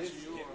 Deus.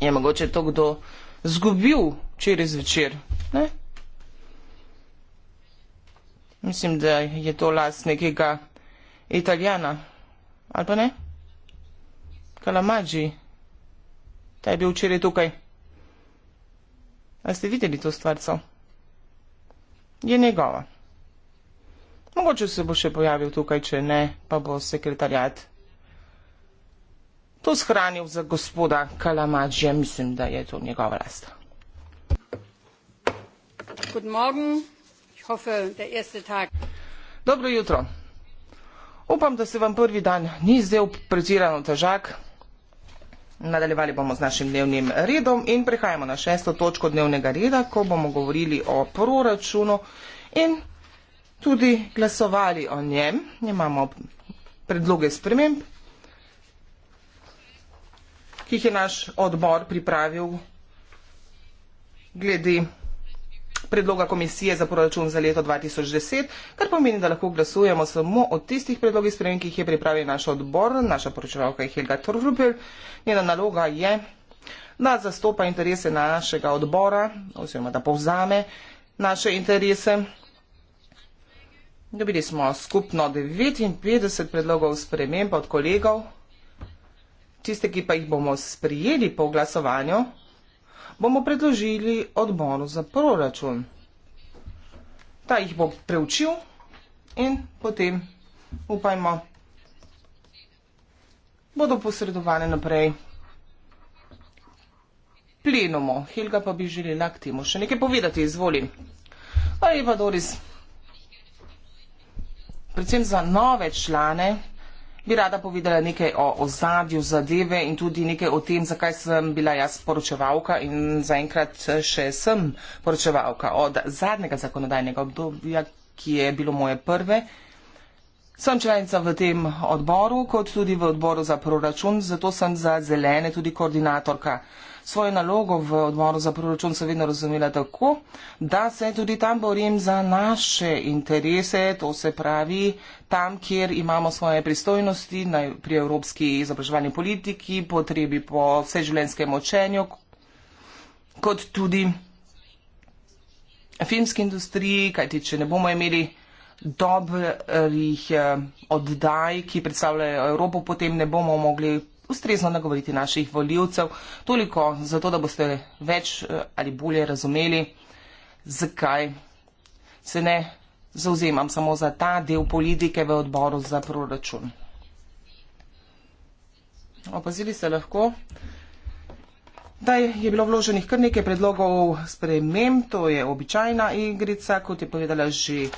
Je mogoče to kdo zgubil včeraj zvečer? Ne? Mislim, da je to last nekega italijana. Ali pa ne? Kalamaji. Ta je bil včeraj tukaj. A ste videli to stvarco? Je njegova. Mogoče se bo še pojavil tukaj, če ne, pa bo sekretarjat to shranil za gospoda Kalamadžija, mislim, da je to njegova last. Dobro jutro. Upam, da se vam prvi dan ni zdel pretirano težak. Nadaljevali bomo z našim dnevnim redom in prihajamo na šesto točko dnevnega reda, ko bomo govorili o proračunu in tudi glasovali o njem. Imamo predloge sprememb ki jih je naš odbor pripravil glede predloga komisije za proračun za leto 2010, kar pomeni, da lahko glasujemo samo o tistih predlogih sprememb, ki jih je pripravil naš odbor, naša poročevalka je Helga Torrubel. Njena naloga je, da zastopa interese našega odbora, oziroma da povzame naše interese. Dobili smo skupno 59 predlogov sprememb od kolegov tiste, ki pa jih bomo sprijeli po glasovanju, bomo predložili odboru za proračun. Ta jih bo preučil in potem, upajmo, bodo posredovane naprej plenumu. Helga pa bi želela k temu še nekaj povedati, izvoli. Pa je pa Doris, predvsem za nove člane, bi rada povedala nekaj o ozadju zadeve in tudi nekaj o tem, zakaj sem bila jaz poročevalka in zaenkrat še sem poročevalka od zadnjega zakonodajnega obdobja, ki je bilo moje prve. Sem članica v tem odboru, kot tudi v odboru za proračun, zato sem za zelene tudi koordinatorka. Uh, svojo nalogo v odmoru za proračun seveda razumela tako, da se tudi tam borim za naše interese, to se pravi tam, kjer imamo svoje pristojnosti na, pri evropski izobraževalni politiki, potrebi po vseživljenjskem učenju, kot tudi filmski industriji, kajti če ne bomo imeli dobrih eh, oddaj, ki predstavljajo Evropo, potem ne bomo mogli ustrezno nagovoriti naših voljivcev. Toliko zato, da boste več eh, ali bolje razumeli, zakaj se ne zauzemam samo za ta del politike v odboru za proračun. Opazili ste lahko, da je bilo vloženih kar nekaj predlogov sprememb, to je običajna igrica, kot je povedala že.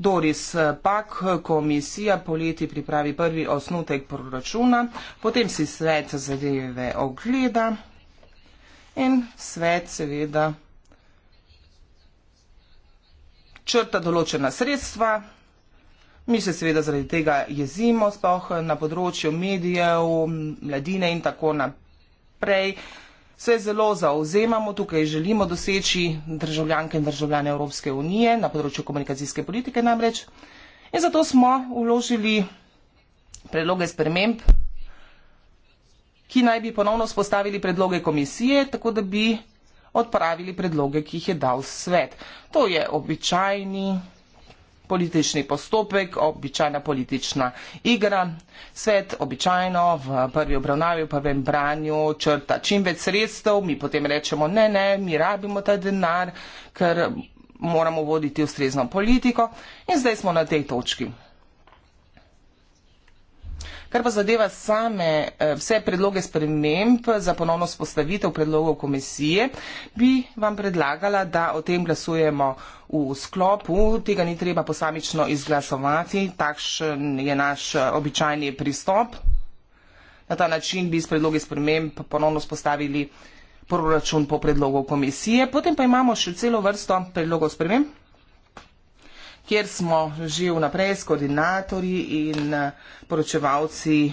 Doris Pak, komisija poleti pripravi prvi osnutek proračuna, potem si svet zadeve ogleda in svet seveda črta določena sredstva. Mi se seveda zaradi tega jezimo, spoh na področju medijev, mladine in tako naprej se zelo zauzemamo, tukaj želimo doseči državljanke in državljane Evropske unije na področju komunikacijske politike namreč. In zato smo uložili predloge sprememb, ki naj bi ponovno spostavili predloge komisije, tako da bi odpravili predloge, ki jih je dal svet. To je običajni predlog politični postopek, običajna politična igra. Svet običajno v prvi obravnavi, v prvem branju črta čim več sredstev, mi potem rečemo ne, ne, mi rabimo ta denar, ker moramo voditi ustrezno politiko in zdaj smo na tej točki. Kar pa zadeva same eh, vse predloge sprememb za ponovno spostavitev predlogov komisije, bi vam predlagala, da o tem glasujemo v sklopu. Tega ni treba posamično izglasovati, takšen je naš eh, običajni pristop. Na ta način bi s predlogi sprememb ponovno spostavili proračun po predlogu komisije. Potem pa imamo še celo vrsto predlogov sprememb kjer smo že vnaprej s koordinatorji in eh, poročevalci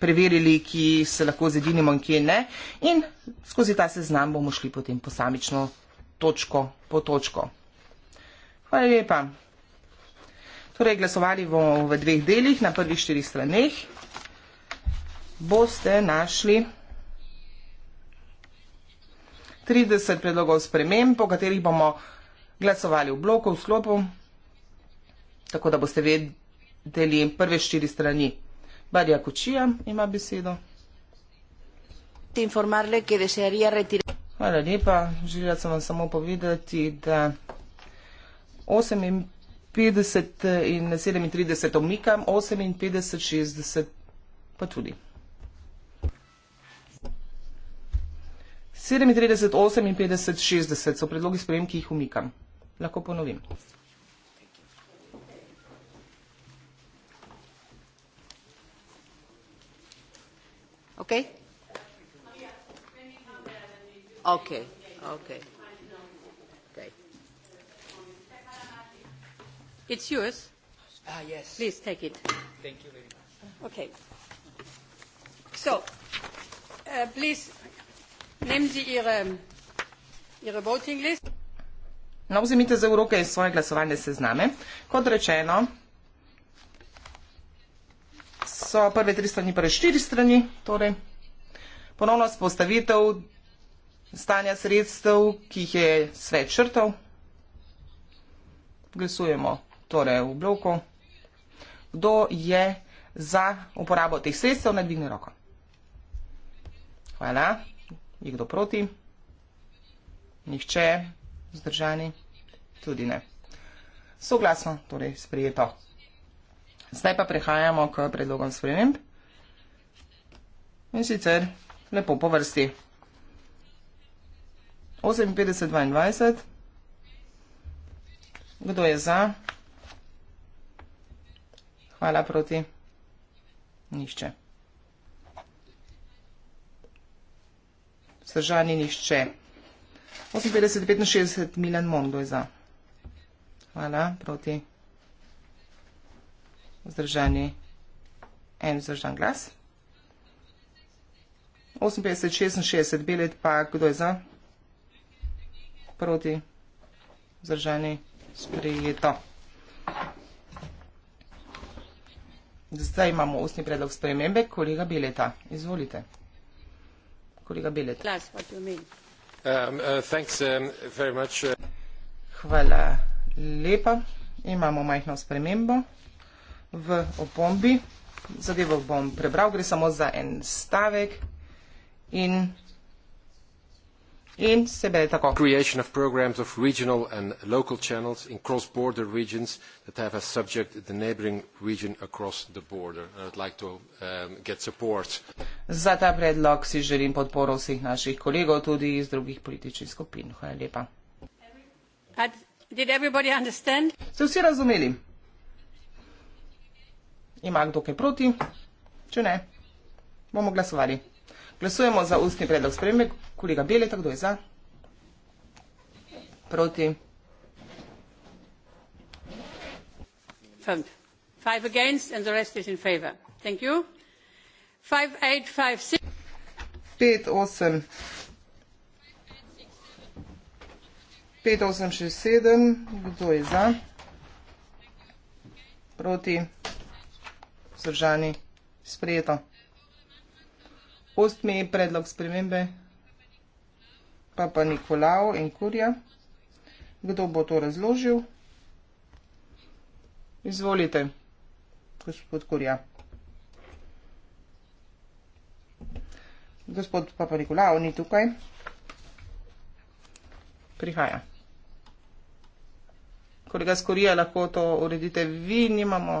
preverili, ki se lahko zedinimo in kje ne. In skozi ta seznam bomo šli potem posamično točko po točko. Hvala lepa. Torej, glasovali bomo v dveh delih, na prvih štirih straneh. Boste našli 30 predlogov sprememb, po katerih bomo glasovali v bloku, v sklopu, tako da boste vedeli prve štiri strani. Barja Kučija ima besedo. Hvala lepa. Želela sem vam samo povedati, da 58 in 37 omikam, 58, 60 pa tudi. 37, 58, 60 so predlogi sprejem, ki jih umikam. Lahko ponovim. okay? Okay, okay. Okay. It's yours. Ah, yes. Please take it. Thank you very much. Okay. So, uh, please, nehmen Sie Ihre, uh, Ihre voting list. No, vzemite za uroke svoje glasovalne sezname. Kot rečeno, so prve tri strani, prve štiri strani, torej ponovno spostavitev stanja sredstev, ki jih je svet črtal. Glesujemo torej v bloku, kdo je za uporabo teh sredstev, naj dvigne roko. Hvala, je kdo proti? Nihče, zdržani, tudi ne. Soglasno, torej sprijeto. Zdaj pa prehajamo k predlogom sprememb. In sicer lepo po vrsti. 58.22. Kdo je za? Hvala proti. Nišče. Sržani nišče. 58.65. Milan Mondo je za. Hvala proti. 58.66 vzdržani en vzdržan glas. 58, 66, belet pa kdo je za? Proti, vzdržani, sprejeto. Zdaj imamo ustni predlog spremembe, kolega Bileta, izvolite. Kolega Bileta. Glas, what do you mean? Um, uh, thanks, um, much, uh... Hvala lepa. Imamo majhno spremembo v opombi. Zadevo bom prebral, gre samo za en stavek. In, in se bere tako. Creation of programs of regional and local channels in cross-border regions that have as subject the neighboring region across the border. I would like to um, get support. Za ta predlog si želim podporo vseh naših kolegov tudi iz drugih političnih skupin. Hvala lepa. Had, did everybody understand? Ste vsi razumeli? Ima kdo kaj proti? Če ne, bomo glasovali. Glasujemo za ustni predlog spremembe. Kolega Beleta, kdo je za? Proti. Pet, osem. Pet, osem, šest, sedem. Kdo je za? Proti vzdržani. Sprejeto. Ost mi je predlog spremembe. Pa pa Nikolao in Kurja. Kdo bo to razložil? Izvolite, gospod Kurja. Gospod Papa Nikolao ni tukaj. Prihaja. Kolega Skorija, lahko to uredite vi, nimamo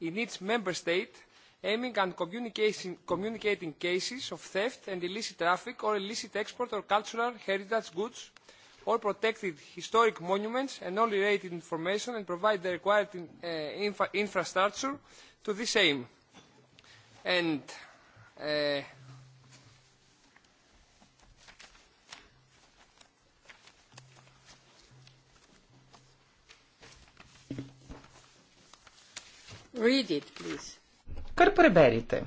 in each member state aiming at communicating cases of theft and illicit traffic or illicit export of cultural heritage goods or protected historic monuments and all related information and provide the required uh, infrastructure to this aim. kar preberite.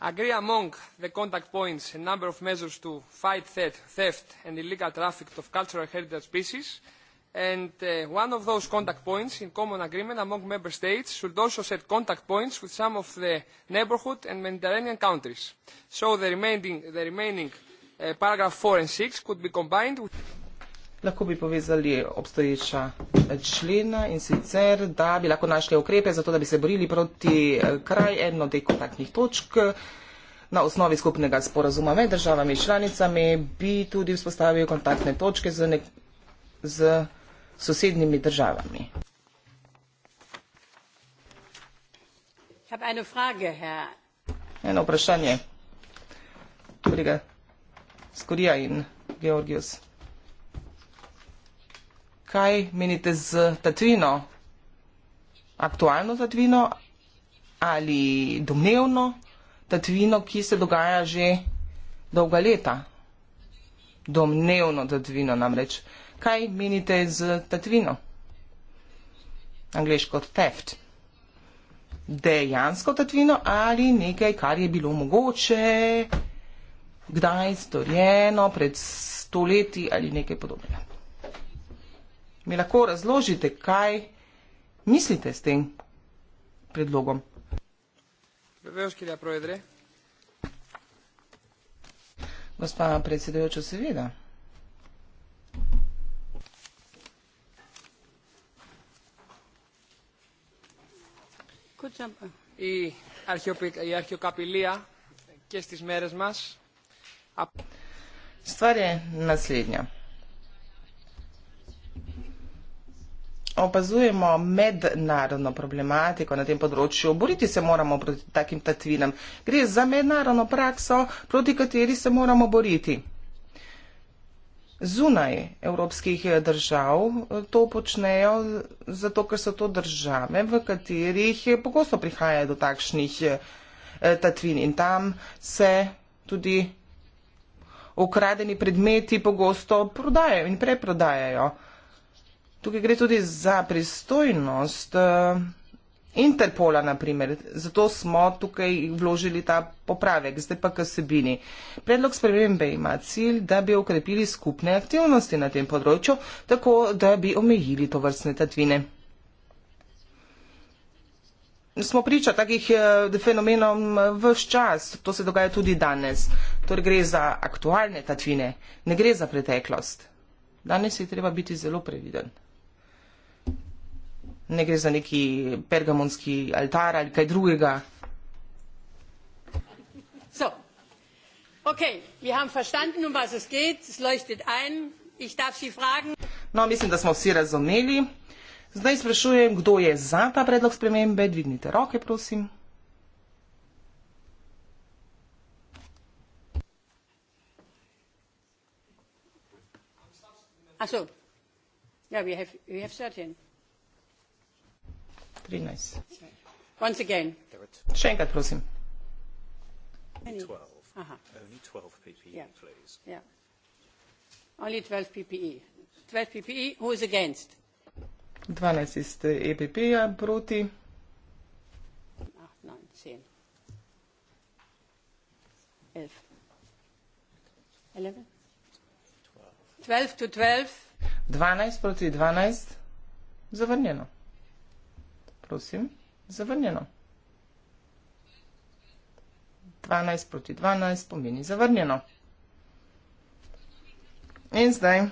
agree among the contact points a number of measures to fight theft and illegal trafficking of cultural heritage pieces and uh, one of those contact points in common agreement among member states should also set contact points with some of the neighbourhood and mediterranean countries so the remaining uh, paragraphs four and six could be combined with lahko bi povezali obstoječa člena in sicer, da bi lahko našli ukrepe za to, da bi se borili proti eh, kraj eno teh kontaktnih točk. Na osnovi skupnega sporazuma med državami in članicami bi tudi vzpostavil kontaktne točke z, nek, z sosednjimi državami. Eno vprašanje. Skorija in Georgios kaj menite z tatvino? Aktualno tatvino ali domnevno tatvino, ki se dogaja že dolga leta? Domnevno tatvino namreč. Kaj menite z tatvino? Angliško theft. Dejansko tatvino ali nekaj, kar je bilo mogoče, kdaj storjeno, pred stoletji ali nekaj podobnega mi lahko razložite, kaj mislite s tem predlogom. Gospa predsedujoča, seveda. Stvar je naslednja. opazujemo mednarodno problematiko na tem področju. Boriti se moramo proti takim tatvinam. Gre za mednarodno prakso, proti kateri se moramo boriti. Zunaj evropskih držav eh, to počnejo, zato ker so to države, v katerih pogosto prihaja do takšnih eh, tatvin in tam se tudi ukradeni predmeti pogosto prodajajo in preprodajajo. Tukaj gre tudi za pristojnost uh, Interpola, naprimer. Zato smo tukaj vložili ta popravek, zdaj pa k sebini. Predlog spremembe ima cilj, da bi ukrepili skupne aktivnosti na tem področju, tako da bi omejili to vrstne tatvine. Smo priča takih eh, fenomenom eh, vse čas, to se dogaja tudi danes. Torej gre za aktualne tatvine, ne gre za preteklost. Danes je treba biti zelo previden ne gre za neki pergamonski altar ali kaj drugega. So. Okay, wir haben verstanden, um was es geht. Es leuchtet ein. Ich darf Sie fragen. No, mislim, da smo vsi razumeli. Zdaj sprašujem, kdo je za ta predlog spremembe. Dvignite roke, prosim. Ach so. Ja, wir have, wir have certain trinajst še enkrat prosim dvanajst iz epp eh, e ja proti ah, dvanajst proti dvanajst zavrnjeno prosim, zavrnjeno. 12 proti 12 pomeni zavrnjeno. In zdaj.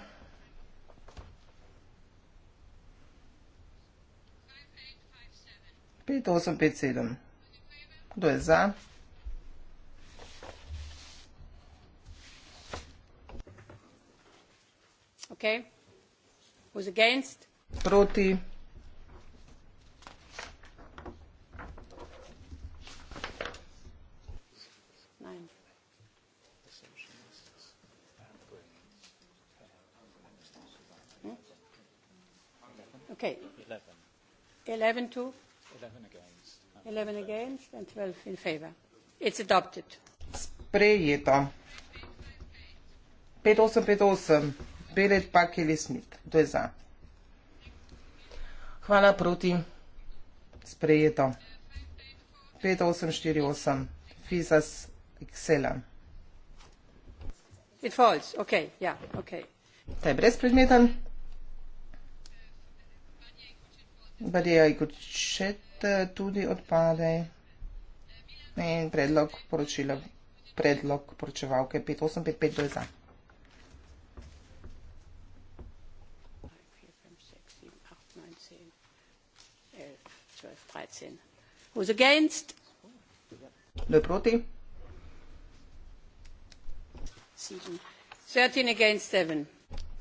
Pet, osem, pet, sedem. Kdo je za? Ok. Was against? Proti. Okay. 11. 11 to? 11 against. 11 against and 12 in favor. It's adopted. Sprejeto. 5-8-5-8. Belet pa Kelly Smith. To je za. Hvala proti. Sprejeto. 5-8-4-8. Fizas Excela. It falls. Okay, yeah, okay. Ta je brezpredmeten. Barija in kot šet eh, tudi odpade. In predlog poročila, predlog poročevalke 5855 za. Who's against? Kdo je proti?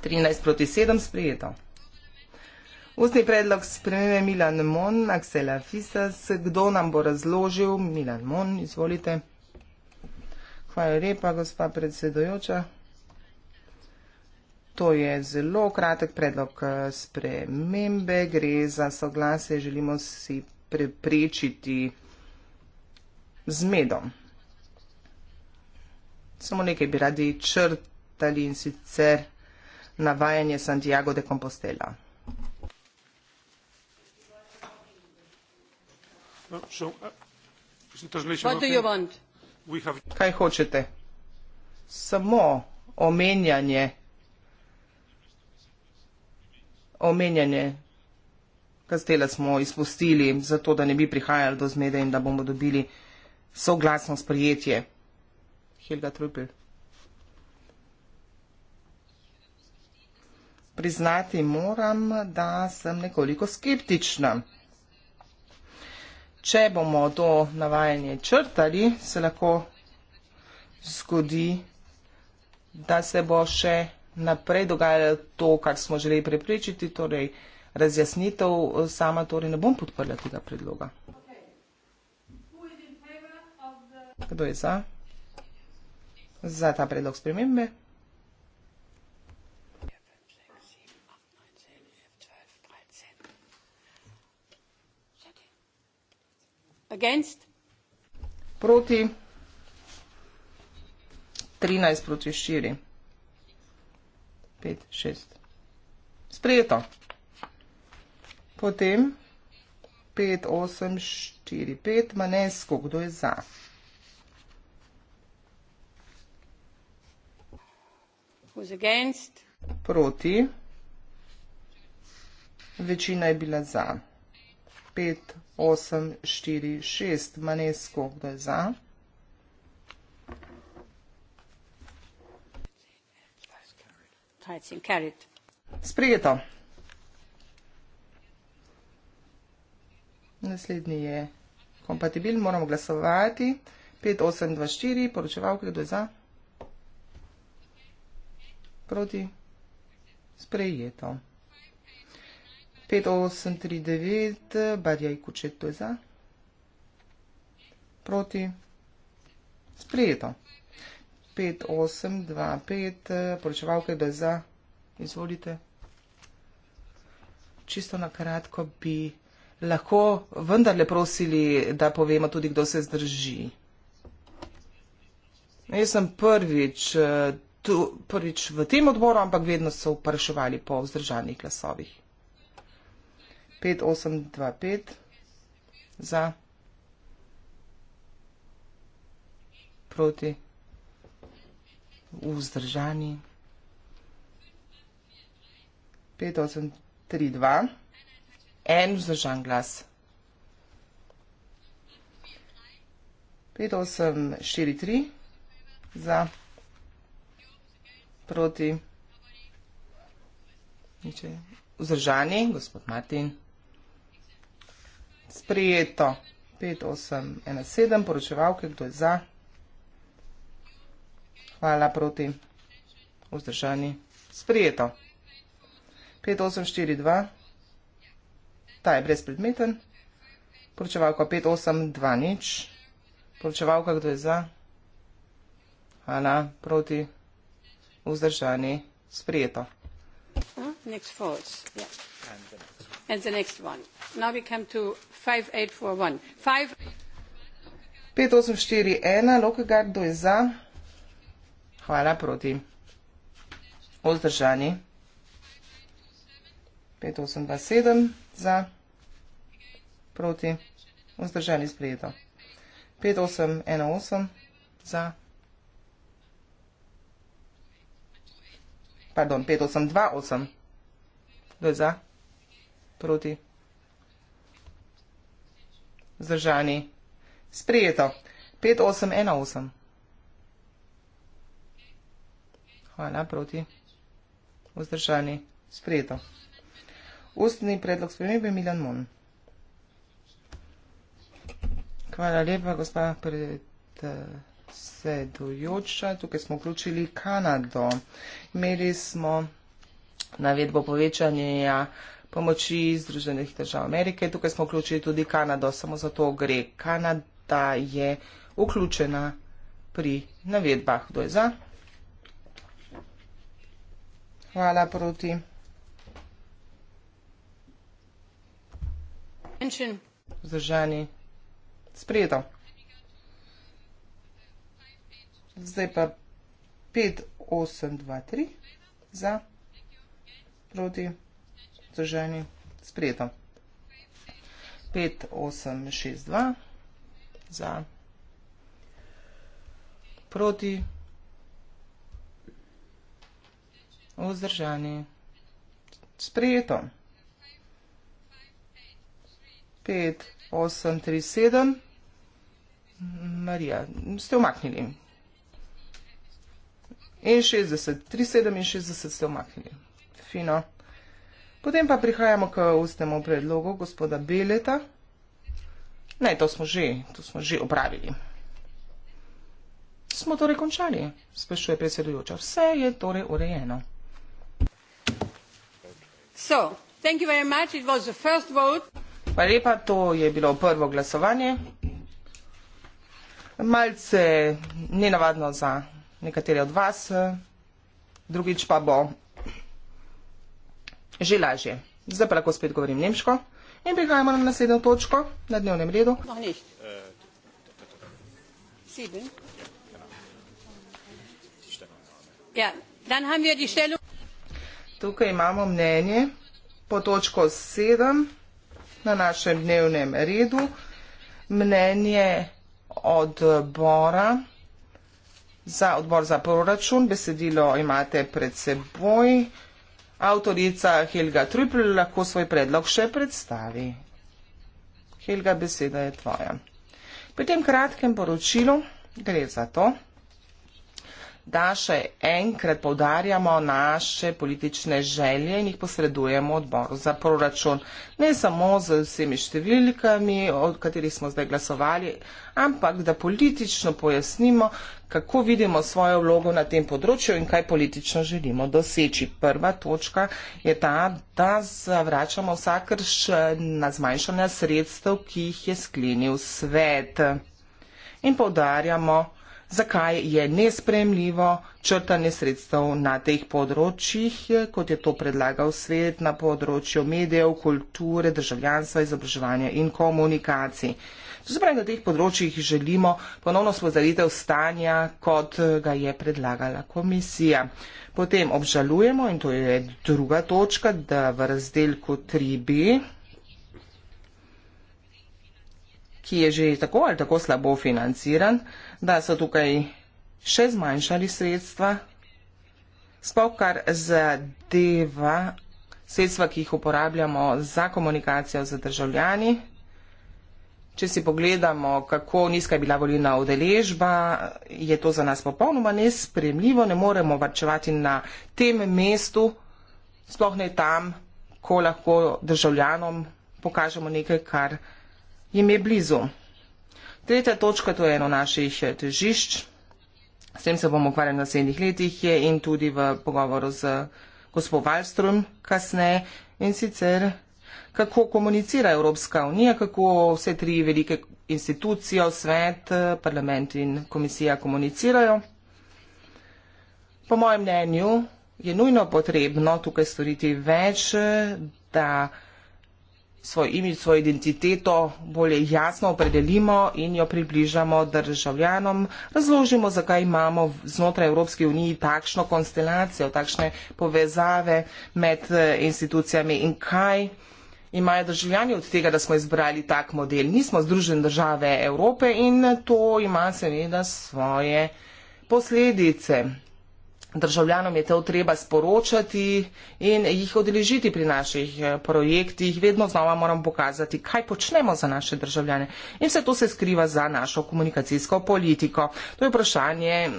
13 proti 7 sprejeto. Ustni predlog spremembe Milan Mon, Aksela Fisas, kdo nam bo razložil? Milan Mon, izvolite. Hvala lepa, gospa predsedojoča. To je zelo kratek predlog eh, spremembe, gre za soglasje, želimo si preprečiti zmedo. Samo nekaj bi radi črtali in sicer navajanje Santiago de Compostela. No, uh, Kaj hočete? Samo omenjanje, omenjanje kastela smo izpustili, zato da ne bi prihajali do zmede in da bomo dobili soglasno sprijetje. Helga Trupel. Priznati moram, da sem nekoliko skeptična če bomo to navajanje črtali, se lahko zgodi, da se bo še naprej dogajalo to, kar smo želeli preprečiti, torej razjasnitev sama, torej ne bom podprla tega predloga. Kdo je za? Za ta predlog spremembe? proti trinajst proti štiri pet šest sprejeto potem pet osem štiri pet manesko kdo je za proti večina je bila za pet, osem, štiri, šest. Manesko, kdo je za? Sprijeto. Naslednji je kompatibil, moramo glasovati. 5, 8, 2, 4, poročevalke, kdo je za? Proti. Sprijeto. Sprijeto. 5839, barja i kučetu je za. Proti. Sprijeto. 5825, poročevalka je bez za. Izvolite. Čisto na kratko bi lahko vendarle prosili, da povemo tudi, kdo se zdrži. Jaz sem prvič, eh, tu, prvič v tem odboru, ampak vedno so vpraševali po vzdržanih glasovih. 5, 8, 2, 5 za, proti, vzdržani. 5, 8, 3, 2, en vzdržan glas. 5, 8, 4, 3 za, proti, vzdržani, gospod Martin. Sprijeto. 5, 8, 1, 7, poročevalke, kdo je za? Hvala, proti. Vzdržani. Sprijeto. 5, 8, 4, 2. Ta je brezpredmeten. Poročevalka 5, 8, 2, nič. Poročevalka, kdo je za? Hvala, proti. Vzdržani. Sprijeto. Next false. Yeah. And the next. And the next one. Now we come to 5841. 5841, Lokagardo je za. Hvala, proti. Pet osem dva sedem za, proti, vzdržani sprejeto. Pet osem ena osem za, pardon, pet osem dva osem, kdo je za? proti. Zdržani. Sprijeto. 5-8-1-8. Hvala, proti. Vzdržani. Sprijeto. Ustni predlog spremembe Milan Mon. Hvala lepa, gospa predsedujoča. Tukaj smo vključili Kanado. Imeli smo navedbo povečanja. Ja, pomoči Združenih držav Amerike. Tukaj smo vključili tudi Kanado, samo za to gre. Kanada je vključena pri navedbah. Kdo je za? Hvala proti. Zdržani. Sprejeto. Zdaj pa 5, 8, 2, 3 za, proti vloženi. Sprejeto. 5, 8, 6, 2. Za. Proti. Vzdržani. Sprejeto. 5, 8, 3, 7. Marija, ste omaknili. In 60, 3, 7 in 60 ste omaknili. Fino. Potem pa prihajamo k ustnemu predlogu gospoda Beleta. Ne, to smo že, to smo že opravili. Smo torej končali, sprašuje predsedujoča. Vse je torej urejeno. So, Hvala lepa, to je bilo prvo glasovanje. Malce nenavadno za nekatere od vas, drugič pa bo že lažje. Zdaj pa lahko spet govorim nemško in prihajamo na naslednjo točko na dnevnem redu. Ja, Tukaj imamo mnenje po točko 7 na našem dnevnem redu. Mnenje odbora za odbor za proračun. Besedilo imate pred seboj. Avtorica Helga Trupl lahko svoj predlog še predstavi. Helga, beseda je tvoja. Pri tem kratkem poročilu gre za to, da še enkrat povdarjamo naše politične želje in jih posredujemo odboru za proračun. Ne samo z vsemi številkami, od katerih smo zdaj glasovali, ampak da politično pojasnimo, kako vidimo svojo vlogo na tem področju in kaj politično želimo doseči. Prva točka je ta, da zavračamo vsakrš na zmanjšanje sredstev, ki jih je sklenil svet. In povdarjamo, zakaj je nespremljivo črtanje sredstev na teh področjih, kot je to predlagal svet na področju medijev, kulture, državljanstva, izobraževanja in komunikacij. To se pravi, na teh področjih želimo ponovno spozoritev stanja, kot ga je predlagala komisija. Potem obžalujemo, in to je druga točka, da v razdelku 3b ki je že tako ali tako slabo financiran, da so tukaj še zmanjšali sredstva, sploh kar zadeva sredstva, ki jih uporabljamo za komunikacijo z državljani. Če si pogledamo, kako nizka je bila volilna odeležba, je to za nas popolnoma nespremljivo, ne moremo varčevati na tem mestu, sploh ne tam, ko lahko državljanom pokažemo nekaj, kar jim je blizu. Tretja točka, to je eno naših težišč, s tem se bomo ukvarjali v naslednjih letih in tudi v pogovoru z gospod Valstrom kasneje. In sicer kako komunicira Evropska unija, kako vse tri velike institucije, svet, parlament in komisija komunicirajo. Po mojem mnenju je nujno potrebno tukaj storiti več, da svoj imič, svojo identiteto bolje jasno opredelimo in jo približamo državljanom, razložimo, zakaj imamo znotraj Evropske unije takšno konstelacijo, takšne povezave med eh, institucijami in kaj imajo državljani od tega, da smo izbrali tak model. Nismo združene države Evrope in to ima seveda svoje posledice. Državljanom je to treba sporočati in jih odeležiti pri naših eh, projektih. Vedno znova moramo pokazati, kaj počnemo za naše državljane. In vse to se skriva za našo komunikacijsko politiko. To je vprašanje,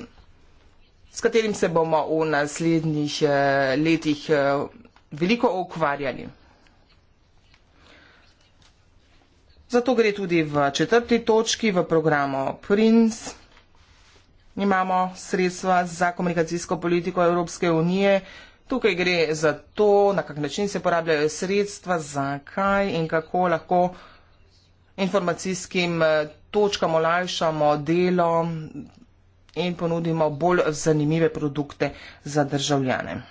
s katerim se bomo v naslednjih eh, letih eh, veliko ukvarjali. Zato gre tudi v četrti točki v programu PRINS. Imamo sredstva za komunikacijsko politiko Evropske unije. Tukaj gre za to, na kak način se porabljajo sredstva, zakaj in kako lahko informacijskim eh, točkam olajšamo delo in ponudimo bolj zanimive produkte za državljane.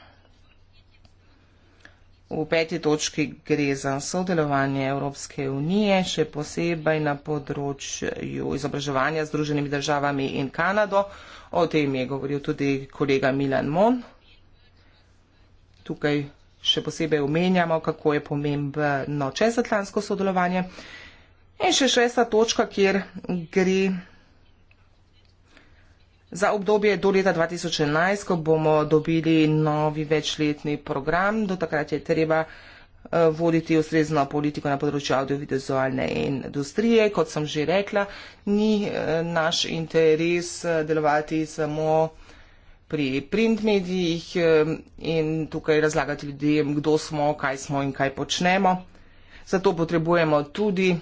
V peti točki gre za sodelovanje Evropske unije, še posebej na področju izobraževanja z Združenimi državami in Kanado. O tem je govoril tudi kolega Milan Mon. Tukaj še posebej omenjamo, kako je pomembno čezatlansko sodelovanje. In še šesta točka, kjer gre Za obdobje do leta 2011, ko bomo dobili novi večletni program, do takrat je treba eh, voditi ustrezno politiko na področju audiovizualne industrije. Kot sem že rekla, ni eh, naš interes eh, delovati samo pri print medijih in tukaj razlagati ljudem, kdo smo, kaj smo in kaj počnemo. Zato potrebujemo tudi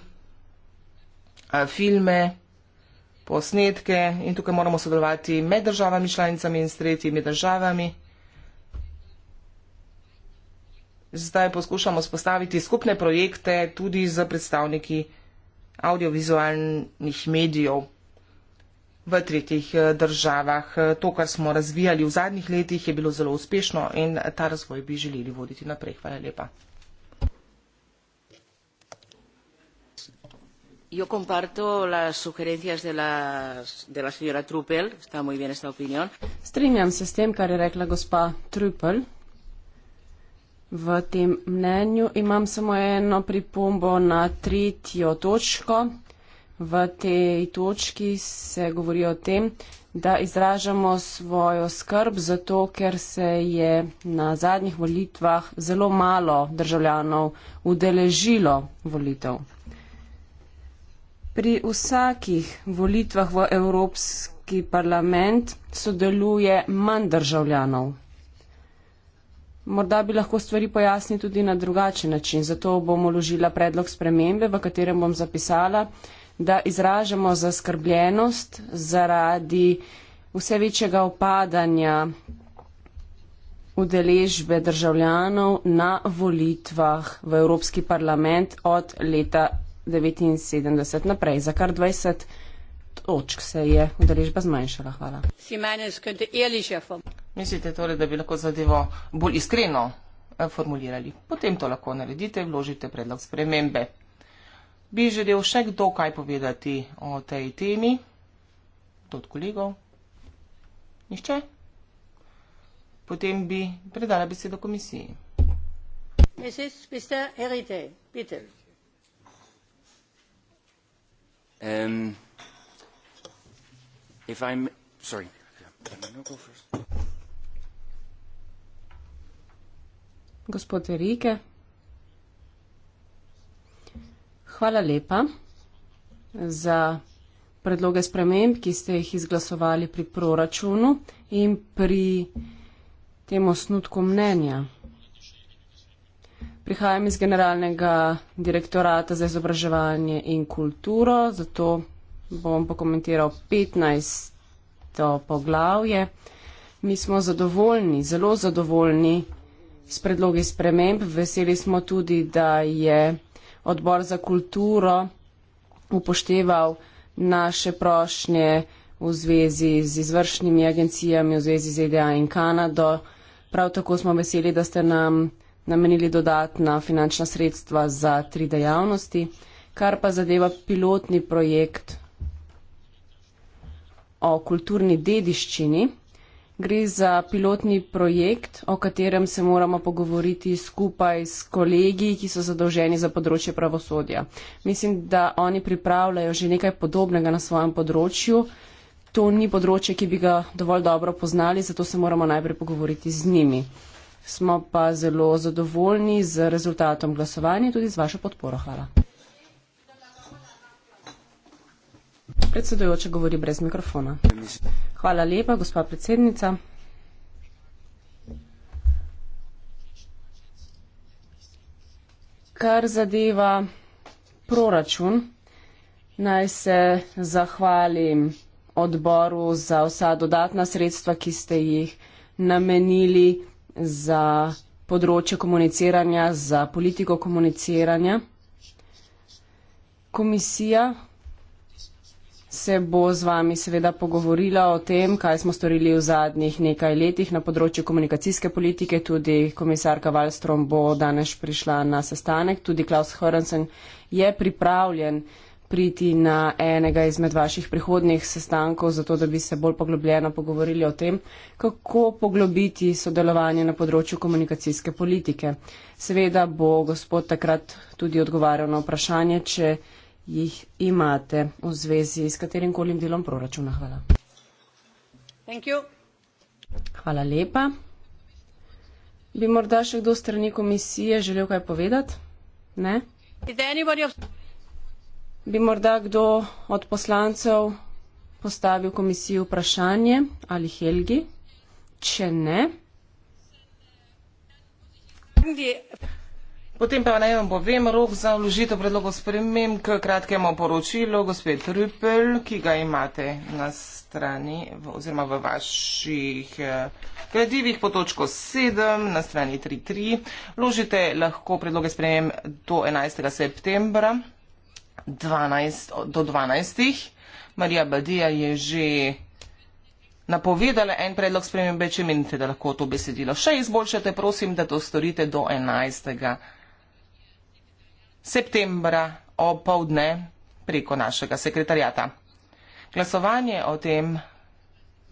filme, posnetke in tukaj moramo sodelovati med državami članicami in s tretjimi državami. Zdaj poskušamo spostaviti skupne projekte tudi z predstavniki audiovizualnih medijev v tretjih eh, državah. To, kar smo razvijali v zadnjih letih, je bilo zelo uspešno in ta razvoj bi želeli voditi naprej. Hvala lepa. Yo comparto las sugerencias de, las, de la señora Truppel. Está muy bien esta opinión. Strinjam se s tem, kar je rekla gospa Truppel. V tem mnenju imam samo eno pripombo na tretjo točko. V tej točki se govori o tem, da izražamo svojo skrb zato, ker se je na zadnjih volitvah zelo malo državljanov udeležilo volitev. Pri vsakih volitvah v Evropski parlament sodeluje manj državljanov. Morda bi lahko stvari pojasnil tudi na drugačen način, zato bom uložila predlog spremembe, v katerem bom zapisala, da izražamo zaskrbljenost zaradi vse večjega opadanja udeležbe državljanov na volitvah v Evropski parlament od leta 79 naprej. Za kar 20 točk se je udeležba zmanjšala. Hvala. Mislite torej, da bi lahko zadevo bolj iskreno eh, formulirali? Potem to lahko naredite, vložite predlog spremembe. Bi želel še kdo kaj povedati o tej temi? Tot kolegov? Nihče? Potem bi predala besedo komisiji. Mrs. Mr. Heritage, Peter. Um, if I'm sorry, can I go first? Gospod Rike, hvala lepa za predloge sprememb, ki ste jih izglasovali pri proračunu in pri tem osnutku mnenja. Prihajam iz Generalnega direktorata za izobraževanje in kulturo, zato bom pokomentiral 15. poglavje. Mi smo zadovoljni, zelo zadovoljni s predlogi sprememb. Veseli smo tudi, da je odbor za kulturo upošteval naše prošnje v zvezi z izvršnimi agencijami, v zvezi z EDA in Kanado. Prav tako smo veseli, da ste nam namenili dodatna finančna sredstva za tri dejavnosti, kar pa zadeva pilotni projekt o kulturni dediščini. Gre za pilotni projekt, o katerem se moramo pogovoriti skupaj s kolegi, ki so zadolženi za področje pravosodja. Mislim, da oni pripravljajo že nekaj podobnega na svojem področju. To ni področje, ki bi ga dovolj dobro poznali, zato se moramo najprej pogovoriti z njimi smo pa zelo zadovoljni z rezultatom glasovanja in tudi z vašo podporo. Hvala. Predsedujoča govori brez mikrofona. Hvala lepa, gospa predsednica. Kar zadeva proračun, naj se zahvalim odboru za vsa dodatna sredstva, ki ste jih namenili za področje komuniciranja, za politiko komuniciranja. Komisija se bo z vami seveda pogovorila o tem, kaj smo storili v zadnjih nekaj letih na področju komunikacijske politike. Tudi komisarka Wallström bo danes prišla na sestanek, tudi Klaus Hörnsen je pripravljen priti na enega izmed vaših prihodnih sestankov, zato da bi se bolj poglobljeno pogovorili o tem, kako poglobiti sodelovanje na področju komunikacijske politike. Seveda bo gospod takrat tudi odgovarjal na vprašanje, če jih imate v zvezi s katerim kolim delom proračuna. Hvala. Hvala lepa. Bi morda še kdo strani komisije želel kaj povedati? Ne? Is there anybody of bi morda kdo od poslancev postavil komisiji vprašanje ali Helgi? Če ne. Potem pa naj vam povem rok za vložitev predlogov sprememb k kratkemu poročilu, gospod Rüpel, ki ga imate na strani oziroma v vaših gradivih eh, po točko 7 na strani 3.3. Vložite lahko predloge sprememb do 11. septembra 12, do 12. Marija Badija je že napovedala en predlog spremembe, če menite, da lahko to besedilo še izboljšate, prosim, da to storite do 11. septembra ob povdne preko našega sekretarjata. Glasovanje o tem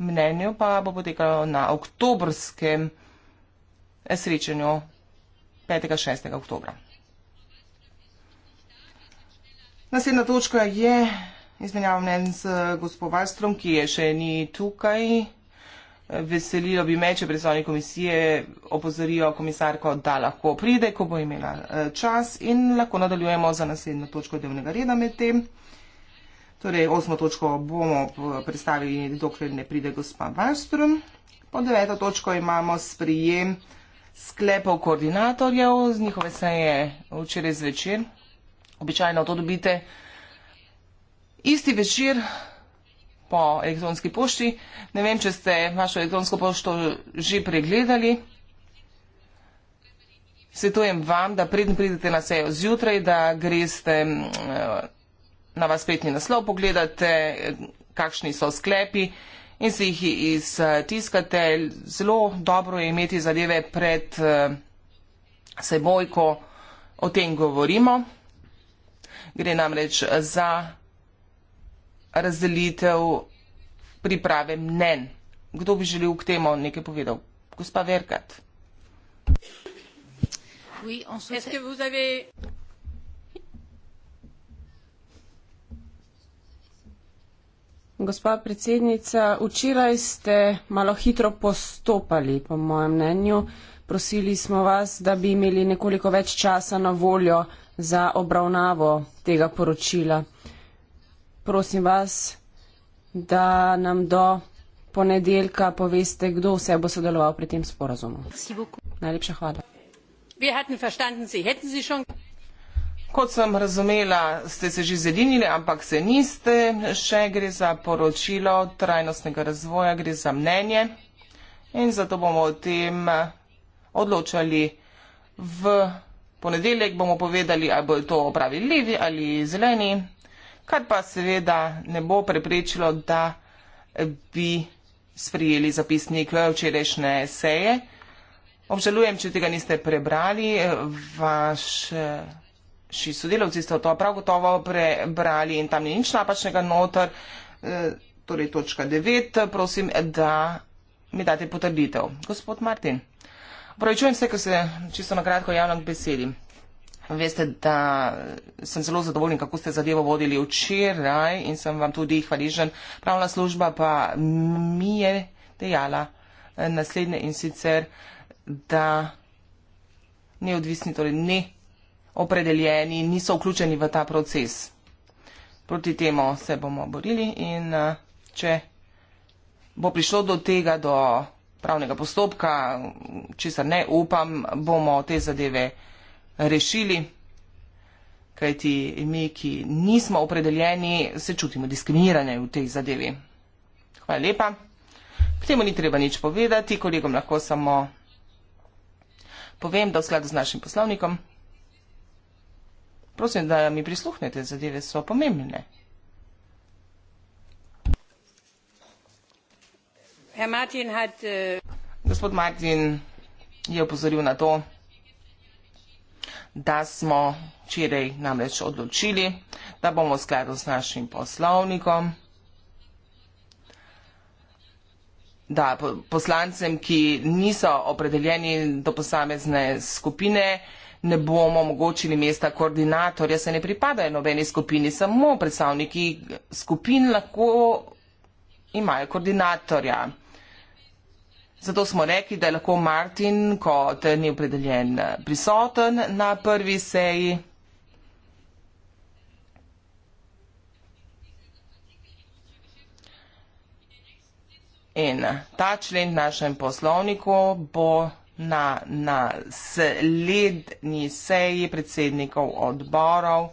mnenju pa bo potekalo na oktobrskem srečanju 5. 6. oktobra. Naslednja točka je izmenjava mnen z gospodarstvom, ki je še ni tukaj. Veselilo bi me, če predstavni komisije opozorijo komisarko, da lahko pride, ko bo imela eh, čas in lahko nadaljujemo za naslednjo točko delovnega reda med tem. Torej, osmo točko bomo predstavili, dokler ne pride gospa Barstrom. Po deveto točko imamo sprijem sklepov koordinatorjev z njihove seje včeraj zvečer. Običajno to dobite isti večer po elektronski pošti. Ne vem, če ste vašo elektronsko pošto že pregledali. Svetujem vam, da predn pridete na sejo zjutraj, da greste eh, na vas spletni naslov, pogledate, kakšni so sklepi in si jih iztiskate. Eh, Zelo dobro je imeti zadeve pred eh, seboj, ko o tem govorimo gre namreč za razdelitev priprave mnen. Kdo bi želel k temu nekaj povedal? Gospa Verkat. Gospa predsednica, včeraj ste malo hitro postopali, po mojem mnenju. Prosili smo vas, da bi imeli nekoliko več časa na voljo za obravnavo tega poročila. Prosim vas, da nam do ponedeljka poveste, kdo vse bo sodeloval pri tem sporazumu. Najlepša hvala. Kot sem razumela, ste se že zedinili, ampak se niste. Še gre za poročilo trajnostnega razvoja, gre za mnenje in zato bomo o tem odločali v ponedeljek bomo povedali, ali bojo to opravili levi ali zeleni, kar pa seveda ne bo preprečilo, da bi sprijeli zapisnik včerajšnje seje. Obžalujem, če tega niste prebrali, vaši sodelavci ste to prav gotovo prebrali in tam ni nič napačnega notor, e, torej točka 9, prosim, da mi date potrditev. Gospod Martin. Pravičujem se, ko se čisto na kratko javljam k besedi. Veste, da sem zelo zadovoljen, kako ste zadevo vodili včeraj in sem vam tudi hvaležen. Pravna služba pa mi je dejala eh, naslednje in sicer, da neodvisni, torej ne opredeljeni, niso vključeni v ta proces. Proti temu se bomo borili in eh, če bo prišlo do tega, do pravnega postopka, česar ne upam, bomo te zadeve rešili. Kajti mi, ki nismo opredeljeni, se čutimo diskriminirane v tej zadevi. Hvala lepa. K temu ni treba nič povedati, kolegom lahko samo povem, da v skladu z našim poslovnikom prosim, da mi prisluhnete, zadeve so pomembne. Äh, Gospod Martin je upozoril na to, da smo včeraj namreč odločili, da bomo v skladu s našim poslovnikom, da poslancem, ki niso opredeljeni do posamezne skupine, ne bomo omogočili mesta koordinatorja, se ne pripadajo nobeni skupini, samo predstavniki skupin lahko imajo koordinatorja. Zato smo rekli, da je lahko Martin kot neopredeljen eh, prisoten na prvi seji. In ta člen v našem poslovniku bo na naslednji seji predsednikov odborov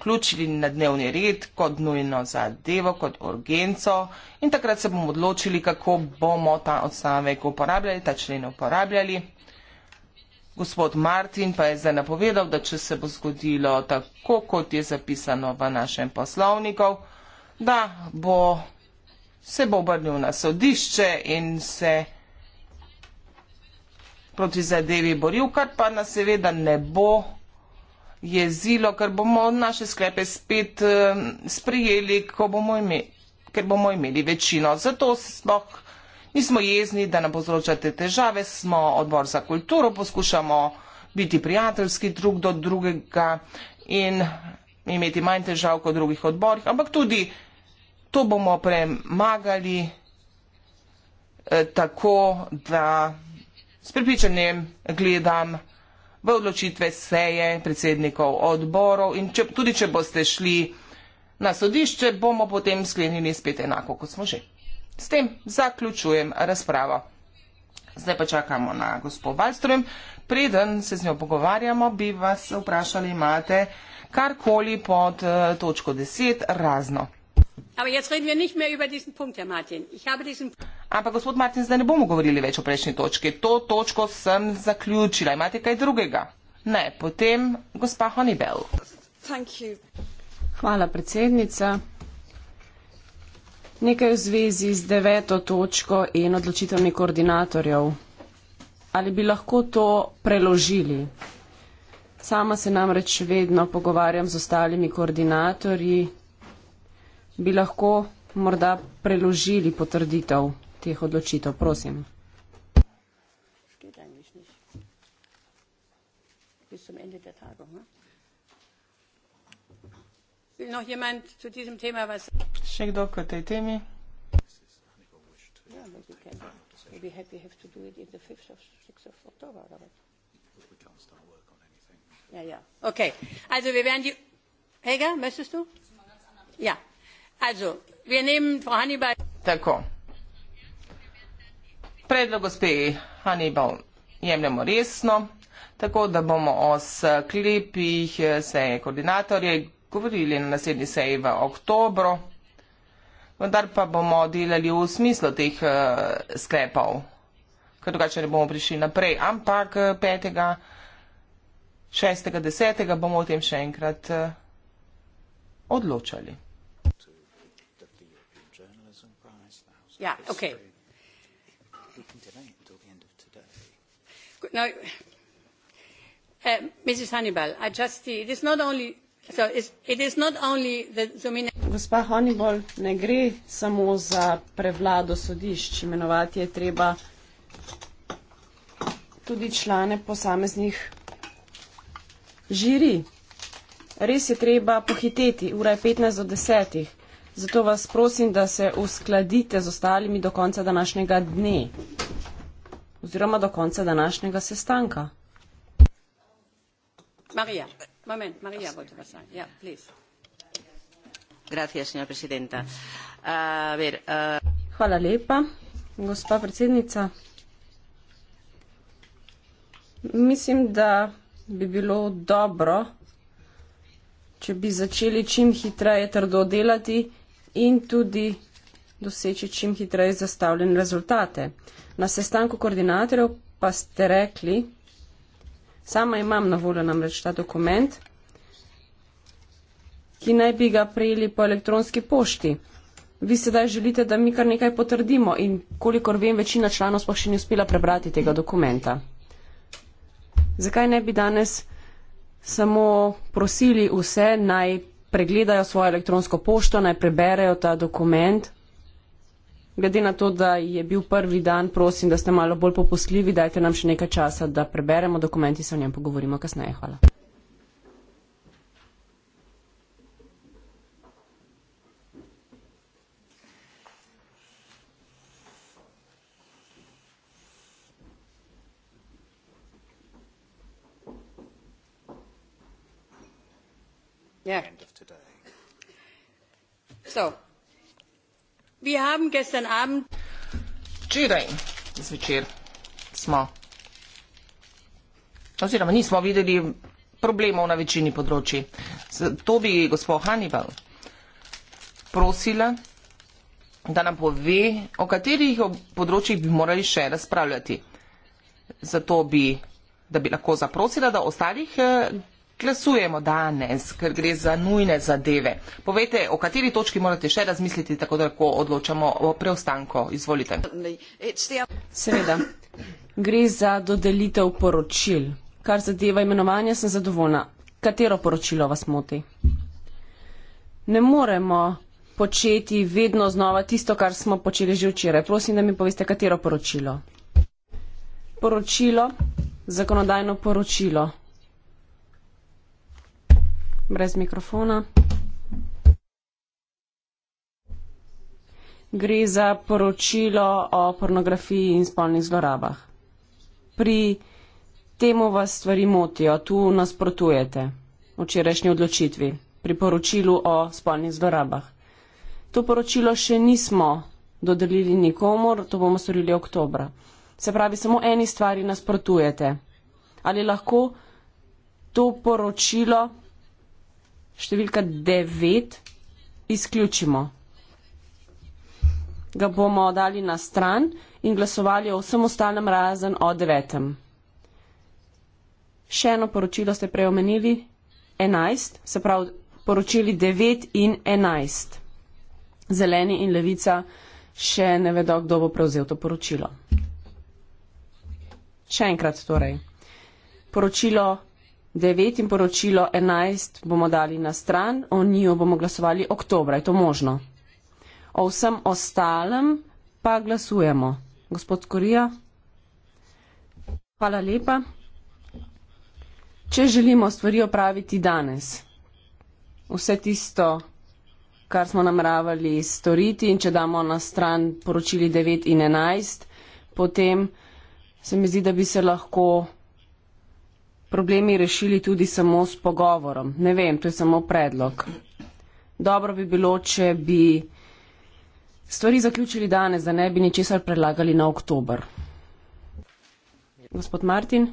vključili na dnevni red kot nujno zadevo, kot urgenco in takrat se bomo odločili, kako bomo ta odstavek uporabljali, ta člen uporabljali. Gospod Martin pa je zdaj napovedal, da če se bo zgodilo tako, kot je zapisano v našem poslovniku, da bo se bo obrnil na sodišče in se proti zadevi boril, kar pa nas seveda ne bo jezilo, ker bomo naše sklepe spet eh, sprijeli, bomo imeli, ker bomo imeli večino. Zato smo, nismo jezni, da ne povzročate težave, smo odbor za kulturo, poskušamo biti prijateljski drug do drugega in imeti manj težav kot drugih odborih, ampak tudi to bomo premagali eh, tako, da s pripričanjem gledam v odločitve seje predsednikov odborov in če, tudi če boste šli na sodišče, bomo potem sklenili spet enako, kot smo že. S tem zaključujem razpravo. Zdaj pa čakamo na gospod Valstrom. Preden se z njo pogovarjamo, bi vas vprašali, imate karkoli pod eh, točko 10 razno. Ampak, jaz reden, ni več o tem punktu, Herr Martin. Diesen... Ampak, gospod Martin, zdaj ne bomo govorili več o prejšnji točki. To točko sem zaključila. Imate kaj drugega? Ne, potem gospa Honeybell. Hvala, predsednica. Nekaj v zvezi z deveto točko in odločitvami koordinatorjev. Ali bi lahko to preložili? Sama se namreč vedno pogovarjam z ostalimi koordinatorji, bi lahko morda preložili potrditev teh odločitev. Prosim. Še kdo k tej temi? Ja, ja, ja. Okay. Also wir werden die Helga, möchtest du? Ja. Predlog gospe Hannibal jemljemo resno, tako da bomo o sklepih seje koordinatorje govorili na naslednji seji v oktobru, vendar pa bomo delali v smislu teh eh, sklepov, ker drugače ne bomo prišli naprej, ampak 5. 6. 10. bomo o tem še enkrat eh, odločali. Yeah, okay. He can delay it until the end of today. Good, now, uh, Mrs. Hannibal, I just see it is not only. So it is not only the Gospa Honeyball, ne gre samo za prevlado sodišč. Imenovati je treba tudi člane posameznih žiri. Res je treba pohiteti, ura je 15 do 10. Zato vas prosim, da se uskladite z ostalimi do konca današnjega dne oziroma do konca današnjega sestanka. Marija, moment, Marija, bojte vas. Ja, please. Gracias, senjora presidenta. A ver, a... Hvala lepa, gospa predsednica. Mislim, da bi bilo dobro, če bi začeli čim hitreje trdo delati in tudi doseči čim hitreje zastavljene rezultate. Na sestanku koordinatorjev pa ste rekli, sama imam na voljo namreč ta dokument, ki naj bi ga prijeli po elektronski pošti. Vi sedaj želite, da mi kar nekaj potrdimo in kolikor vem, večina članov sploh še ni uspela prebrati tega dokumenta. Zakaj ne bi danes samo prosili vse naj pregledajo svojo elektronsko pošto, naj preberejo ta dokument. Glede na to, da je bil prvi dan, prosim, da ste malo bolj popustljivi, dajte nam še nekaj časa, da preberemo dokument in se o njem pogovorimo kasneje. Hvala. yeah. end of today. So, we have gestern Abend. Včeraj, zvečer, smo. Oziroma, nismo videli problemov na večini področji. To bi gospod Hannibal prosila, da nam pove, o katerih področjih bi morali še razpravljati. Zato bi, da bi lahko zaprosila, da ostalih eh, glasujemo danes, ker gre za nujne zadeve. Povejte, o kateri točki morate še razmisliti, tako da lahko odločamo o preostanku. Izvolite. Seveda, gre za dodelitev poročil. Kar zadeva imenovanje, sem zadovoljna. Katero poročilo vas moti? Ne moremo početi vedno znova tisto, kar smo počeli že včeraj. Prosim, da mi poveste, katero poročilo. Poročilo, zakonodajno poročilo, brez mikrofona. Gre za poročilo o pornografiji in spolnih zlorabah. Pri temu vas stvari motijo, tu nasprotujete včerajšnji odločitvi pri poročilu o spolnih zlorabah. To poročilo še nismo dodelili nikomor, to bomo storili oktobra. Se pravi, samo eni stvari nasprotujete. Ali lahko to poročilo številka 9 izključimo. Ga bomo dali na stran in glasovali o vsem ostalem razen o devetem. Še eno poročilo ste preomenili, 11, se pravi poročili 9 in 11. Zeleni in levica še ne vedo, kdo bo prevzel to poročilo. Še enkrat torej. Poročilo 9 in poročilo 11 bomo dali na stran, o njo bomo glasovali oktobra, je to možno. O vsem ostalem pa glasujemo. Gospod Korija, hvala lepa. Če želimo stvari opraviti danes, vse tisto, kar smo nameravali storiti in če damo na stran poročili 9 in 11, potem se mi zdi, da bi se lahko problemi rešili tudi samo s pogovorom. Ne vem, to je samo predlog. Dobro bi bilo, če bi stvari zaključili danes, da ne bi ničesar predlagali na oktober. Gospod Martin.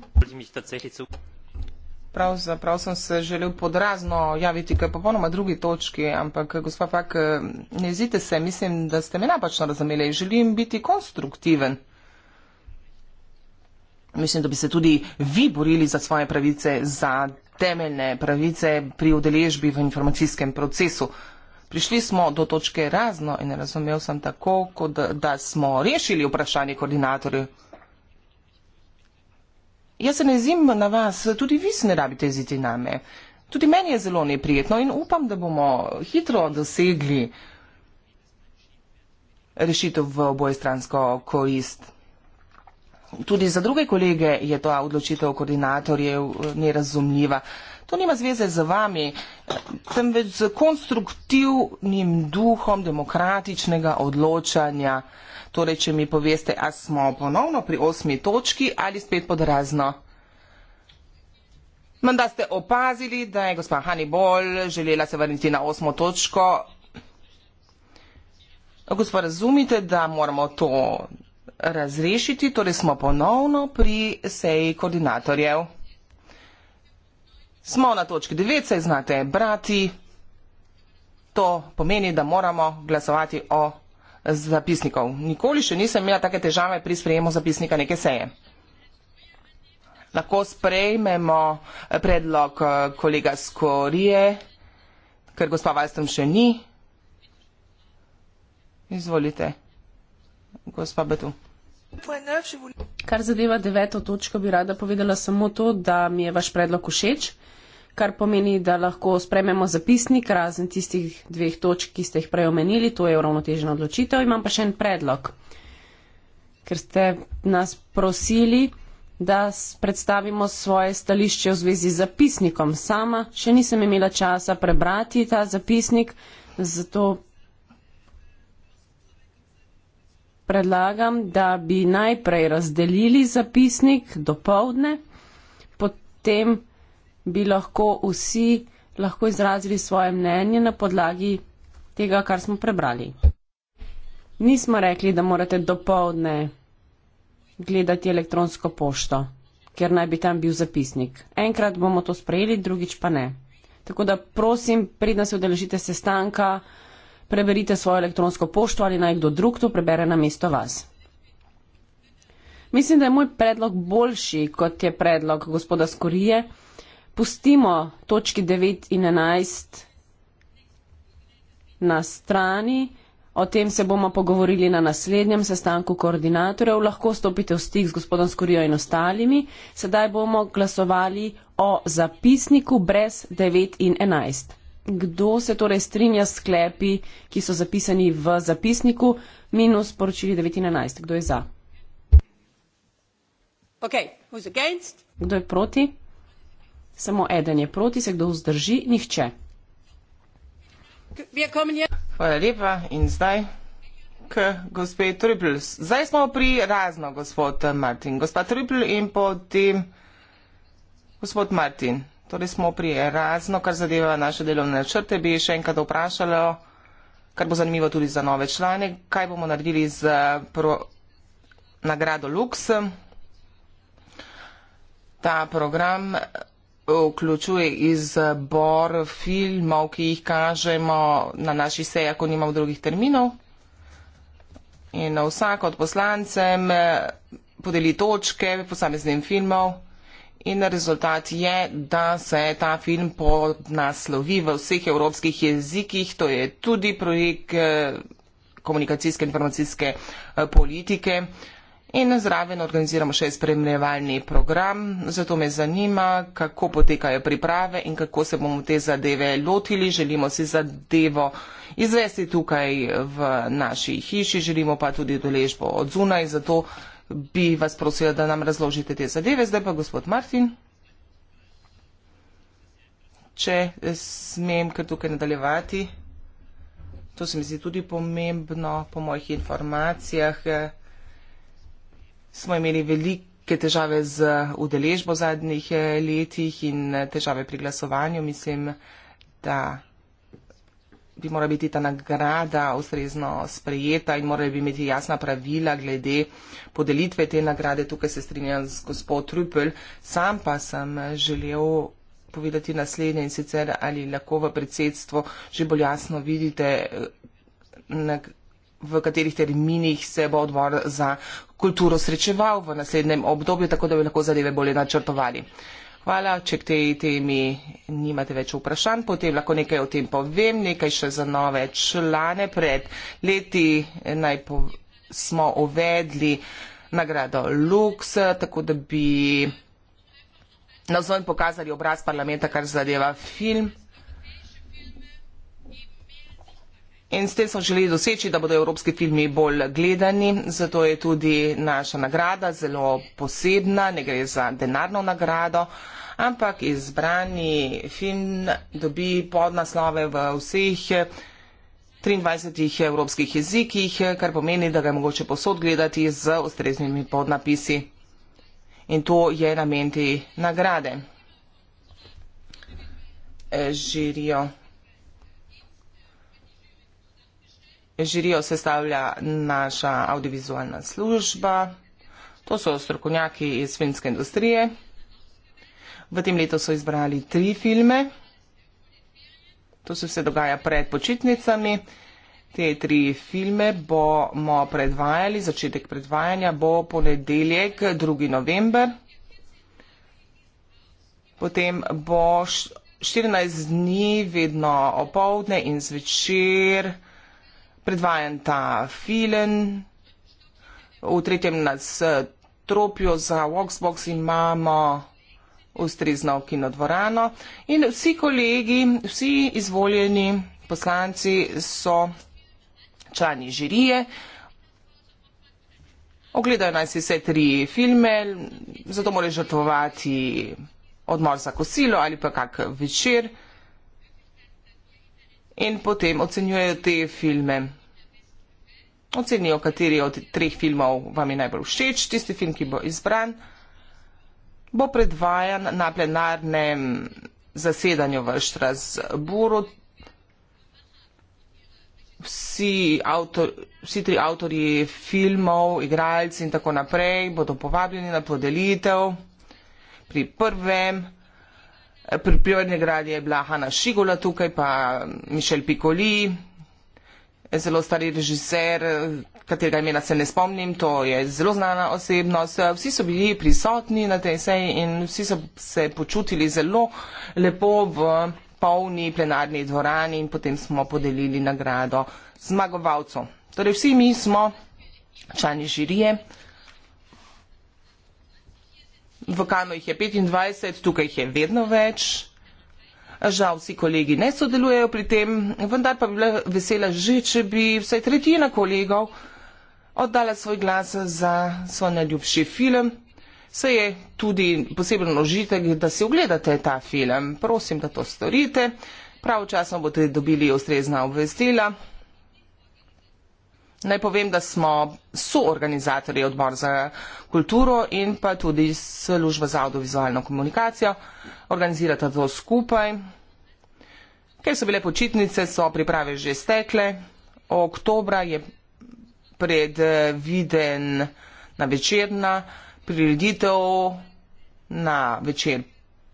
Pravzaprav sem se želel podrazno javiti k popolnoma drugi točki, ampak gospod Pak, ne zite se, mislim, da ste me napačno razumeli. Želim biti konstruktiven mislim, da bi se tudi vi borili za svoje pravice, za temeljne pravice pri udeležbi v informacijskem procesu. Prišli smo do točke razno in razumel sem tako, kot da smo rešili vprašanje koordinatorju. Jaz se ne zim na vas, tudi vi se ne rabite jeziti name. Tudi meni je zelo neprijetno in upam, da bomo hitro dosegli rešitev v obojestransko korist. Tudi za druge kolege je to odločitev koordinatorjev eh, nerazumljiva. To nima zveze z vami, eh, temveč z konstruktivnim duhom demokratičnega odločanja. Torej, če mi poveste, a smo ponovno pri osmi točki ali spet pod razno. Menda ste opazili, da je gospa Hannibal želela se vrniti na osmo točko. Gospa, razumite, da moramo to razrešiti, torej smo ponovno pri seji koordinatorjev. Smo na točki 9, saj znate brati. To pomeni, da moramo glasovati o zapisnikov. Nikoli še nisem imela take težave pri sprejemu zapisnika neke seje. Lahko sprejmemo predlog eh, kolega Skorije, ker gospa Valstrom še ni. Izvolite, gospa Betu. Kar zadeva deveto točko, bi rada povedala samo to, da mi je vaš predlog všeč, kar pomeni, da lahko sprememo zapisnik razen tistih dveh točk, ki ste jih prej omenili, to je uravnotežena odločitev. Imam pa še en predlog, ker ste nas prosili, da predstavimo svoje stališče v zvezi z zapisnikom. Sama še nisem imela časa prebrati ta zapisnik, zato predlagam, da bi najprej razdelili zapisnik do povdne, potem bi lahko vsi lahko izrazili svoje mnenje na podlagi tega, kar smo prebrali. Nismo rekli, da morate do povdne gledati elektronsko pošto, ker naj bi tam bil zapisnik. Enkrat bomo to sprejeli, drugič pa ne. Tako da prosim, pridna se udeležite sestanka preverite svojo elektronsko pošto ali naj kdo drug to prebere na mesto vas. Mislim, da je moj predlog boljši, kot je predlog gospoda Skorije. Pustimo točki 9 in 11 na strani, o tem se bomo pogovorili na naslednjem sestanku koordinatorjev, lahko stopite v stik z gospodom Skorijo in ostalimi, sedaj bomo glasovali o zapisniku brez 9 in 11 kdo se torej strinja s sklepi, ki so zapisani v zapisniku, minus poročili 19. Kdo je za? Okay. Kdo je proti? Samo eden je proti, se kdo vzdrži? Nihče. Hvala lepa in zdaj k gospe Triple. Zdaj smo pri razno, gospod Martin. Gospa Triple in potem gospod Martin. Torej smo pri razno, kar zadeva naše delovne načrte, bi še enkrat vprašalo, kar bo zanimivo tudi za nove člane, kaj bomo naredili z pro... nagrado Lux. Ta program eh, vključuje izbor filmov, ki jih kažemo na naši seji, ko nimamo drugih terminov. In vsak od poslancem eh, podeli točke posameznim filmom. In rezultat je, da se ta film podnaslovi v vseh evropskih jezikih. To je tudi projekt eh, komunikacijske in informacijske eh, politike. In zraven organiziramo še spremljevalni program. Zato me zanima, kako potekajo priprave in kako se bomo te zadeve lotili. Želimo si zadevo izvesti tukaj v naši hiši, želimo pa tudi doležbo od zunaj. Zato bi vas prosila, da nam razložite te zadeve. Zdaj pa gospod Martin, če smem kar tukaj nadaljevati, to se mi zdi tudi pomembno po mojih informacijah. Eh, smo imeli velike težave z udeležbo v zadnjih eh, letih in eh, težave pri glasovanju. Mislim, da bi morala biti ta nagrada ustrezno sprejeta in morali bi imeti jasna pravila glede podelitve te nagrade. Tukaj se strinjam z gospod Trupel. Sam pa sem želel povedati naslednje in sicer ali lahko v predsedstvo že bolj jasno vidite, na, v katerih terminih se bo odbor za kulturo srečeval v naslednjem obdobju, tako da bi lahko zadeve bolje načrtovali. Hvala, če k tej temi nimate več vprašanj, potem lahko nekaj o tem povem, nekaj še za nove člane. Pred leti najpo, smo uvedli nagrado Lux, tako da bi na zvon pokazali obraz parlamenta, kar zadeva film. In s tem smo želeli doseči, da bodo evropski filmi bolj gledani, zato je tudi naša nagrada zelo posebna, ne gre za denarno nagrado, ampak izbrani film dobi podnaslove v vseh 23 eh, evropskih jezikih, eh, kar pomeni, da ga je mogoče posod gledati z ustreznimi podnapisi. In to je namen te nagrade. Eh, žirijo Žirijo sestavlja naša audiovizualna služba. To so strokovnjaki iz filmske industrije. V tem letu so izbrali tri filme. To se vse dogaja pred počitnicami. Te tri filme bomo predvajali. Začetek predvajanja bo ponedeljek, 2. november. Potem bo 14 dni, vedno opovdne in zvečer predvajan ta film. V tretjem nadstropju za Voxbox imamo ustrezno kinodvorano in vsi kolegi, vsi izvoljeni poslanci so člani žirije. Ogledajo naj si vse tri filme, zato morajo žrtvovati odmor za kosilo ali pa kak večer in potem ocenjujejo te filme. Ocenijo, kateri od treh filmov vam je najbolj všeč, tisti film, ki bo izbran, bo predvajan na plenarnem zasedanju v Štrasburu. Vsi, avtor, vsi tri avtorji filmov, igralci in tako naprej bodo povabljeni na podelitev pri prvem pri pivni gradi je bila Hanna Šigula tukaj, pa Mišel Pikoli, zelo stari režiser, katerega imena se ne spomnim, to je zelo znana osebnost. Vsi so bili prisotni na tej seji in vsi so se počutili zelo lepo v polni plenarni dvorani in potem smo podelili nagrado zmagovalcu. Torej vsi mi smo člani žirije v Kanu jih je 25, tukaj jih je vedno več. Žal vsi kolegi ne sodelujejo pri tem, vendar pa bi bila vesela že, če bi vsaj tretjina kolegov oddala svoj glas za svoj najljubši film. Se je tudi poseben ložitek, da si ogledate ta film. Prosim, da to storite. Pravočasno boste dobili ustrezna obvestila. Naj povem, da smo soorganizatorji odbor za kulturo in pa tudi služba za audiovizualno komunikacijo. Organizirata to skupaj. Ker so bile počitnice, so priprave že stekle. Oktobra je predviden na večerna prireditev na, večer,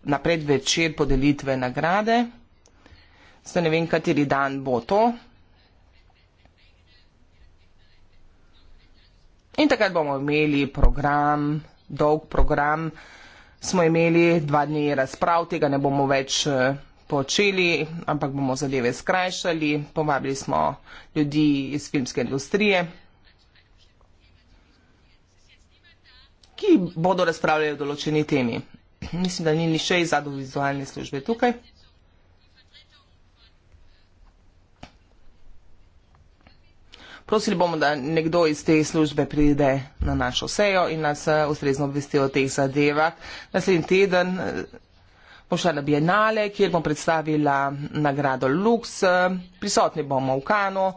na predvečer podelitve nagrade. Zdaj ne vem, kateri dan bo to. In takrat bomo imeli program, dolg program. Smo imeli dva dni razprav, tega ne bomo več eh, počeli, ampak bomo zadeve skrajšali. Povabili smo ljudi iz filmske industrije, ki bodo razpravljali o določeni temi. Mislim, da ni nišej zadov vizualne službe tukaj. Prosili bomo, da nekdo iz te službe pride na našo sejo in nas eh, ustrezno obvesti o teh zadevah. Naslednji teden eh, bom šla na Bienale, kjer bom predstavila nagrado Lux. Eh, prisotni bomo v Kanu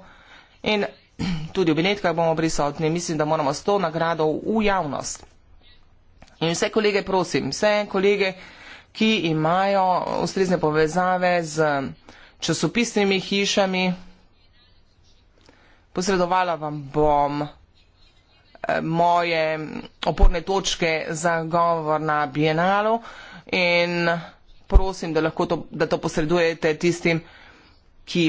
in tudi v Benetkah bomo prisotni. Mislim, da moramo s to nagrado v javnost. In vse kolege prosim, vse kolege, ki imajo ustrezne povezave z časopisnimi hišami posredovala vam bom eh, moje oporne točke za govor na bienalu in prosim, da lahko to, da to posredujete tistim, ki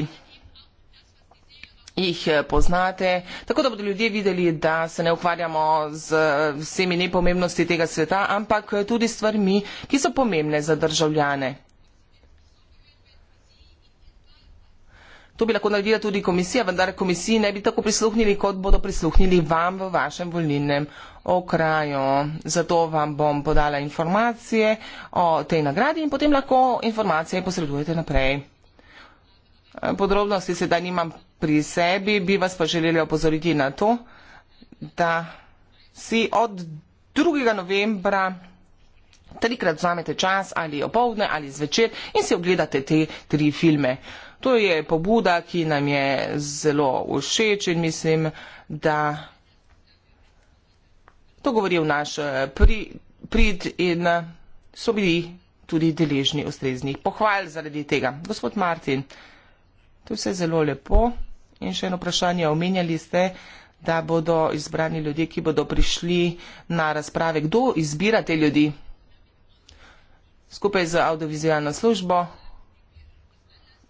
jih eh, poznate, tako da bodo ljudje videli, da se ne ukvarjamo z eh, vsemi nepomembnosti tega sveta, ampak tudi stvarmi, ki so pomembne za državljane. To bi lahko naredila tudi komisija, vendar komisiji ne bi tako prisluhnili, kot bodo prisluhnili vam v vašem volilnem okraju. Zato vam bom podala informacije o tej nagradi in potem lahko informacije posredujete naprej. Podrobnosti sedaj nimam pri sebi, bi vas pa želeli opozoriti na to, da si od 2. novembra trikrat vzamete čas ali opovdne ali zvečer in si ogledate te tri filme. To je pobuda, ki nam je zelo všeč in mislim, da to govori v naš eh, pri, prid in eh, so bili tudi deležni ustreznih pohval zaradi tega. Gospod Martin, to je vse zelo lepo in še eno vprašanje. Omenjali ste, da bodo izbrani ljudje, ki bodo prišli na razprave. Kdo izbira te ljudi? Skupaj z audiovizualno službo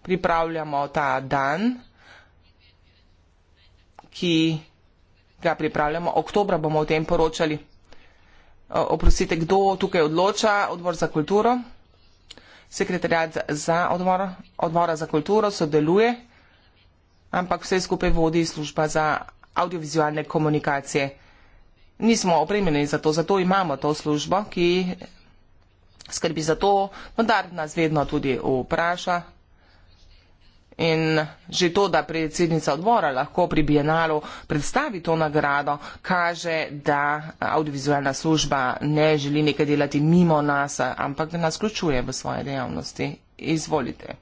pripravljamo ta dan, ki ga pripravljamo. Oktobra bomo o tem poročali. Oprostite, kdo tukaj odloča? Odbor za kulturo. Sekretarjat za odmora, odmora za kulturo sodeluje, ampak vse skupaj vodi služba za audiovizualne komunikacije. Nismo opremljeni za to, zato imamo to službo, ki skrbi za to, vendar nas vedno tudi vpraša, In že to, da predsednica odbora lahko pri Bienalu predstavi to nagrado, kaže, da audiovizualna služba ne želi nekaj delati mimo nas, ampak da nas vključuje v svoje dejavnosti. Izvolite.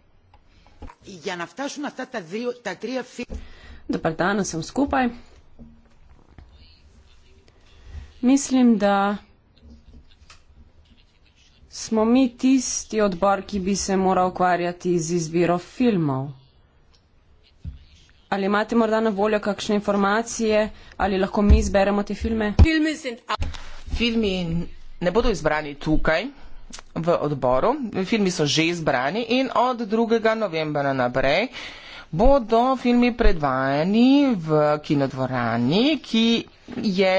Dobar no dan, sem skupaj. Mislim, da smo mi tisti odbor, ki bi se moral ukvarjati z izbiro filmov. Ali imate morda na voljo kakšne informacije, ali lahko mi izberemo te filme? Filmi ne bodo izbrani tukaj v odboru. Filmi so že izbrani in od 2. novembra naprej bodo filmi predvajani v kinodvorani, ki je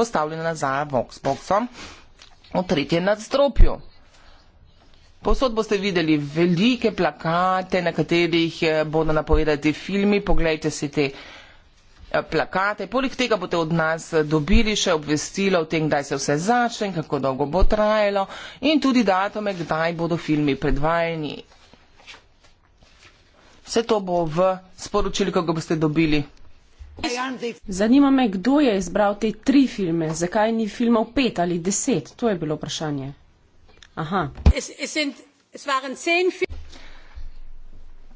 postavljena za Voxboxom v tretjem nadstropju. Posod boste videli velike plakate, na katerih eh, bodo napovedati filmi. Poglejte si te eh, plakate. Poleg tega boste od nas eh, dobili še obvestilo o tem, kdaj se vse začne, kako dolgo bo trajalo in tudi datume, kdaj bodo filmi predvajani. Vse to bo v sporočili, ko ga boste dobili. Zanima me, kdo je izbral te tri filme, zakaj ni filmov pet ali deset, to je bilo vprašanje.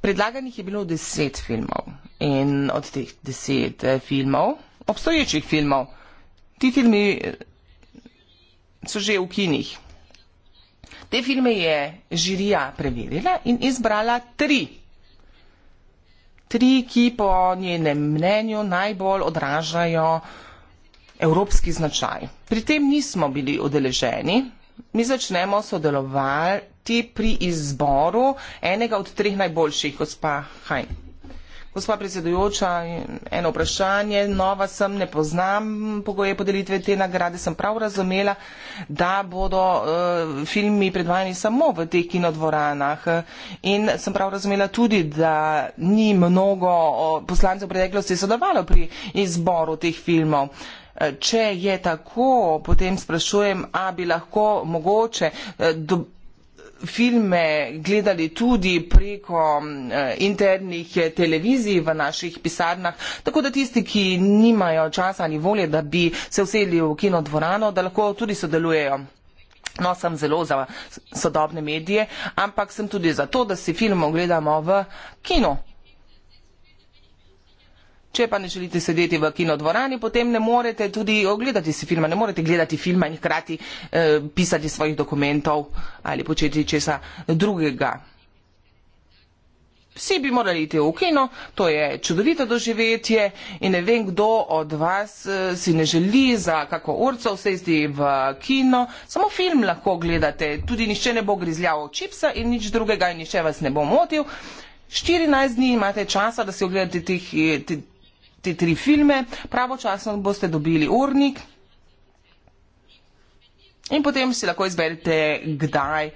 Predlaganih je bilo deset filmov in od teh deset eh, filmov, obstoječih filmov, ti filmi eh, so že v kinih. Te filme je žirija preverila in izbrala tri. Tri, ki po njenem mnenju najbolj odražajo evropski značaj. Pri tem nismo bili odeleženi mi začnemo sodelovati pri izboru enega od treh najboljših, gospa Haj. Gospa predsedujoča, eno vprašanje, nova sem, ne poznam pogoje podelitve te nagrade, sem prav razumela, da bodo uh, filmi predvajani samo v teh kinodvoranah in sem prav razumela tudi, da ni mnogo uh, poslancev v preteklosti sodelovalo pri izboru teh filmov. Uh, če je tako, potem sprašujem, a bi lahko mogoče eh, do, filme gledali tudi preko eh, internih eh, televizij v naših pisarnah, tako da tisti, ki nimajo časa ali volje, da bi se vseli v kino dvorano, da lahko tudi sodelujejo. No, sem zelo za sodobne medije, ampak sem tudi za to, da si film ogledamo v kino. Če pa ne želite sedeti v kinodvorani, potem ne morete tudi ogledati si filma, ne morete gledati filma in hkrati eh, pisati svojih dokumentov ali početi česa drugega. Vsi bi morali iti v kino, to je čudovito doživetje in ne vem, kdo od vas eh, si ne želi za kako urco vsesti v kino. Samo film lahko gledate, tudi nišče ne bo grizljal čipsa in nič drugega in nišče vas ne bo motil. 14 dni imate časa, da si ogledate teh, te, te tri filme, pravočasno boste dobili urnik in potem si lahko izberete, kdaj.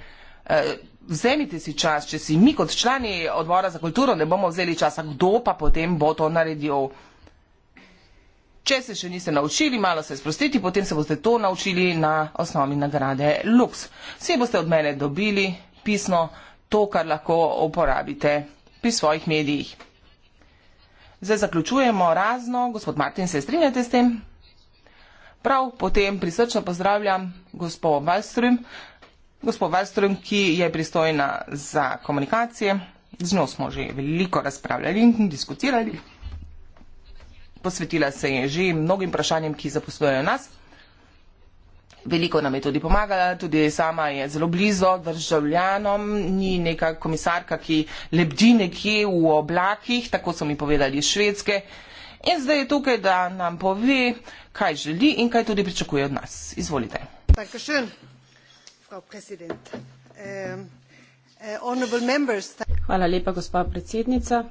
Eh, vzemite si čas, če si mi kot člani odbora za kulturo ne bomo vzeli časa, kdo pa potem bo to naredil. Če se še niste naučili, malo se sprostiti, potem se boste to naučili na osnovi nagrade Lux. Vsi boste od mene dobili pisno to, kar lahko uporabite pri svojih medijih. Zdaj zaključujemo razno, gospod Martin, se strinjate s tem? Prav potem prisrčno pozdravljam gospod Valstrum, gospod Valstrum, ki je pristojna za komunikacije. Z njo smo že veliko razpravljali in diskutirali. Posvetila se je že mnogim vprašanjem, ki zaposlujejo nas veliko nam je tudi pomagala, tudi sama je zelo blizu državljanom, ni neka komisarka, ki lebdi nekje v oblakih, tako so mi povedali iz Švedske. In zdaj je tukaj, da nam pove, kaj želi in kaj tudi pričakuje od nas. Izvolite. Ähm, äh, Hvala lepa, gospa predsednica.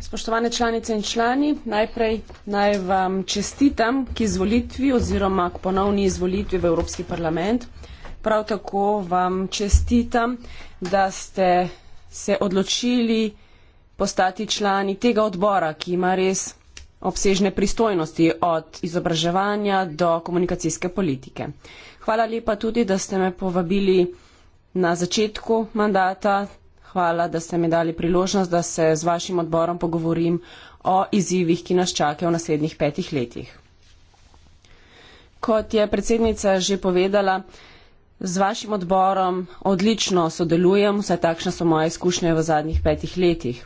Spoštovane članice in člani, najprej naj vam čestitam k izvolitvi oziroma k ponovni izvolitvi v Evropski parlament. Prav tako vam čestitam, da ste se odločili postati člani tega odbora, ki ima res obsežne pristojnosti od izobraževanja do komunikacijske politike. Hvala lepa tudi, da ste me povabili na začetku mandata Hvala, da ste mi dali priložnost, da se z vašim odborom pogovorim o izzivih, ki nas čakajo v naslednjih petih letih. Kot je predsednica že povedala, z vašim odborom odlično sodelujem, vse takšne so moje izkušnje v zadnjih petih letih.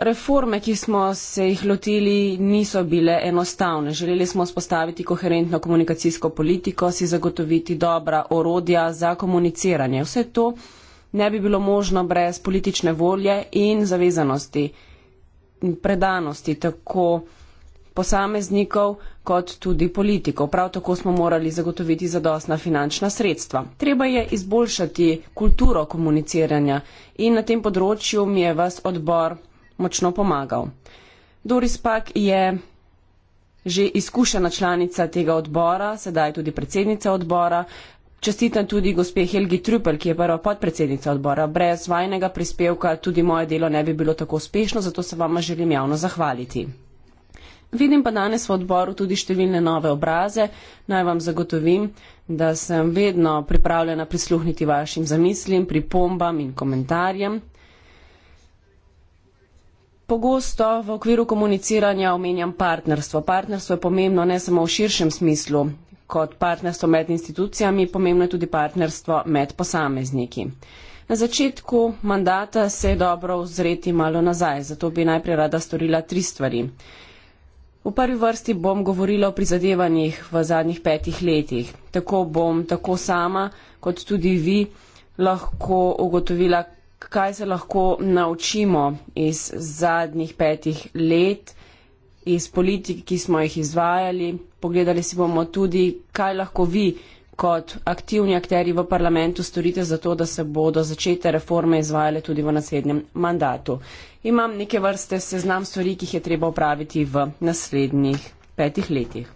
Reforme, ki smo se jih lotili, niso bile enostavne. Želeli smo spostaviti koherentno komunikacijsko politiko, si zagotoviti dobra orodja za komuniciranje. Vse to ne bi bilo možno brez politične volje in zavezanosti, predanosti tako posameznikov kot tudi politikov. Prav tako smo morali zagotoviti zadostna finančna sredstva. Treba je izboljšati kulturo komuniciranja in na tem področju mi je vas odbor močno pomagal. Doris Pak je že izkušena članica tega odbora, sedaj je tudi predsednica odbora. Čestitam tudi gospe Helgi Trupel, ki je prva podpredsednica odbora. Brez vajnega prispevka tudi moje delo ne bi bilo tako uspešno, zato se vama želim javno zahvaliti. Vidim pa danes v odboru tudi številne nove obraze. Naj vam zagotovim, da sem vedno pripravljena prisluhniti vašim zamislim, pripombam in komentarjem pogosto v okviru komuniciranja omenjam partnerstvo. Partnerstvo je pomembno ne samo v širšem smislu kot partnerstvo med institucijami, pomembno je tudi partnerstvo med posamezniki. Na začetku mandata se je dobro ozreti malo nazaj, zato bi najprej rada storila tri stvari. V prvi vrsti bom govorila o prizadevanjih v zadnjih petih letih. Tako bom tako sama kot tudi vi lahko ugotovila, kaj se lahko naučimo iz zadnjih petih let, iz politik, ki smo jih izvajali. Pogledali si bomo tudi, kaj lahko vi kot aktivni akteri v parlamentu storite za to, da se bodo začete reforme izvajale tudi v naslednjem mandatu. Imam neke vrste seznam stvari, ki jih je treba upraviti v naslednjih petih letih.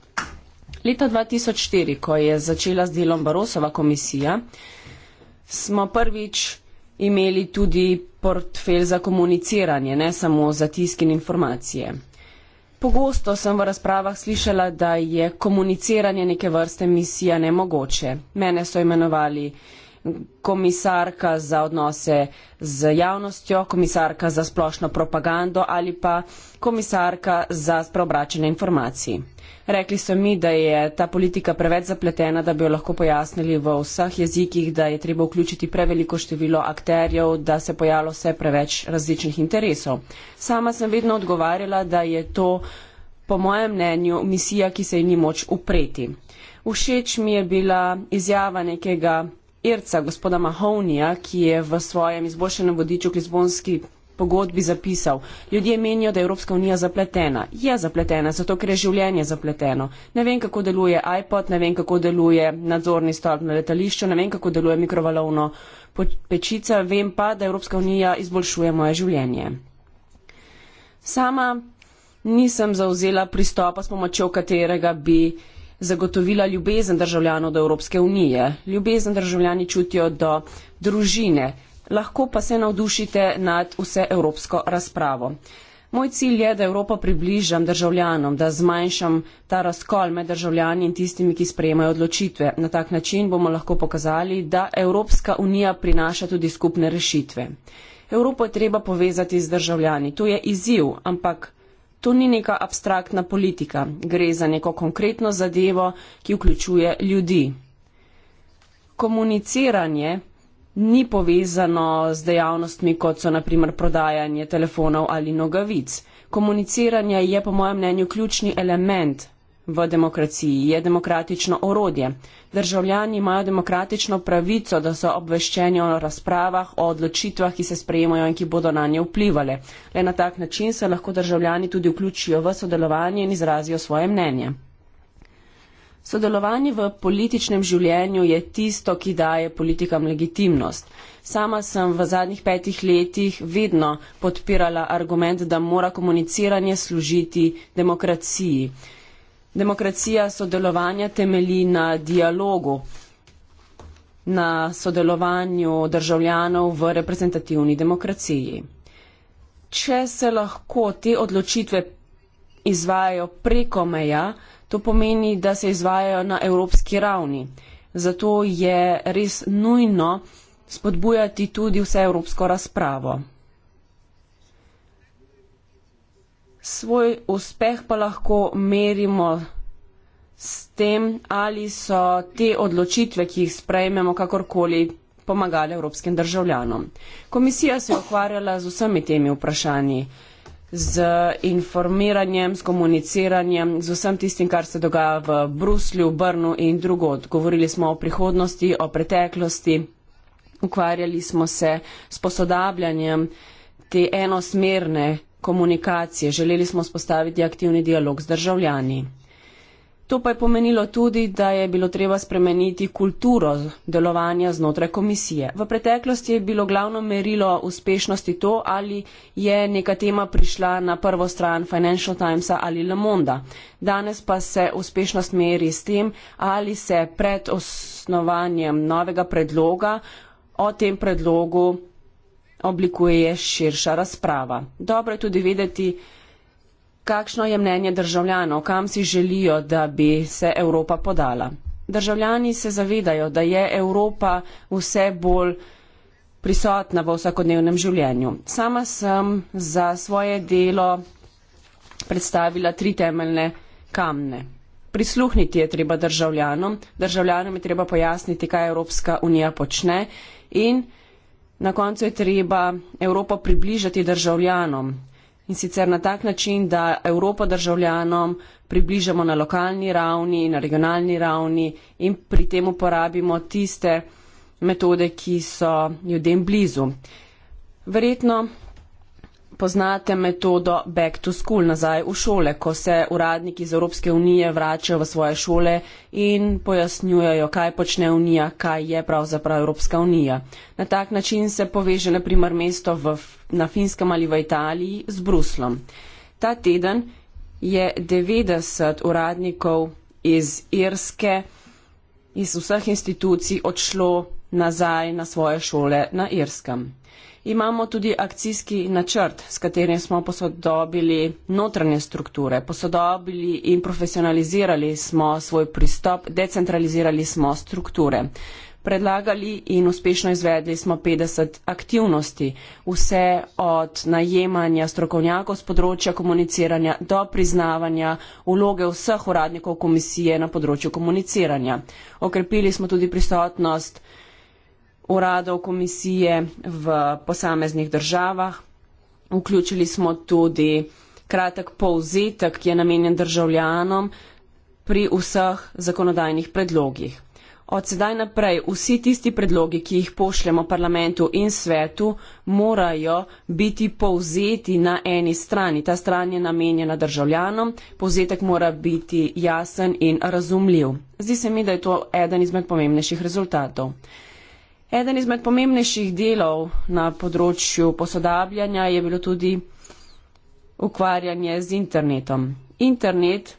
Leta 2004, ko je začela z delom Barosova komisija, smo prvič imeli tudi portfelj za komuniciranje, ne samo za tisk in informacije. Pogosto sem v razpravah slišala, da je komuniciranje neke vrste misija nemogoče. Mene so imenovali komisarka za odnose z javnostjo, komisarka za splošno propagando ali pa komisarka za spreobračene informacije. Rekli so mi, da je ta politika preveč zapletena, da bi jo lahko pojasnili v vseh jezikih, da je treba vključiti preveliko število akterjev, da se pojavilo vse preveč različnih interesov. Sama sem vedno odgovarjala, da je to, po mojem mnenju, misija, ki se ji ni moč upreti. Všeč mi je bila izjava nekega Irca, gospoda Mahonija, ki je v svojem izboljšenem vodiču k Lizbonski pogodbi zapisal. Ljudje menijo, da je Evropska unija zapletena. Je zapletena, zato ker je življenje zapleteno. Ne vem, kako deluje iPod, ne vem, kako deluje nadzorni stolp na letališču, ne vem, kako deluje mikrovalovno pečica, vem pa, da Evropska unija izboljšuje moje življenje. Sama nisem zauzela pristopa, s pomočjo katerega bi zagotovila ljubezen državljanov do Evropske unije. Ljubezen državljani čutijo do družine, lahko pa se navdušite nad vse evropsko razpravo. Moj cilj je, da Evropo približam državljanom, da zmanjšam ta razkol med državljani in tistimi, ki sprejemajo odločitve. Na tak način bomo lahko pokazali, da Evropska unija prinaša tudi skupne rešitve. Evropo je treba povezati z državljani. To je izziv, ampak. To ni neka abstraktna politika, gre za neko konkretno zadevo, ki vključuje ljudi. Komuniciranje ni povezano z dejavnostmi, kot so naprimer prodajanje telefonov ali nogavic. Komuniciranje je po mojem mnenju ključni element v demokraciji, je demokratično orodje. Državljani imajo demokratično pravico, da so obveščeni o razpravah, o odločitvah, ki se sprejemajo in ki bodo na nje vplivali. Le na tak način se lahko državljani tudi vključijo v sodelovanje in izrazijo svoje mnenje. Sodelovanje v političnem življenju je tisto, ki daje politikam legitimnost. Sama sem v zadnjih petih letih vedno podpirala argument, da mora komuniciranje služiti demokraciji. Demokracija sodelovanja temeli na dialogu, na sodelovanju državljanov v reprezentativni demokraciji. Če se lahko te odločitve izvajajo preko meja, To pomeni, da se izvajajo na evropski ravni. Zato je res nujno spodbujati tudi vse evropsko razpravo. Svoj uspeh pa lahko merimo s tem, ali so te odločitve, ki jih sprejmemo, kakorkoli pomagali evropskim državljanom. Komisija se je ukvarjala z vsemi temi vprašanji z informiranjem, s komuniciranjem, z vsem tistim, kar se dogaja v Bruslju, Brnu in drugod. Govorili smo o prihodnosti, o preteklosti, ukvarjali smo se s posodabljanjem te enosmerne komunikacije, želeli smo spostaviti aktivni dialog z državljani. To pa je pomenilo tudi, da je bilo treba spremeniti kulturo delovanja znotraj komisije. V preteklosti je bilo glavno merilo uspešnosti to, ali je neka tema prišla na prvo stran Financial Timesa ali Le Monda. Danes pa se uspešnost meri s tem, ali se pred osnovanjem novega predloga o tem predlogu oblikuje širša razprava. Dobro je tudi vedeti, Kakšno je mnenje državljanov, kam si želijo, da bi se Evropa podala? Državljani se zavedajo, da je Evropa vse bolj prisotna v vsakodnevnem življenju. Sama sem za svoje delo predstavila tri temeljne kamne. Prisluhniti je treba državljanom, državljanom je treba pojasniti, kaj Evropska unija počne in na koncu je treba Evropo približati državljanom, In sicer na tak način, da Evropo državljanom približamo na lokalni ravni, na regionalni ravni in pri tem uporabimo tiste metode, ki so ljudem blizu. Verjetno poznate metodo back to school nazaj v šole, ko se uradniki iz Evropske unije vračajo v svoje šole in pojasnjujejo, kaj počne unija, kaj je pravzaprav Evropska unija. Na tak način se poveže naprimer mesto v, na Finskem ali v Italiji z Bruslom. Ta teden je 90 uradnikov iz Irske, iz vseh institucij odšlo nazaj na svoje šole na Irskem imamo tudi akcijski načrt, s katerim smo posodobili notranje strukture, posodobili in profesionalizirali smo svoj pristop, decentralizirali smo strukture. Predlagali in uspešno izvedli smo 50 aktivnosti, vse od najemanja strokovnjakov z področja komuniciranja do priznavanja vloge vseh uradnikov komisije na področju komuniciranja. Okrepili smo tudi prisotnost uradov komisije v posameznih državah. Vključili smo tudi kratek povzetek, ki je namenjen državljanom pri vseh zakonodajnih predlogih. Od sedaj naprej vsi tisti predlogi, ki jih pošljemo parlamentu in svetu, morajo biti povzeti na eni strani. Ta stran je namenjena državljanom, povzetek mora biti jasen in razumljiv. Zdi se mi, da je to eden izmed pomembnejših rezultatov. Eden izmed pomembnejših delov na področju posodabljanja je bilo tudi ukvarjanje z internetom. Internet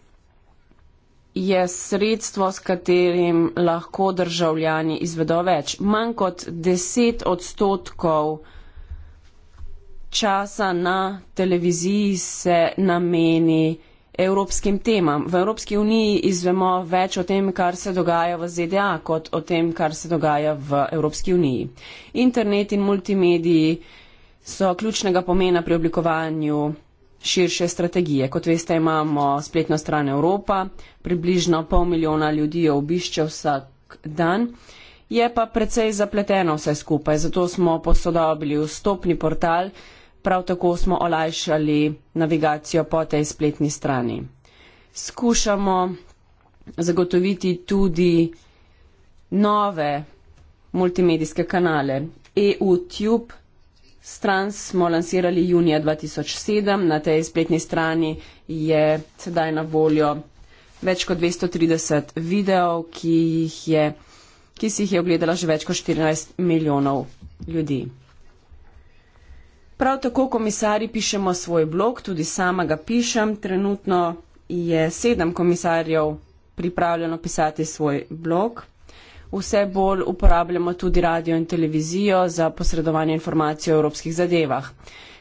je sredstvo, s katerim lahko državljani izvedo več. Manj kot 10 odstotkov časa na televiziji se nameni evropskim temam. V Evropski uniji izvemo več o tem, kar se dogaja v ZDA, kot o tem, kar se dogaja v Evropski uniji. Internet in multimediji so ključnega pomena pri oblikovanju širše strategije. Kot veste, imamo spletno stran Evropa, približno pol milijona ljudi jo obišče vsak dan. Je pa precej zapleteno vse skupaj, zato smo posodobili vstopni portal, prav tako smo olajšali navigacijo po tej spletni strani. Skušamo zagotoviti tudi nove multimedijske kanale. EUTube stran smo lansirali junija 2007, na tej spletni strani je sedaj na voljo več kot 230 videov, ki, je, ki si jih je ogledala že več kot 14 milijonov ljudi. Prav tako komisari pišemo svoj blog, tudi sama ga pišem. Trenutno je sedem komisarjev pripravljeno pisati svoj blog. Vse bolj uporabljamo tudi radio in televizijo za posredovanje informacij o evropskih zadevah.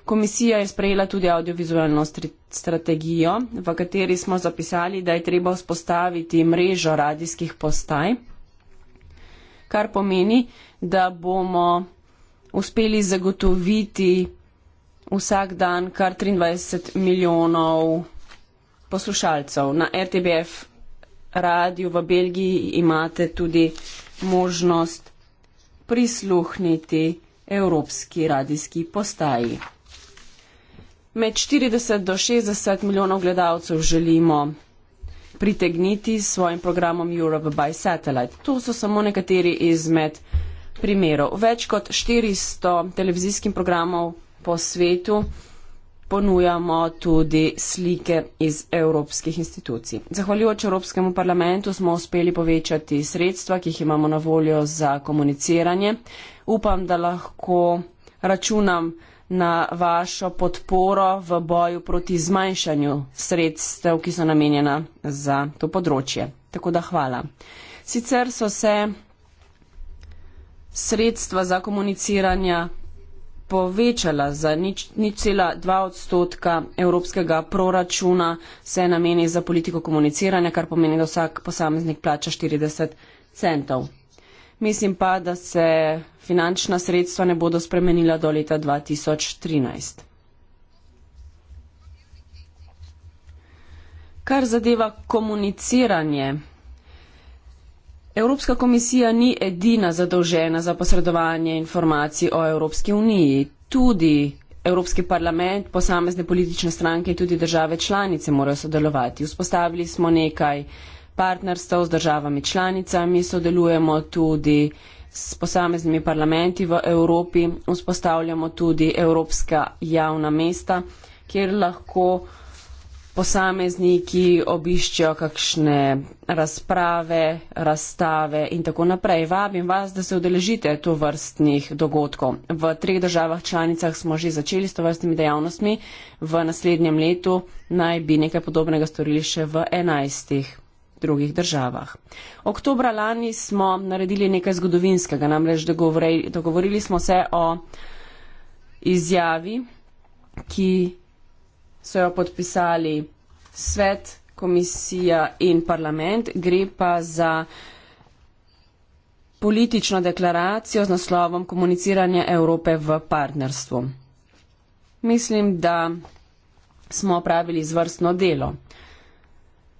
Komisija je sprejela tudi audiovizualno strategijo, v kateri smo zapisali, da je treba vzpostaviti mrežo radijskih postaj, kar pomeni, da bomo uspeli zagotoviti vsak dan kar 23 milijonov poslušalcev. Na RTBF radiju v Belgiji imate tudi možnost prisluhniti evropski radijski postaji. Med 40 do 60 milijonov gledalcev želimo pritegniti s svojim programom Europe by Satellite. To so samo nekateri izmed primerov. Več kot 400 televizijskim programov po svetu ponujamo tudi slike iz evropskih institucij. Zahvaljujoč Evropskemu parlamentu smo uspeli povečati sredstva, ki jih imamo na voljo za komuniciranje. Upam, da lahko računam na vašo podporo v boju proti zmanjšanju sredstev, ki so namenjena za to področje. Tako da hvala. Sicer so se sredstva za komuniciranje povečala za nič, nič cela dva odstotka evropskega proračuna, se nameni za politiko komuniciranja, kar pomeni, da vsak posameznik plača 40 centov. Mislim pa, da se finančna sredstva ne bodo spremenila do leta 2013. Kar zadeva komuniciranje, Evropska komisija ni edina zadolžena za posredovanje informacij o Evropski uniji. Tudi Evropski parlament, posamezne politične stranke in tudi države članice morajo sodelovati. Vzpostavili smo nekaj partnerstv z državami članicami, sodelujemo tudi s posameznimi parlamenti v Evropi, vzpostavljamo tudi evropska javna mesta, kjer lahko posamezniki obiščejo kakšne razprave, razstave in tako naprej. Vabim vas, da se udeležite to vrstnih dogodkov. V treh državah članicah smo že začeli s to vrstnimi dejavnostmi, v naslednjem letu naj bi nekaj podobnega storili še v enajstih drugih državah. Oktobra lani smo naredili nekaj zgodovinskega, namreč dogovorili, dogovorili smo se o izjavi, ki so jo podpisali svet, komisija in parlament. Gre pa za politično deklaracijo z naslovom Komuniciranje Evrope v partnerstvu. Mislim, da smo opravili zvrstno delo.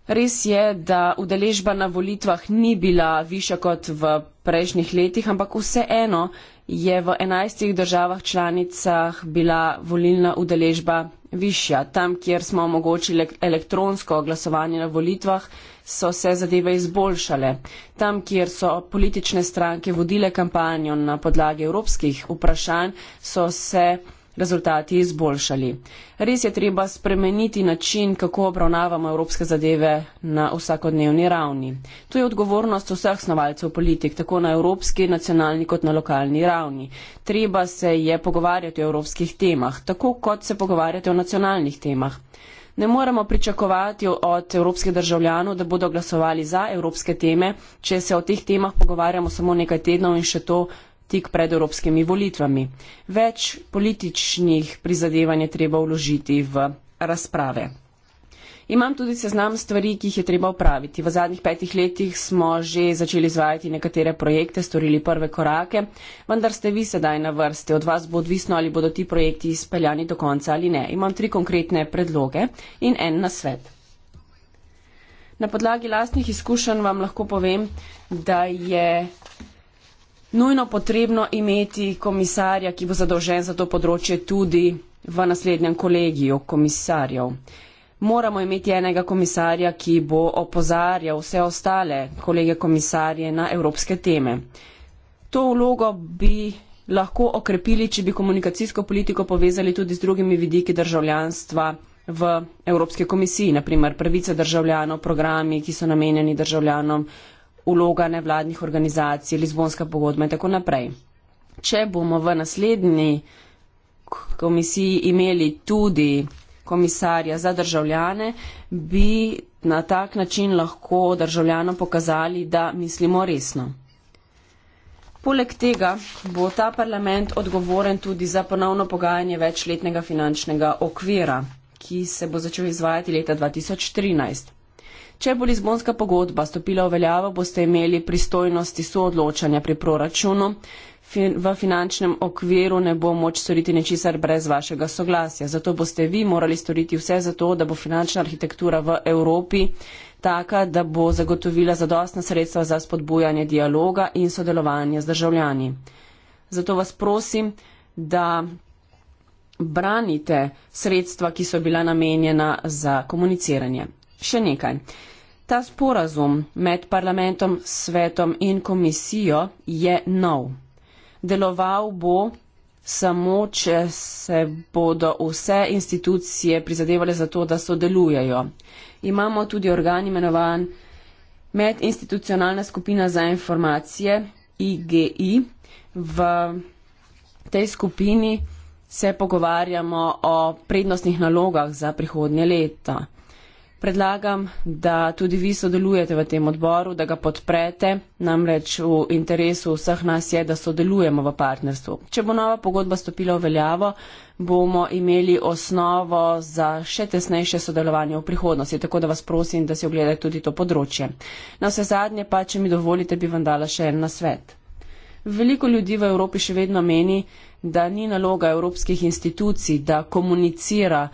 Res je, da udeležba na volitvah ni bila više kot v prejšnjih letih, ampak vseeno je v enajstih državah članicah bila volilna udeležba višja. Tam, kjer smo omogočili elektronsko glasovanje na volitvah, so se zadeve izboljšale. Tam, kjer so politične stranke vodile kampanjo na podlagi evropskih vprašanj, so se rezultati izboljšali. Res je treba spremeniti način, kako obravnavamo evropske zadeve na vsakodnevni ravni. To je odgovornost vseh snovalcev politik, tako na evropski, nacionalni kot na lokalni ravni. Treba se je pogovarjati o evropskih temah, tako kot se pogovarjati o nacionalnih temah. Ne moremo pričakovati od evropskih državljanov, da bodo glasovali za evropske teme, če se o teh temah pogovarjamo samo nekaj tednov in še to tik pred evropskimi volitvami. Več političnih prizadevanj je treba vložiti v razprave. Imam tudi seznam stvari, ki jih je treba upraviti. V zadnjih petih letih smo že začeli izvajati nekatere projekte, storili prve korake, vendar ste vi sedaj na vrsti. Od vas bo odvisno, ali bodo ti projekti izpeljani do konca ali ne. Imam tri konkretne predloge in en na svet. Na podlagi lastnih izkušenj vam lahko povem, da je nujno potrebno imeti komisarja, ki bo zadolžen za to področje tudi v naslednjem kolegiju komisarjev. Moramo imeti enega komisarja, ki bo opozarjal vse ostale kolege komisarje na evropske teme. To vlogo bi lahko okrepili, če bi komunikacijsko politiko povezali tudi z drugimi vidiki državljanstva v Evropski komisiji, naprimer pravice državljanov, programi, ki so namenjeni državljanom, vloga nevladnih organizacij, Lizbonska pogodba in tako naprej. Če bomo v naslednji komisiji imeli tudi komisarja za državljane, bi na tak način lahko državljanom pokazali, da mislimo resno. Poleg tega bo ta parlament odgovoren tudi za ponovno pogajanje večletnega finančnega okvira, ki se bo začel izvajati leta 2013. Če bo Lizbonska pogodba stopila v veljavo, boste imeli pristojnosti soodločanja pri proračunu. V finančnem okviru ne bo moč storiti ničesar brez vašega soglasja. Zato boste vi morali storiti vse za to, da bo finančna arhitektura v Evropi taka, da bo zagotovila zadostna sredstva za spodbujanje dialoga in sodelovanja z državljani. Zato vas prosim, da branite sredstva, ki so bila namenjena za komuniciranje. Še nekaj. Ta sporazum med parlamentom, svetom in komisijo je nov. Deloval bo samo, če se bodo vse institucije prizadevale za to, da sodelujejo. Imamo tudi organ imenovan Medinstitucionalna skupina za informacije IGI. V tej skupini se pogovarjamo o prednostnih nalogah za prihodnje leta predlagam, da tudi vi sodelujete v tem odboru, da ga podprete, namreč v interesu vseh nas je, da sodelujemo v partnerstvu. Če bo nova pogodba stopila v veljavo, bomo imeli osnovo za še tesnejše sodelovanje v prihodnosti, tako da vas prosim, da si ogledate tudi to področje. Na vse zadnje pa, če mi dovolite, bi vam dala še en nasvet. Veliko ljudi v Evropi še vedno meni, da ni naloga evropskih institucij, da komunicira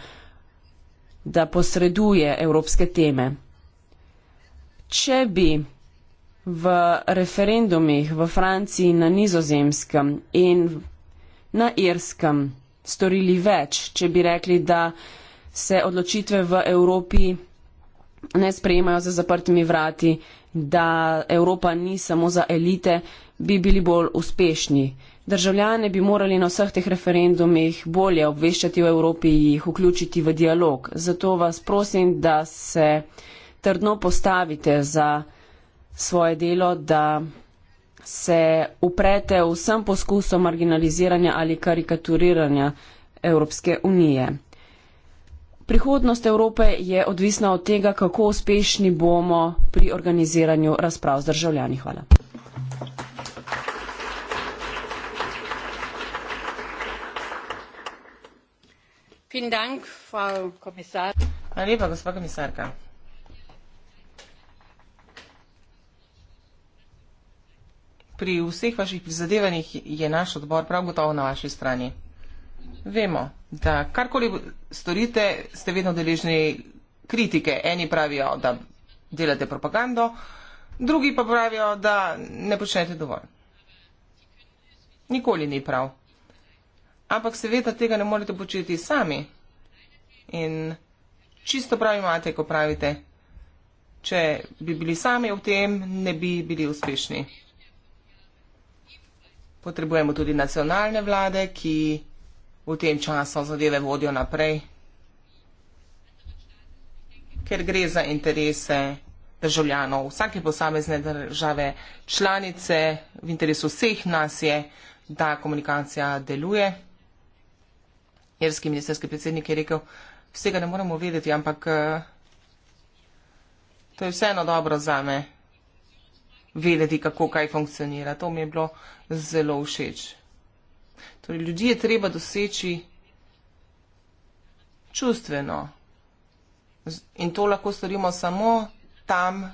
da posreduje evropske teme. Če bi v referendumih v Franciji, na nizozemskem in na irskem storili več, če bi rekli, da se odločitve v Evropi ne sprejemajo za zaprtimi vrati, da Evropa ni samo za elite, bi bili bolj uspešni. Državljane bi morali na vseh teh referendumih bolje obveščati v Evropi, jih vključiti v dialog. Zato vas prosim, da se trdno postavite za svoje delo, da se uprete vsem poskusom marginaliziranja ali karikaturiranja Evropske unije. Prihodnost Evrope je odvisna od tega, kako uspešni bomo pri organiziranju razprav z državljani. Hvala. pri vseh vaših prizadevanjih je naš odbor prav gotovo na vaši strani. Vemo, da karkoli storite, ste vedno deležni kritike. Eni pravijo, da delate propagando, drugi pa pravijo, da ne počnete dovolj. Nikoli ni prav ampak seveda tega ne morete početi sami. In čisto prav imate, ko pravite, če bi bili sami v tem, ne bi bili uspešni. Potrebujemo tudi nacionalne vlade, ki v tem času zadeve vodijo naprej, ker gre za interese državljanov vsake posamezne države, članice, v interesu vseh nas je, da komunikacija deluje irski ministerski predsednik je rekel, vsega ne moramo vedeti, ampak eh, to je vseeno dobro za me, vedeti, kako kaj funkcionira. To mi je bilo zelo všeč. Torej, ljudi je treba doseči čustveno. In to lahko storimo samo tam,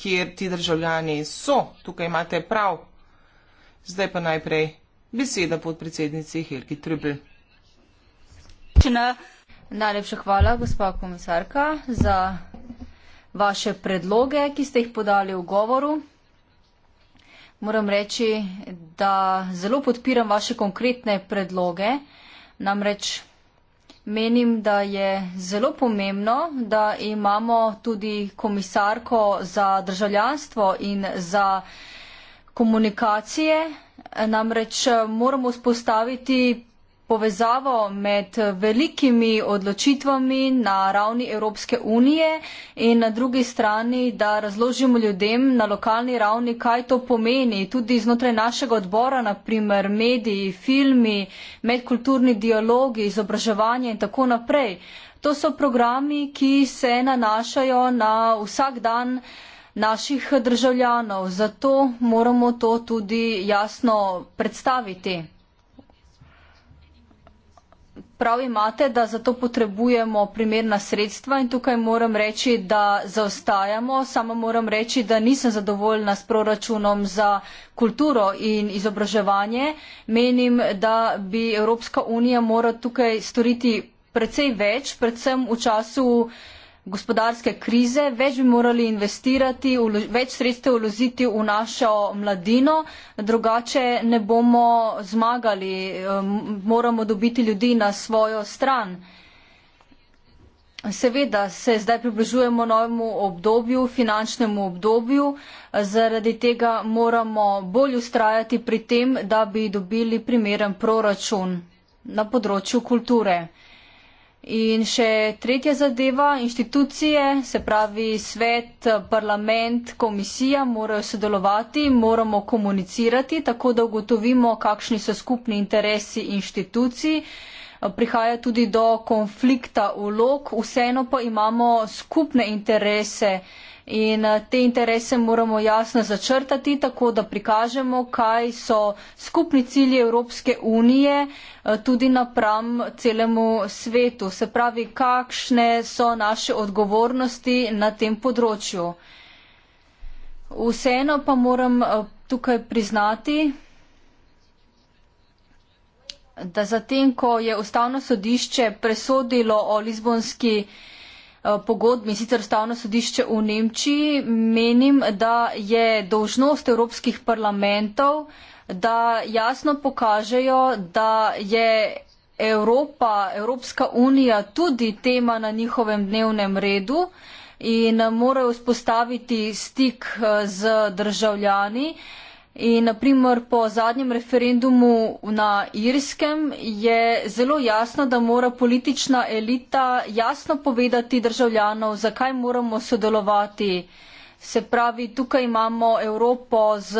kjer ti državljani so. Tukaj imate prav. Zdaj pa najprej beseda podpredsednici Helgi Trübel občina. Najlepša hvala, gospa komisarka, za vaše predloge, ki ste jih podali v govoru. Moram reči, da zelo podpiram vaše konkretne predloge. Namreč menim, da je zelo pomembno, da imamo tudi komisarko za državljanstvo in za komunikacije. Namreč moramo spostaviti povezavo med velikimi odločitvami na ravni Evropske unije in na drugi strani, da razložimo ljudem na lokalni ravni, kaj to pomeni. Tudi znotraj našega odbora, naprimer mediji, filmi, medkulturni dialogi, izobraževanje in tako naprej. To so programi, ki se nanašajo na vsak dan naših državljanov. Zato moramo to tudi jasno predstaviti. Prav imate, da zato potrebujemo primerna sredstva in tukaj moram reči, da zaostajamo. Sama moram reči, da nisem zadovoljna s proračunom za kulturo in izobraževanje. Menim, da bi Evropska unija morala tukaj storiti precej več, predvsem v času gospodarske krize, več bi morali investirati, več sredstev vložiti v našo mladino, drugače ne bomo zmagali, eh, moramo dobiti ljudi na svojo stran. Seveda se zdaj približujemo novemu obdobju, finančnemu obdobju, zaradi tega moramo bolj ustrajati pri tem, da bi dobili primeren proračun na področju kulture. In še tretja zadeva, inštitucije, se pravi svet, parlament, komisija morajo sodelovati, moramo komunicirati, tako da ugotovimo, kakšni so skupni interesi inštitucij. Prihaja tudi do konflikta vlog, vseeno pa imamo skupne interese in eh, te interese moramo jasno začrtati, tako da prikažemo, kaj so skupni cilji Evropske unije eh, tudi napram celemu svetu. Se pravi, kakšne so naše odgovornosti na tem področju. Vseeno pa moram eh, tukaj priznati, da zatem, ko je ustavno sodišče presodilo o Lizbonski Eh, pogodbi, sicer ustavno sodišče v Nemčiji, menim, da je dožnost evropskih parlamentov, da jasno pokažejo, da je Evropa, Evropska unija tudi tema na njihovem dnevnem redu in morajo vzpostaviti stik eh, z državljani. In naprimer po zadnjem referendumu na Irskem je zelo jasno, da mora politična elita jasno povedati državljanov, zakaj moramo sodelovati. Se pravi, tukaj imamo Evropo z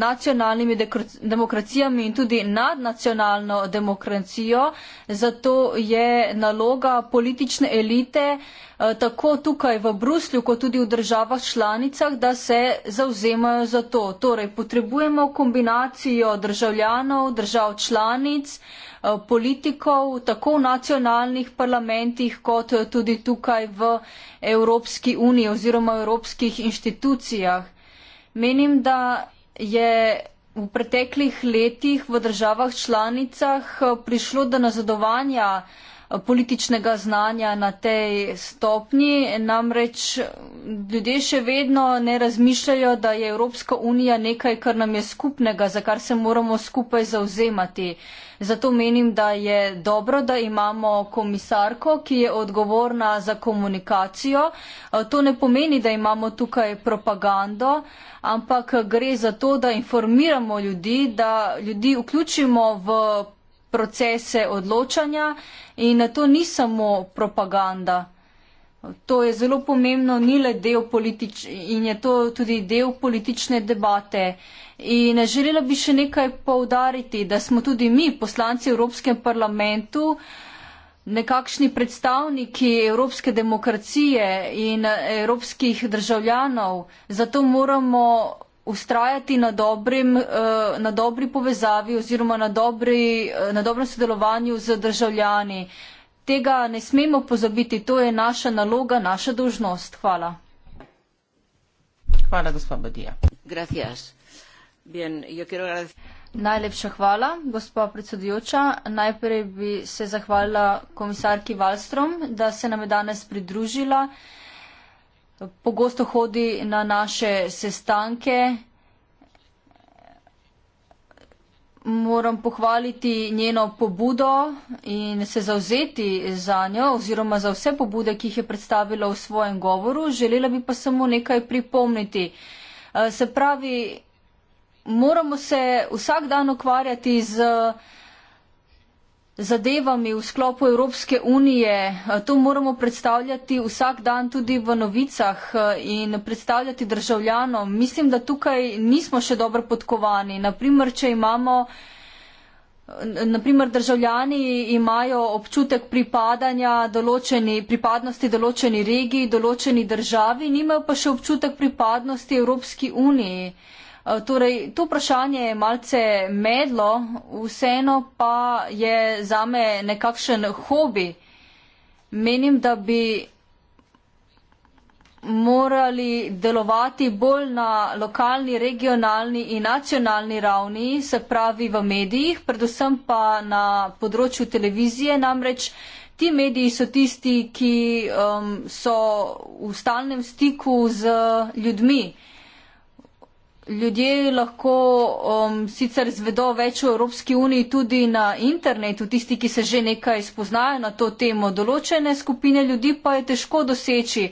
nacionalnimi demokracijami in tudi nadnacionalno demokracijo, zato je naloga politične elite eh, tako tukaj v Bruslju, kot tudi v državah članicah, da se zauzemajo za to. Torej, potrebujemo kombinacijo državljanov, držav članic, Eh, politikov, tako v nacionalnih parlamentih, kot eh, tudi tukaj v Evropski uniji oziroma evropskih inštitucijah. Menim, da je v preteklih letih v državah članicah eh, prišlo do nazadovanja političnega znanja na tej stopnji. Namreč ljudje še vedno ne razmišljajo, da je Evropska unija nekaj, kar nam je skupnega, za kar se moramo skupaj zauzemati. Zato menim, da je dobro, da imamo komisarko, ki je odgovorna za komunikacijo. Eh, to ne pomeni, da imamo tukaj propagando, ampak gre za to, da informiramo ljudi, da ljudi vključimo v procese odločanja in to ni samo propaganda. To je zelo pomembno, ni le del politične in je to tudi del politične debate. In želela bi še nekaj povdariti, da smo tudi mi, poslanci Evropskem parlamentu, nekakšni predstavniki evropske demokracije in evropskih državljanov. Zato moramo ustrajati na, dobrim, eh, na dobri povezavi oziroma na, dobri, eh, na dobrem sodelovanju z državljani. Tega ne smemo pozabiti, to je naša naloga, naša dožnost. Hvala. Hvala, gospod Badija. Najlepša hvala, gospod predsedujoča. Najprej bi se zahvalila komisarki Valstrom, da se nam je danes pridružila. Pogosto hodi na naše sestanke. moram pohvaliti njeno pobudo in se zauzeti za njo oziroma za vse pobude, ki jih je predstavila v svojem govoru. Želela bi pa samo nekaj pripomniti. Eh, se pravi, moramo se vsak dan ukvarjati z zadevami v sklopu Evropske unije. Eh, to moramo predstavljati vsak dan tudi v novicah eh, in predstavljati državljanom. Mislim, da tukaj nismo še dobro podkovani. Naprimer, če imamo. Eh, Naprimer, državljani imajo občutek določeni, pripadnosti določeni regiji, določeni državi, nimajo pa še občutek pripadnosti Evropski uniji. Uh, Eh, torej, to vprašanje je malce medlo, vseeno pa je za me nekakšen hobi. Menim, da bi morali delovati bolj na lokalni, regionalni in nacionalni ravni, se pravi v medijih, predvsem pa na področju televizije namreč. Ti mediji so tisti, ki um, so v stalnem stiku z ljudmi. Uh, ljudje lahko um, sicer zvedo več o Evropski uniji tudi na internetu, tisti, ki se že nekaj spoznajo na to temo, določene skupine ljudi pa je težko doseči.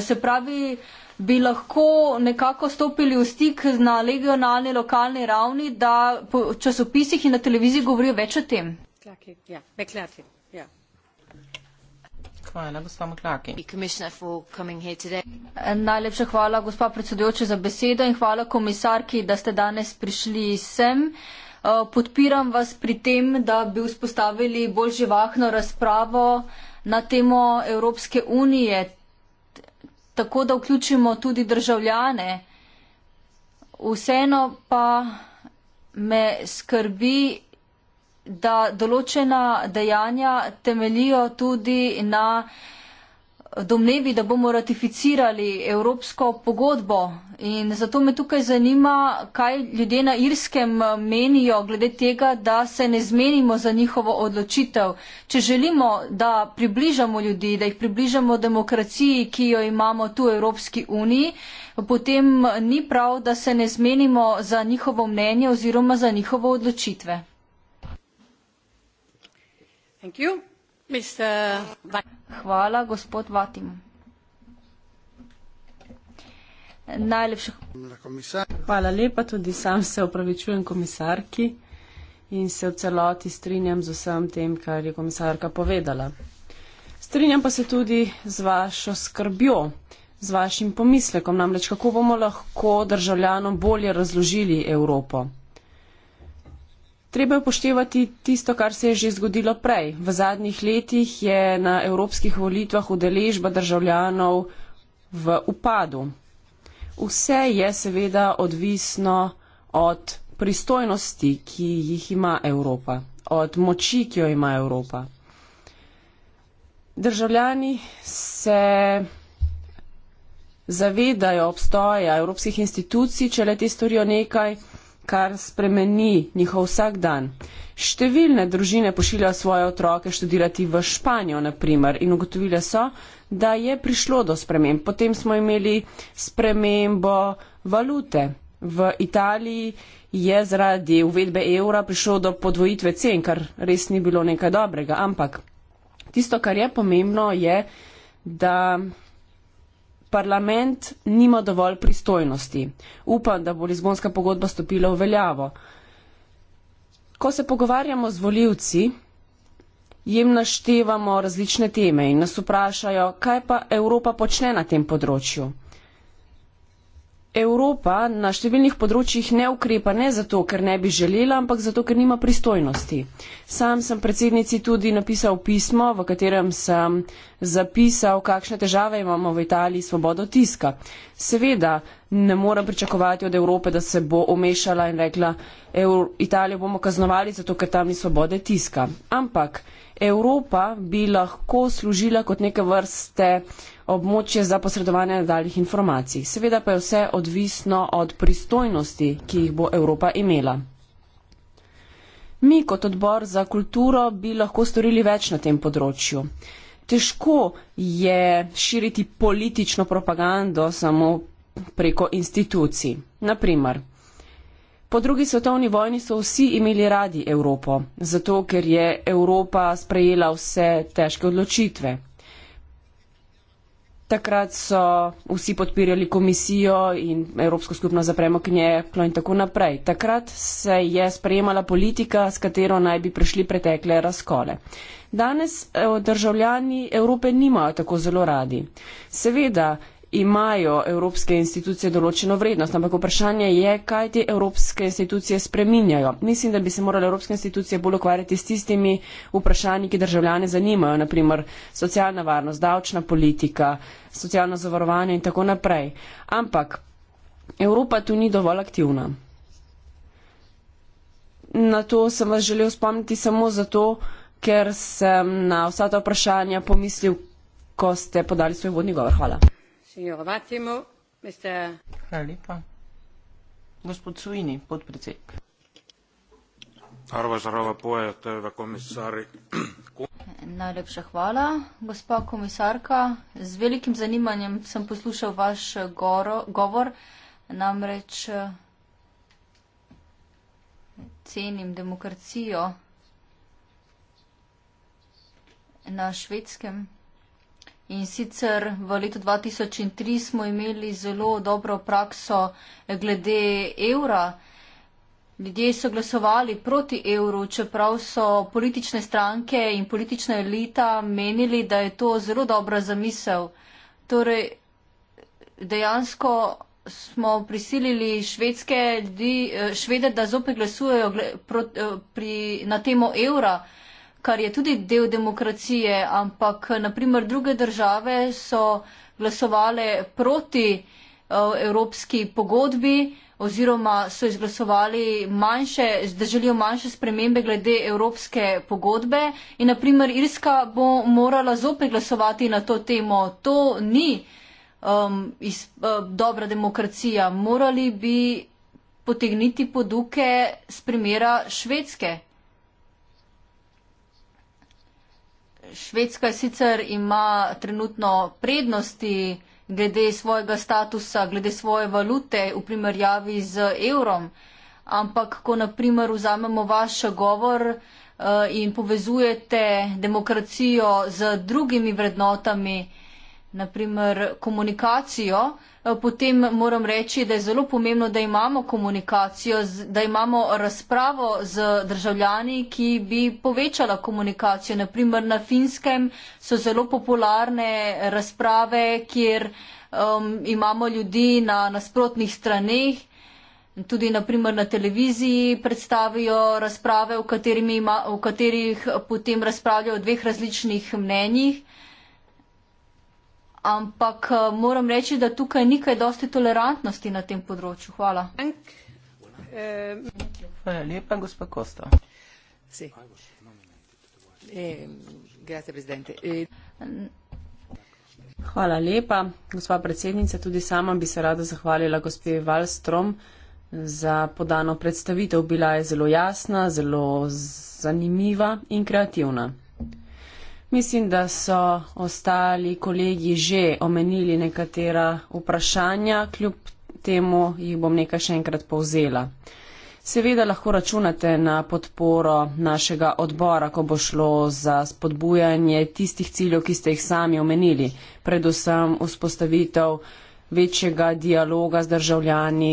Se pravi, bi lahko nekako stopili v stik na regionalni, lokalni ravni, da po časopisih in na televiziji govorijo več o tem. Ja, beklati. Ja, Hvala, gospa Mutlaki. Najlepša hvala, gospa predsedujoča, za besedo in hvala komisarki, da ste danes prišli sem. Eh, podpiram vas pri tem, da bi vzpostavili bolj živahno razpravo na temo Evropske unije, tako da vključimo tudi državljane. Vseeno pa me skrbi, da določena dejanja temelijo tudi na domnevi, da bomo ratificirali Evropsko pogodbo. In zato me tukaj zanima, kaj ljudje na Irskem menijo glede tega, da se ne zmenimo za njihovo odločitev. Če želimo, da približamo ljudi, da jih približamo demokraciji, ki jo imamo tu v Evropski uniji, potem ni prav, da se ne zmenimo za njihovo mnenje oziroma za njihovo odločitve. Thank you. Mr. Hvala, gospod Vatim. Najlepša. Hvala lepa, tudi sam se opravičujem komisarki in se v celoti strinjam z vsem tem, kar je komisarka povedala. Strinjam pa se tudi z vašo skrbjo, z vašim pomislekom, namreč kako bomo lahko državljanom bolje razložili Evropo. Treba je upoštevati tisto, kar se je že zgodilo prej. V zadnjih letih je na evropskih volitvah udeležba državljanov v upadu. Vse je seveda odvisno od pristojnosti, ki jih ima Evropa, od moči, ki jo ima Evropa. Državljani se zavedajo obstoja evropskih institucij, če le te storijo nekaj kar spremeni njihov vsak dan. Številne družine pošiljajo svoje otroke študirati v Španijo, naprimer, in ugotovile so, da je prišlo do sprememb. Potem smo imeli spremembo valute. V Italiji je zaradi uvedbe evra prišlo do podvojitve cen, kar res ni bilo nekaj dobrega. Ampak tisto, kar je pomembno, je, da parlament nima dovolj pristojnosti. Upam, da bo Lizbonska pogodba stopila v veljavo. Ko se pogovarjamo z voljivci, jim naštevamo različne teme in nas vprašajo, kaj pa Evropa počne na tem področju. Evropa na številnih področjih ne ukrepa ne zato, ker ne bi želela, ampak zato, ker nima pristojnosti. Sam sem predsednici tudi napisal pismo, v katerem sem zapisal, kakšne težave imamo v Italiji s svobodo tiska. Seveda ne morem pričakovati od Evrope, da se bo omešala in rekla, Italijo bomo kaznovali, zato ker tam ni svobode tiska. Ampak Evropa bi lahko služila kot neke vrste območje za posredovanje nadaljih informacij. Seveda pa je vse odvisno od pristojnosti, ki jih bo Evropa imela. Mi kot odbor za kulturo bi lahko storili več na tem področju. Težko je širiti politično propagando samo preko institucij. Naprimer, po drugi svetovni vojni so vsi imeli radi Evropo, zato ker je Evropa sprejela vse težke odločitve. Takrat so vsi podpirali komisijo in Evropsko skupnost za premoknjeklo no, in tako naprej. Takrat se je sprejemala politika, s katero naj bi prišli pretekle razkole. Danes eh, državljani Evrope nimajo tako zelo radi. Seveda imajo evropske institucije določeno vrednost, ampak vprašanje je, kaj te evropske institucije spreminjajo. Mislim, da bi se morale evropske institucije bolj ukvarjati s tistimi vprašanji, ki državljane zanimajo, naprimer socialna varnost, davčna politika, socialno zavarovanje in tako naprej. Ampak Evropa tu ni dovolj aktivna. Na to sem vas želel spomniti samo zato, ker sem na vsa ta vprašanja pomislil, ko ste podali svoj vodni govor. Hvala. Arvoisa rouva puheenjohtaja, hyvä komissaari. Najlepša hvala, gospa komisarka. Z velikim zanimanjem sem poslušal vaš goro, govor, namreč cenim demokracijo na švedskem. In sicer v letu 2003 smo imeli zelo dobro prakso glede evra. Ljudje so glasovali proti evru, čeprav so politične stranke in politična elita menili, da je to zelo dobra zamisel. Torej, dejansko smo prisilili švedske ljudi, eh, švede, da zopet glasujejo eh, pri, na temo evra kar je tudi del demokracije, ampak naprimer druge države so glasovale proti eh, evropski pogodbi oziroma so izglasovali manjše, da želijo manjše spremembe glede evropske pogodbe in naprimer Irska bo morala zopet glasovati na to temo. To ni um, iz, uh, dobra demokracija. Morali bi potegniti poduke z primera Švedske. Švedska sicer ima trenutno prednosti glede svojega statusa, glede svoje valute v primerjavi z evrom, ampak ko naprimer vzamemo vaš govor uh, in povezujete demokracijo z drugimi vrednotami, uh, naprimer komunikacijo, eh, potem moram reči, da je zelo pomembno, da imamo komunikacijo, da imamo razpravo z državljani, ki bi povečala komunikacijo. Naprimer na finskem so zelo popularne razprave, kjer um, imamo ljudi na nasprotnih straneh. Tudi naprimer na televiziji predstavijo razprave, v, ima, v katerih potem razpravljajo o dveh različnih mnenjih ampak eh, moram reči, da tukaj ni kaj dosti tolerantnosti na tem področju. Hvala. Hvala lepa, gospod Kosto. Eh, eh. Hvala lepa, gospa predsednica. Tudi sama bi se rada zahvalila gospe Valstrom za podano predstavitev. Bila je zelo jasna, zelo zanimiva in kreativna. Mislim, da so ostali kolegi že omenili nekatera vprašanja, kljub temu jih bom nekaj še enkrat povzela. Seveda lahko računate na podporo našega odbora, ko bo šlo za spodbujanje tistih ciljev, ki ste jih sami omenili, predvsem vzpostavitev večjega dialoga z državljani.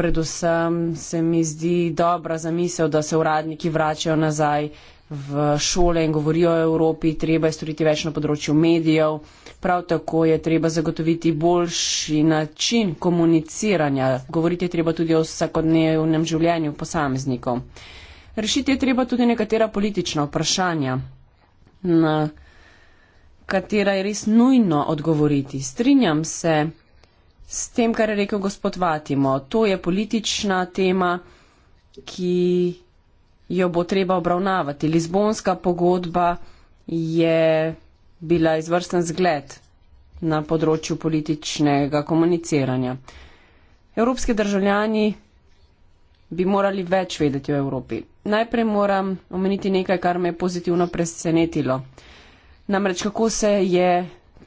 Predvsem se mi zdi dobra zamisel, da se uradniki vračajo nazaj v šole in govorijo o Evropi, treba je storiti več na področju medijev, prav tako je treba zagotoviti boljši način komuniciranja, govoriti je treba tudi o vsakodnevnem življenju posameznikov. Rešiti je treba tudi nekatera politična vprašanja, na katera je res nujno odgovoriti. Strinjam se s tem, kar je rekel gospod Vatimo. To je politična tema, ki jo bo treba obravnavati. Lizbonska pogodba je bila izvrsten zgled na področju političnega komuniciranja. Evropski državljani bi morali več vedeti o Evropi. Najprej moram omeniti nekaj, kar me je pozitivno presenetilo. Namreč kako se je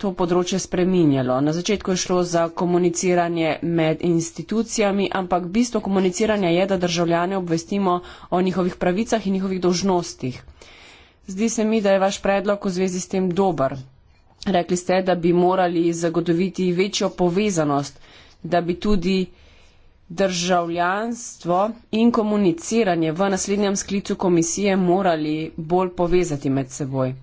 to področje spreminjalo. Na začetku je šlo za komuniciranje med institucijami, ampak bistvo komuniciranja je, da državljane obvestimo o njihovih pravicah in njihovih dožnostih. Zdi se mi, da je vaš predlog v zvezi s tem dober. Rekli ste, da bi morali zagotoviti večjo povezanost, da bi tudi državljanstvo in komuniciranje v naslednjem sklicu komisije morali bolj povezati med seboj.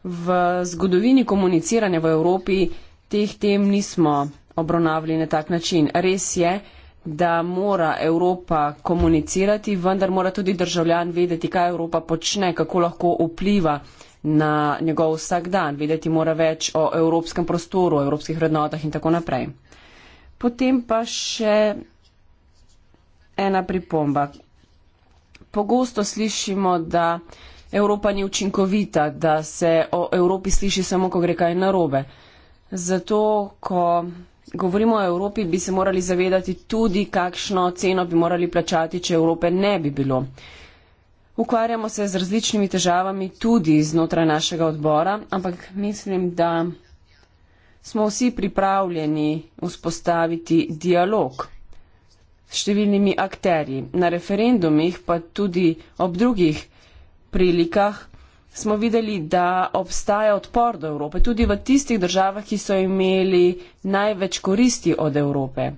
V zgodovini komuniciranja v Evropi teh tem nismo obravnavali na tak način. Res je, da mora Evropa komunicirati, vendar mora tudi državljan vedeti, kaj Evropa počne, kako lahko vpliva na njegov vsak dan. Vedeti mora več o evropskem prostoru, o evropskih vrednotah in tako naprej. Potem pa še ena pripomba. Pogosto slišimo, da. Evropa ni učinkovita, da se o Evropi sliši samo, ko gre kaj narobe. Zato, ko govorimo o Evropi, bi se morali zavedati tudi, kakšno ceno bi morali plačati, če Evrope ne bi bilo. Ukvarjamo se z različnimi težavami tudi znotraj našega odbora, ampak mislim, da smo vsi pripravljeni vzpostaviti dialog s številnimi akterji na referendumih, pa tudi ob drugih prilikah smo videli, da obstaja odpor do Evrope, tudi v tistih državah, ki so imeli največ koristi od Evrope.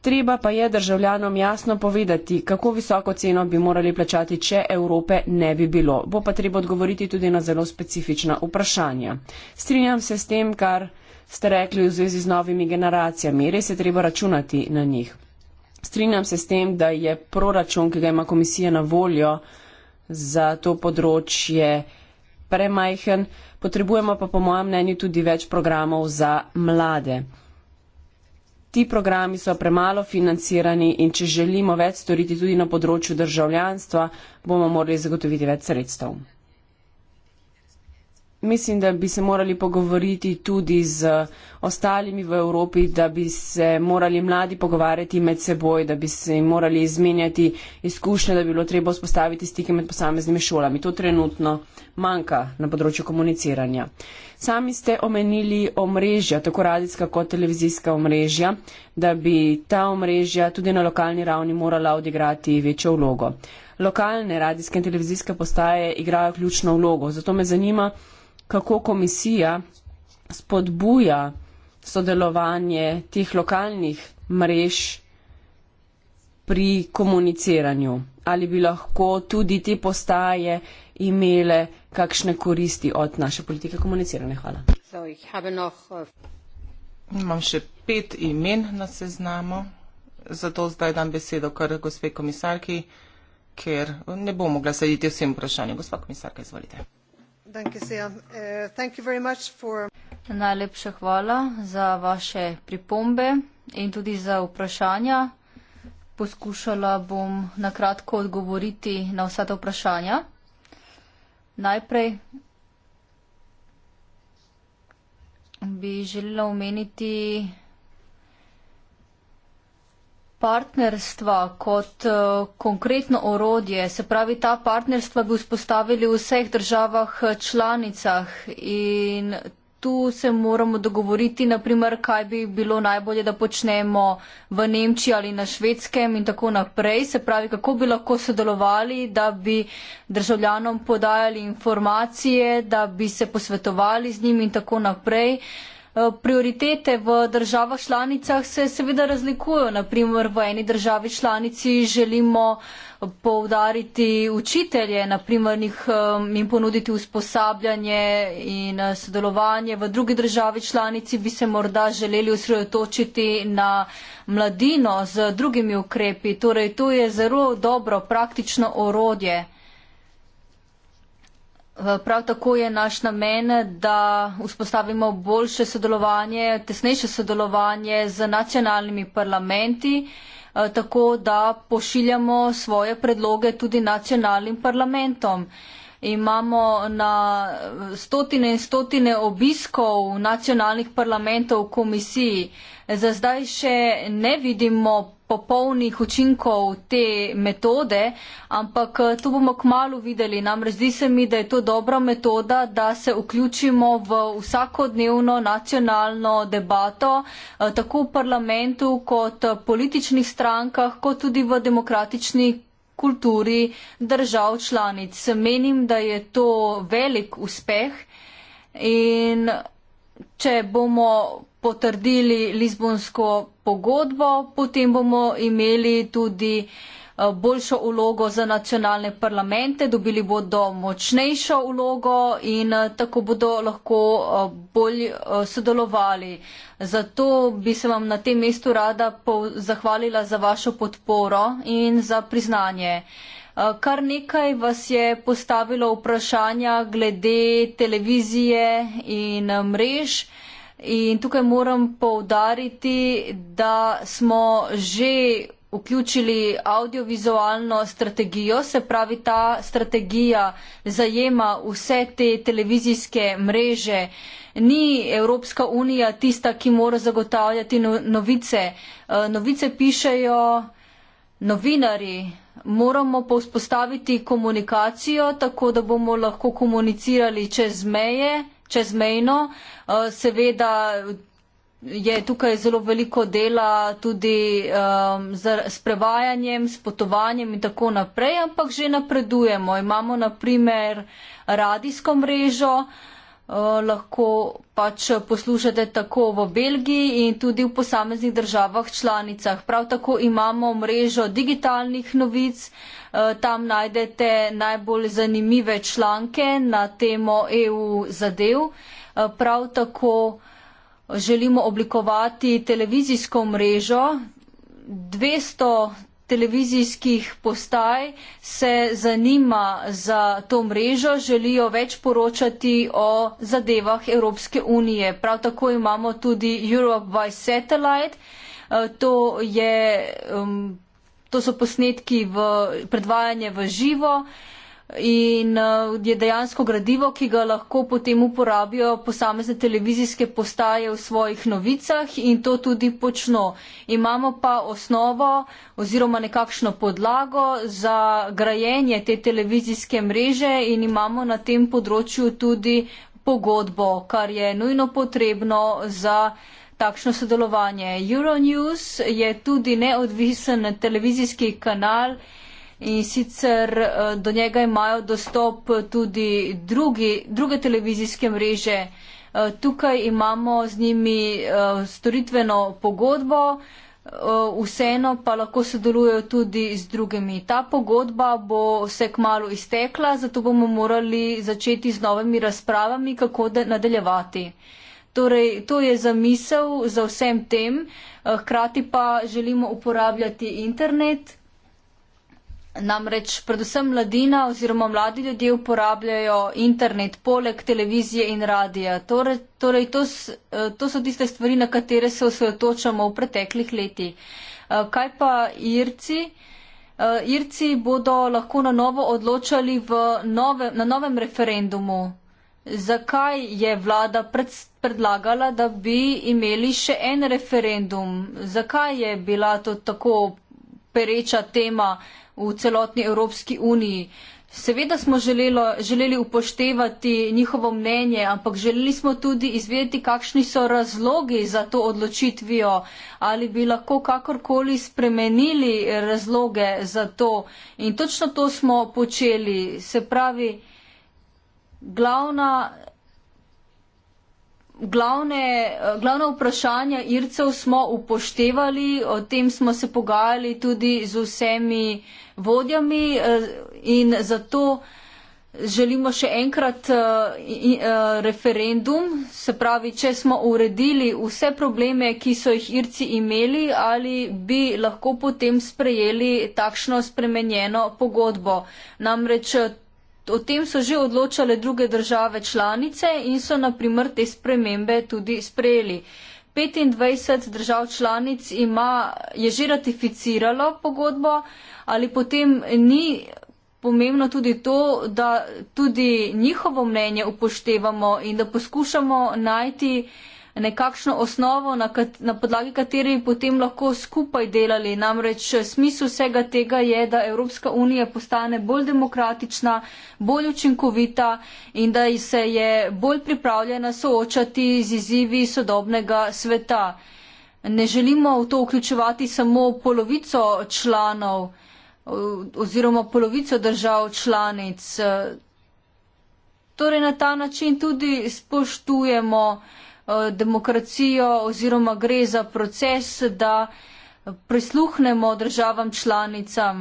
Treba pa je državljanom jasno povedati, kako visoko ceno bi morali plačati, če Evrope ne bi bilo. Bo pa treba odgovoriti tudi na zelo specifična vprašanja. Strinjam se s tem, kar ste rekli v zvezi z novimi generacijami. Res je treba računati na njih. Strinjam se s tem, da je proračun, ki ga ima komisija na voljo, za to področje premajhen, potrebujemo pa po mojem mnenju tudi več programov za mlade. Ti programi so premalo financirani in če želimo več storiti tudi na področju državljanstva, bomo morali zagotoviti več sredstev mislim, da bi se morali pogovoriti tudi z ostalimi v Evropi, da bi se morali mladi pogovarjati med seboj, da bi se morali izmenjati izkušnje, da bi bilo treba vzpostaviti stike med posameznimi šolami. To trenutno manjka na področju komuniciranja. Sami ste omenili omrežja, tako radijska kot televizijska omrežja, da bi ta omrežja tudi na lokalni ravni morala odigrati večjo vlogo. Lokalne radijske in televizijske postaje igrajo ključno vlogo, zato me zanima, kako komisija spodbuja sodelovanje teh lokalnih mrež pri komuniciranju. Ali bi lahko tudi te postaje imele kakšne koristi od naše politike komuniciranja? Hvala. Äh, Imam še pet imen na seznamu, zato zdaj dam besedo kar gospe komisarki, ker ne bom mogla slediti vsem vprašanjem. Gospa komisarka, izvolite. Äh, Najlepša hvala za vaše pripombe in tudi za vprašanja. Poskušala bom na kratko odgovoriti na vsa ta vprašanja. Najprej bi želela omeniti partnerstva kot eh, konkretno orodje, se pravi, ta partnerstva bi vzpostavili v vseh državah eh, članicah in tu se moramo dogovoriti, naprimer, kaj bi bilo najbolje, da počnemo v Nemčiji ali na švedskem in tako naprej, se pravi, kako bi lahko sodelovali, da bi državljanom podajali informacije, da bi se posvetovali z njimi in tako naprej. Uh, Eh, prioritete v državah članicah se seveda razlikujejo. Naprimer, v eni državi članici želimo povdariti učitelje, naprimer eh, jim ponuditi usposabljanje in eh, sodelovanje. V drugi državi članici bi se morda želeli usredotočiti na mladino z drugimi ukrepi. Torej, to je zelo dobro praktično orodje. Eh, prav tako je naš namen, da vzpostavimo boljše sodelovanje, tesnejše sodelovanje z nacionalnimi parlamenti, eh, tako da pošiljamo svoje predloge tudi nacionalnim parlamentom. Imamo na stotine in stotine obiskov nacionalnih parlamentov v komisiji. Za zdaj še ne vidimo popolnih učinkov te metode, ampak eh, to bomo kmalo videli. Namreč zdi se mi, da je to dobra metoda, da se vključimo v vsakodnevno nacionalno debato, eh, tako v parlamentu kot eh, političnih strankah, kot tudi v demokratični kulturi držav članic. Menim, da je to velik uspeh in če bomo potrdili Lizbonsko pogodbo, potem bomo imeli tudi eh, boljšo ulogo za nacionalne parlamente, dobili bodo močnejšo ulogo in eh, tako bodo lahko eh, bolj sodelovali. Zato bi se vam na tem mestu rada zahvalila za vašo podporo in za priznanje. Kar nekaj vas je postavilo vprašanja glede televizije in mrež. In tukaj moram povdariti, da smo že vključili audiovizualno strategijo, se pravi ta strategija zajema vse te televizijske mreže. Ni Evropska unija tista, ki mora zagotavljati no-, novice. E, novice pišejo novinari. Moramo pa vzpostaviti komunikacijo, tako da bomo lahko komunicirali čez meje, čezmejno. Eh, seveda je tukaj zelo veliko dela tudi ehm, s prevajanjem, s potovanjem in tako naprej, ampak že napredujemo. Imamo naprimer radijsko mrežo, eh, lahko pač poslušate tako v Belgiji in tudi v posameznih državah članicah. Prav tako imamo mrežo digitalnih novic, Eh, tam najdete najbolj zanimive članke na temo EU zadev. Eh, prav tako želimo oblikovati televizijsko mrežo. 200 televizijskih postaj se zanima za to mrežo, želijo več poročati o zadevah Evropske unije. Prav tako imamo tudi Europe by Satellite. Eh, to je um, to so posnetki v predvajanje v živo in eh, je dejansko gradivo, ki ga lahko potem uporabijo posamezne televizijske postaje v svojih novicah in to tudi počno. Imamo pa osnovo oziroma nekakšno podlago za grajenje te televizijske mreže in imamo na tem področju tudi pogodbo, kar je nujno potrebno za takšno sodelovanje. Euronews je tudi neodvisen televizijski kanal in sicer eh, do njega imajo dostop tudi drugi, druge televizijske mreže. Eh, tukaj imamo z njimi eh, storitveno pogodbo, vseeno pa lahko sodelujo tudi z drugimi. Ta pogodba bo se kmalo iztekla, zato bomo morali začeti z novimi razpravami, kako nadaljevati. Torej, to je zamisel za vsem tem, eh, hkrati pa želimo uporabljati internet. Namreč predvsem mladina oziroma mladi ljudje uporabljajo internet poleg televizije in radija. Torej, torej to, eh, to so tiste stvari, na katere se osredotočamo v preteklih leti. Eh, kaj pa Irci? Irci bodo lahko na novo odločali nove, na novem referendumu zakaj je vlada pred, predlagala, da bi imeli še en referendum, zakaj je bila to tako pereča tema v celotni Evropski uniji. Seveda smo želelo, želeli upoštevati njihovo mnenje, ampak želeli smo tudi izvedeti, kakšni so razlogi za to odločitvijo, ali bi lahko kakorkoli spremenili razloge za to. In točno to smo počeli. Se pravi, glavna, glavne, glavna vprašanja Ircev smo upoštevali, o tem smo se pogajali tudi z vsemi vodjami eh, in zato želimo še enkrat eh, eh, referendum, se pravi, če smo uredili vse probleme, ki so jih Irci imeli, ali bi lahko potem sprejeli takšno spremenjeno pogodbo. Namreč O tem so že odločale druge države članice in so naprimer te spremembe tudi sprejeli. 25 držav članic ima, je že ratificiralo pogodbo ali potem ni pomembno tudi to, da tudi njihovo mnenje upoštevamo in da poskušamo najti nekakšno osnovo, na, kat, na podlagi kateri potem lahko skupaj delali. Namreč eh, smisel vsega tega je, da Evropska unija postane bolj demokratična, bolj učinkovita in da se je bolj pripravljena soočati z izzivi sodobnega sveta. Ne želimo v to vključevati samo polovico članov eh, oziroma polovico držav članic. Eh, torej na ta način tudi spoštujemo uh, Eh, demokracijo oziroma gre za proces, da prisluhnemo državam članicam.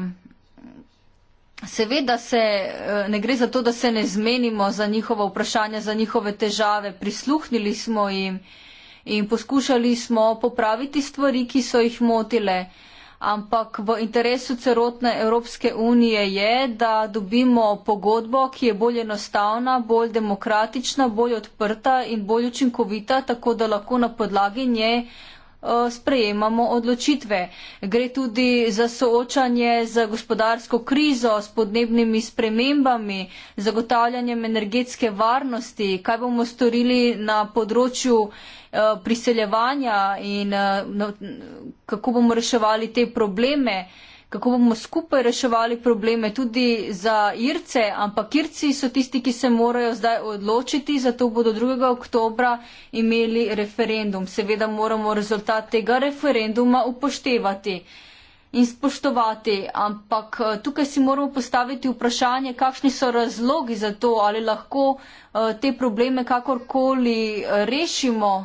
Seveda se eh, ne gre za to, da se ne zmenimo za njihova vprašanja, za njihove težave. Prisluhnili smo jim in poskušali smo popraviti stvari, ki so jih motile. Uh, ampak v interesu celotne Evropske unije je, da dobimo pogodbo, ki je bolj enostavna, bolj demokratična, bolj odprta in bolj učinkovita, tako da lahko na podlagi nje Eh, sprejemamo odločitve. Gre tudi za soočanje z gospodarsko krizo, s podnebnimi spremembami, zagotavljanjem energetske varnosti, kaj bomo storili na področju eh, priseljevanja in eh, no, kako bomo reševali te probleme kako bomo skupaj reševali probleme tudi za Irce, ampak Irci so tisti, ki se morajo zdaj odločiti, zato bodo 2. oktobra imeli referendum. Seveda moramo rezultat tega referenduma upoštevati in spoštovati, ampak eh, tukaj si moramo postaviti vprašanje, kakšni so razlogi za to, ali lahko eh, te probleme kakorkoli rešimo.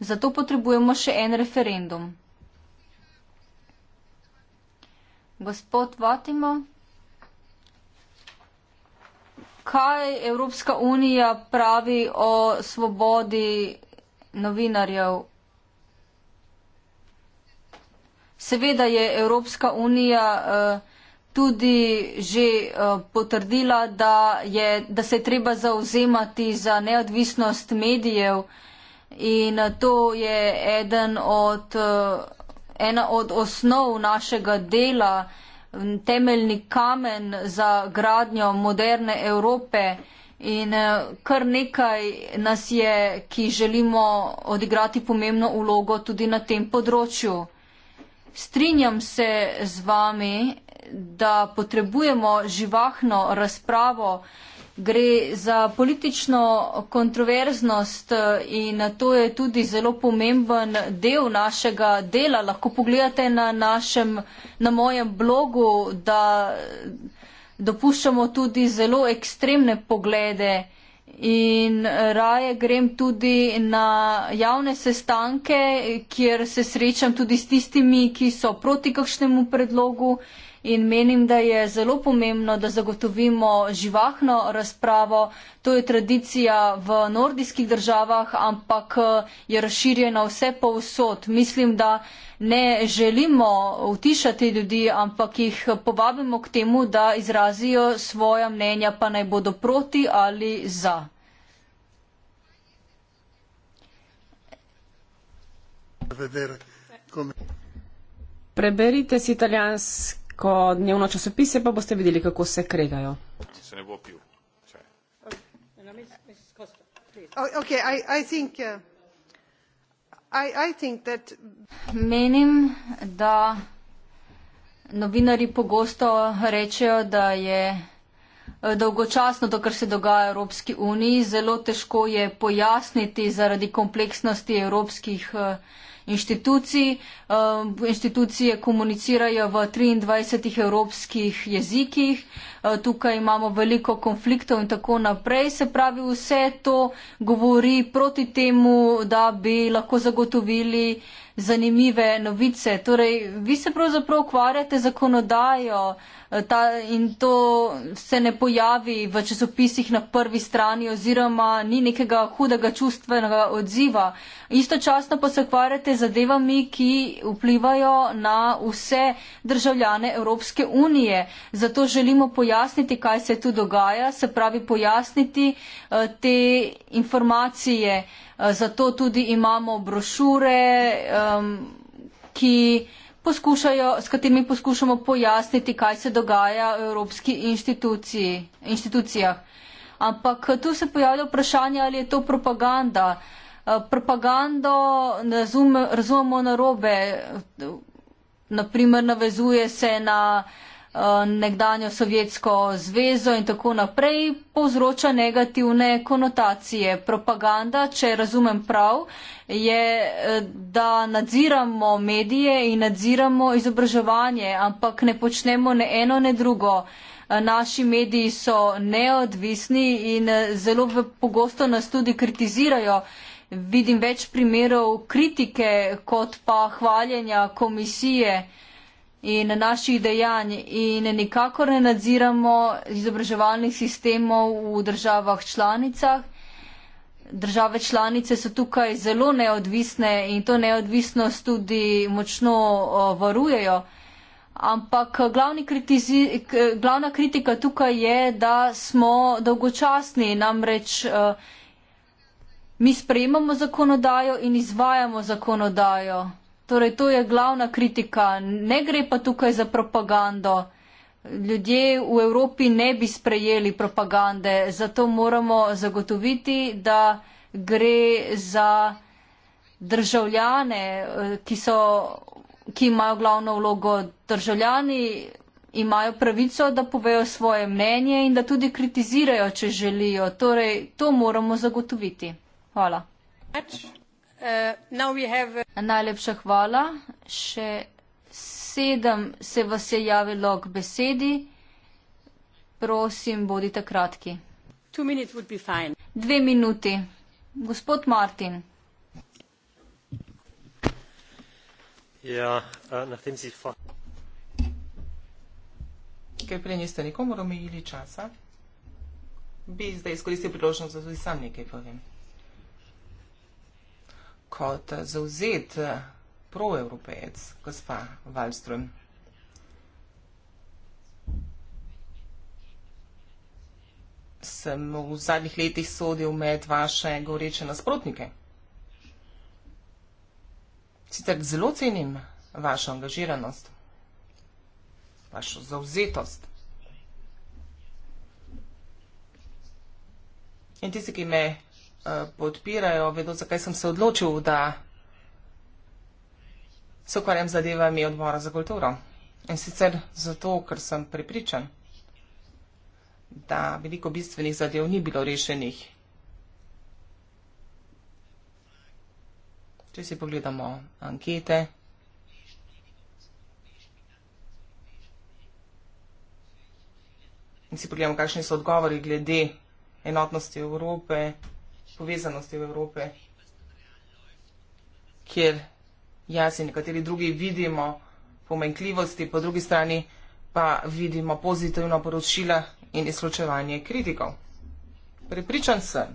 Zato potrebujemo še en referendum. Gospod Votimo, kaj Evropska unija pravi o svobodi novinarjev? Seveda je Evropska unija eh, tudi že eh, potrdila, da, je, da se je treba zauzemati za neodvisnost medijev in eh, to je eden od ena od osnov našega dela, temeljni kamen za gradnjo moderne Evrope. In eh, kar nekaj nas je, ki želimo odigrati pomembno ulogo tudi na tem področju. Strinjam se z vami, da potrebujemo živahno razpravo, gre za politično kontroverznost eh, in to je tudi zelo pomemben del našega dela. Lahko pogledate na, našem, na mojem blogu, da dopuščamo tudi zelo ekstremne poglede in eh, raje grem tudi na javne sestanke, kjer se srečam tudi s tistimi, ki so proti kakšnemu predlogu in menim, da je zelo pomembno, da zagotovimo živahno razpravo. To je tradicija v nordijskih državah, ampak eh, je razširjena vse po vsod. Mislim, da ne želimo utišati ljudi, ampak jih povabimo k temu, da izrazijo svoja mnenja, pa naj bodo proti ali za. Preberite si italijanski kratko dnevno časopise, pa boste videli, kako se kregajo. Če se ne bo pil. Uh, Menim, da novinari pogosto rečejo, da je eh, dolgočasno to, kar se dogaja v Evropski uniji. Zelo težko je pojasniti zaradi kompleksnosti evropskih eh, inštitucij institucije komunicirajo v 23 evropskih jezikih, tukaj imamo veliko konfliktov in tako naprej. Se pravi, vse to govori proti temu, da bi lahko zagotovili zanimive novice. Torej, vi se pravzaprav ukvarjate zakonodajo ta, in to se ne pojavi v časopisih na prvi strani oziroma ni nekega hudega čustvenega odziva. Istočasno pa se ukvarjate zadevami, ki vplivajo na vse državljane Evropske unije. Zato želimo pojasniti, kaj se tu dogaja, se pravi pojasniti eh, te informacije. Eh, zato tudi imamo brošure, ki. Poskušajo, s katerimi poskušamo pojasniti, kaj se dogaja v evropskih institucijah. Ampak tu se pojavlja vprašanje, ali je to propaganda. Uh, Eh, propagando razum, razumemo narobe. Naprimer, navezuje se na eh, nekdanjo Sovjetsko zvezo in tako naprej, povzroča negativne konotacije. Propaganda, če razumem prav, je, eh, da nadziramo medije in nadziramo izobraževanje, ampak ne počnemo ne eno, ne drugo. Naši mediji so neodvisni in zelo pogosto nas tudi kritizirajo vidim več primerov kritike kot pa hvaljenja komisije in naših dejanj in nikakor ne nadziramo izobraževalnih sistemov v državah članicah. Države članice so tukaj zelo neodvisne in to neodvisnost tudi močno varujejo. Ampak glavna kritika tukaj je, da smo dolgočasni, namreč uh, Mi sprejemamo zakonodajo in izvajamo zakonodajo. Torej, to je glavna kritika. Ne gre pa tukaj za propagando. Ljudje v Evropi ne bi sprejeli propagande, zato moramo zagotoviti, da gre za državljane, eh, ki, so, ki imajo glavno vlogo. Državljani imajo pravico, da povejo svoje mnenje in da tudi kritizirajo, če želijo. Torej, to moramo zagotoviti. Hvala. Uh, Najlepša hvala. Še sedem se vas je javilo k besedi. Prosim, bodite kratki. Dve minuti. Gospod Martin. Ja, na tem si fa. Kaj prej niste nikomu omejili časa? Bi zdaj izkoristil priložnost, da tudi sam nekaj povem kot zauzet eh, proevropejec, gospa Valström. Sem v zadnjih letih sodil med vaše goreče nasprotnike. Sicer zelo cenim vašo angažiranost, vašo zauzetost. In tisti, ki me Eh, podpirajo, vedo, zakaj sem se odločil, da se ukvarjam zadevami odbora za kulturo. In sicer zato, ker sem pripričan, da veliko bistvenih zadev ni bilo rešenih. Če si pogledamo ankete, in si pogledamo, kakšni so odgovori glede enotnosti Evrope, povezanosti v Evropi, kjer jaz in nekateri drugi vidimo pomenkljivosti, po drugi strani pa vidimo pozitivno poročila in izločevanje kritikov. Pripričan sem,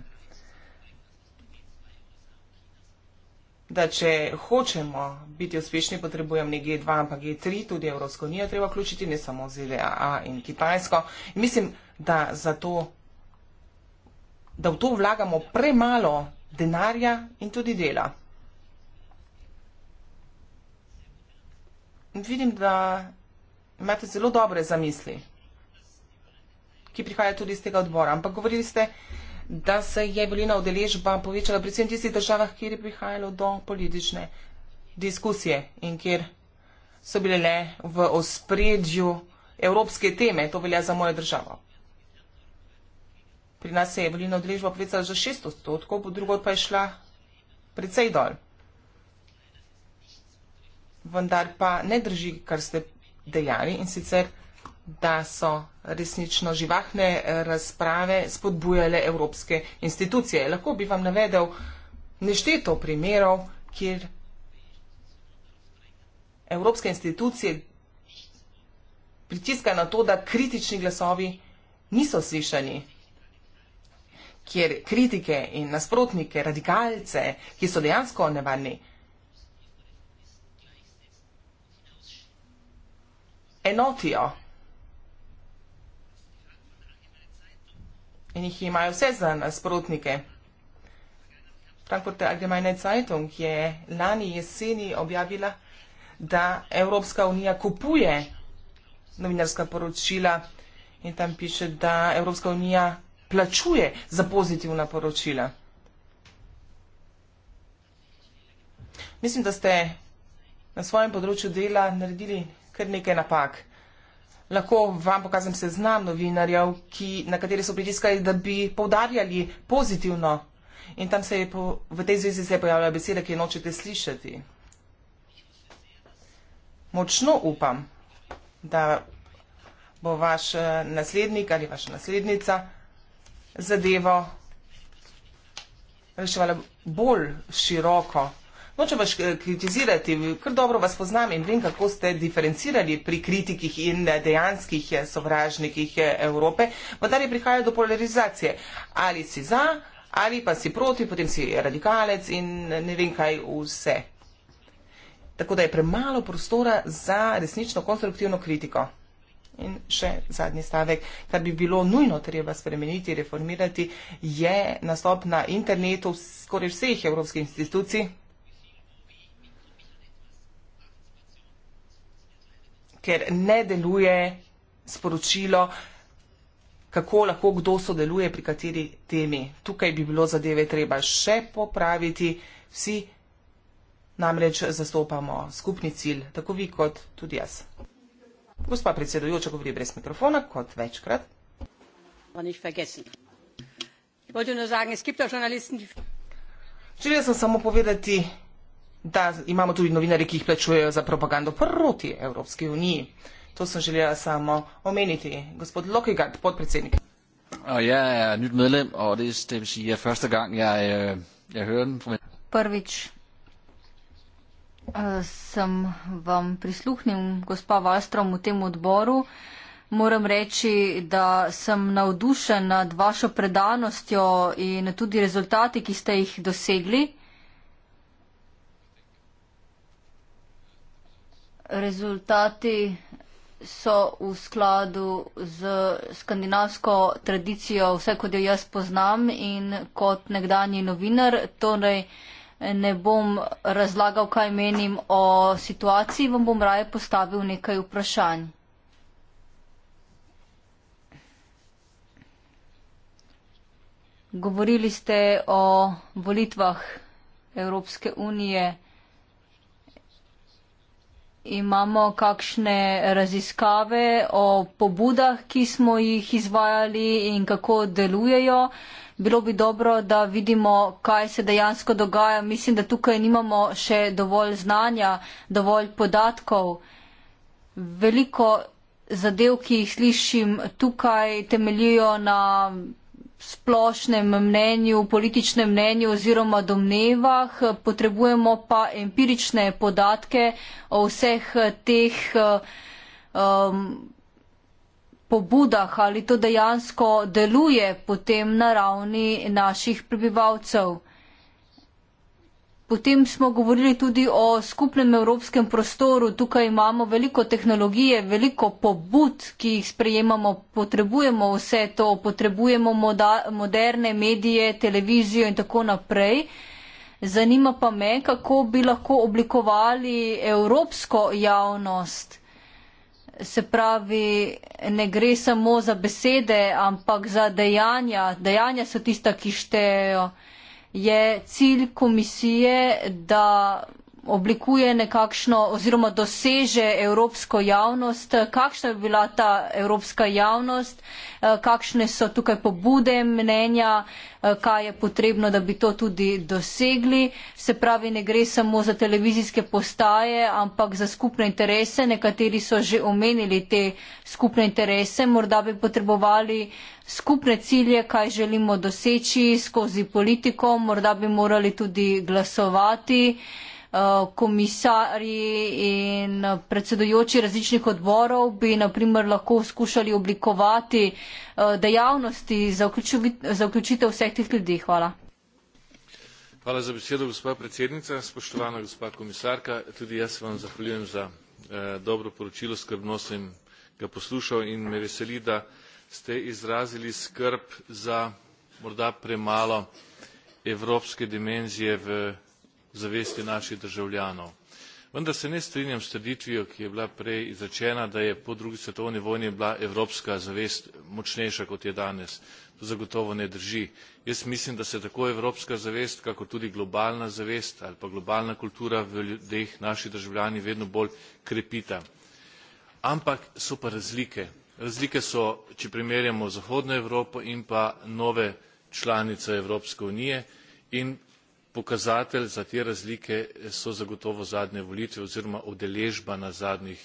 da če hočemo biti uspešni, potrebujem ne G2, ampak G3, tudi Evropsko unijo treba vključiti, ne samo ZDA in Kitajsko. In mislim, da za to da v to vlagamo premalo denarja in tudi dela. Vidim, da imate zelo dobre zamisli, ki prihajajo tudi iz tega odbora. Ampak govorili ste, da se je volilna udeležba povečala predvsem v tistih državah, kjer je prihajalo do politične diskusije in kjer so bile le v ospredju evropske teme. To velja za mojo državo. Pri nas se je volilna odrežba povečala za 6 odstotkov, po drugo pa je šla precej dol. Vendar pa ne drži, kar ste dejali in sicer, da so resnično živahne razprave spodbujale evropske institucije. Lahko bi vam navedel nešteto primerov, kjer evropske institucije pritiska na to, da kritični glasovi niso slišani kjer kritike in nasprotnike, radikalce, ki so dejansko nevarni, enotijo in jih imajo vse za nasprotnike. Frankfurter Allgemeine Zeitung je lani jeseni objavila, da Evropska unija kupuje novinarska poročila in tam piše, da Evropska unija plačuje za pozitivna poročila. Mislim, da ste na svojem področju dela naredili kar nekaj napak. Lahko vam pokazam seznam novinarjev, ki, na kateri so pritiskali, da bi povdarjali pozitivno. In tam se je po, v tej zvezi se je pojavila beseda, ki jo nočete slišati. Močno upam, da bo vaš eh, naslednik ali vaša naslednica zadevo reševala bolj široko. Nočem vas eh, kritizirati, kar dobro vas poznam in vem, kako ste diferencirali pri kritikih in eh, dejanskih eh, sovražnikih Evrope, vendar je prihajalo do polarizacije. Ali si za, ali pa si proti, potem si radikalec in ne vem kaj vse. Tako da je premalo prostora za resnično konstruktivno kritiko. In še zadnji stavek, kar bi bilo nujno treba spremeniti, reformirati, je nastop na internetu skoraj vseh evropskih institucij. ker ne deluje sporočilo, kako lahko kdo sodeluje pri kateri temi. Tukaj bi bilo zadeve treba še popraviti. Vsi namreč zastopamo skupni cilj, tako vi kot tudi jaz. Gospa predsedujoča govori brez mikrofona, kot večkrat. Želela sem samo povedati, da imamo tudi novinarje, ki jih plačujejo za propagando proti Evropski uniji. To sem želela samo omeniti. Gospod Lokigard, podpredsednik. Jaz sem nov medlem, to je øh, prvič, da slišim sem vam prisluhnil, gospa Valstrom, v tem odboru. Moram reči, da sem navdušen nad vašo predanostjo in tudi rezultati, ki ste jih dosegli. Rezultati so v skladu z skandinavsko tradicijo, vse kot jo jaz poznam in kot nekdani novinar. Torej, uh, ne bom razlagal, kaj menim o situaciji, vam bom raje postavil nekaj vprašanj. Govorili ste o volitvah Evropske unije. Imamo kakšne raziskave o pobudah, ki smo jih izvajali in kako delujejo. Uh, bilo bi dobro, da vidimo, kaj se dejansko dogaja. Mislim, da tukaj nimamo še dovolj znanja, dovolj podatkov. Veliko zadev, ki jih slišim tukaj, temeljijo na splošnem mnenju, političnem mnenju oziroma domnevah. Potrebujemo pa empirične podatke o vseh teh eh, um, pobudah, ali to dejansko deluje potem na ravni naših prebivalcev. Potem smo govorili tudi o skupnem evropskem prostoru. Tukaj imamo veliko tehnologije, veliko pobud, ki jih sprejemamo, potrebujemo vse to, potrebujemo moda, moderne medije, televizijo in tako naprej. Zanima pa me, kako bi lahko oblikovali evropsko javnost se pravi, ne gre samo za besede, ampak za dejanja. Dejanja so tista, ki štejejo. Je cilj komisije, da oblikuje nekakšno oziroma doseže evropsko javnost, kakšna bi bila ta evropska javnost, eh, kakšne so tukaj pobude, mnenja, eh, kaj je potrebno, da bi to tudi dosegli. Se pravi, ne gre samo za televizijske postaje, ampak za skupne interese. Nekateri so že omenili te skupne interese, morda bi potrebovali skupne cilje, kaj želimo doseči skozi politiko, morda bi morali tudi glasovati. Eh, komisarji in predsedojoči različnih odborov bi naprimer lahko skušali oblikovati eh, dejavnosti za vključitev vseh teh ljudi. Hvala. Hvala za besedo, gospa predsednica. Spoštovana gospa komisarka, tudi jaz vam zahvaljujem za eh, dobro poročilo, skrbno sem ga poslušal in me veseli, da ste izrazili skrb za morda premalo evropske dimenzije v zavesti naših državljanov. vendar se ne strinjam s trditvijo ki je bila prej izrečena da je po drugi svetovni vojni bila evropska zavest močnejša kot je danes. to zagotovo ne drži. jaz mislim da se tako evropska zavest kakor tudi globalna zavest ali pa globalna kultura v ljudeh naši državljani vedno bolj krepita. ampak so pa razlike. razlike so če primerjamo zahodno evropo in pa nove članice evropske unije in pokazatelj za te razlike so zagotovo zadnje volitve oziroma udeležba na zadnjih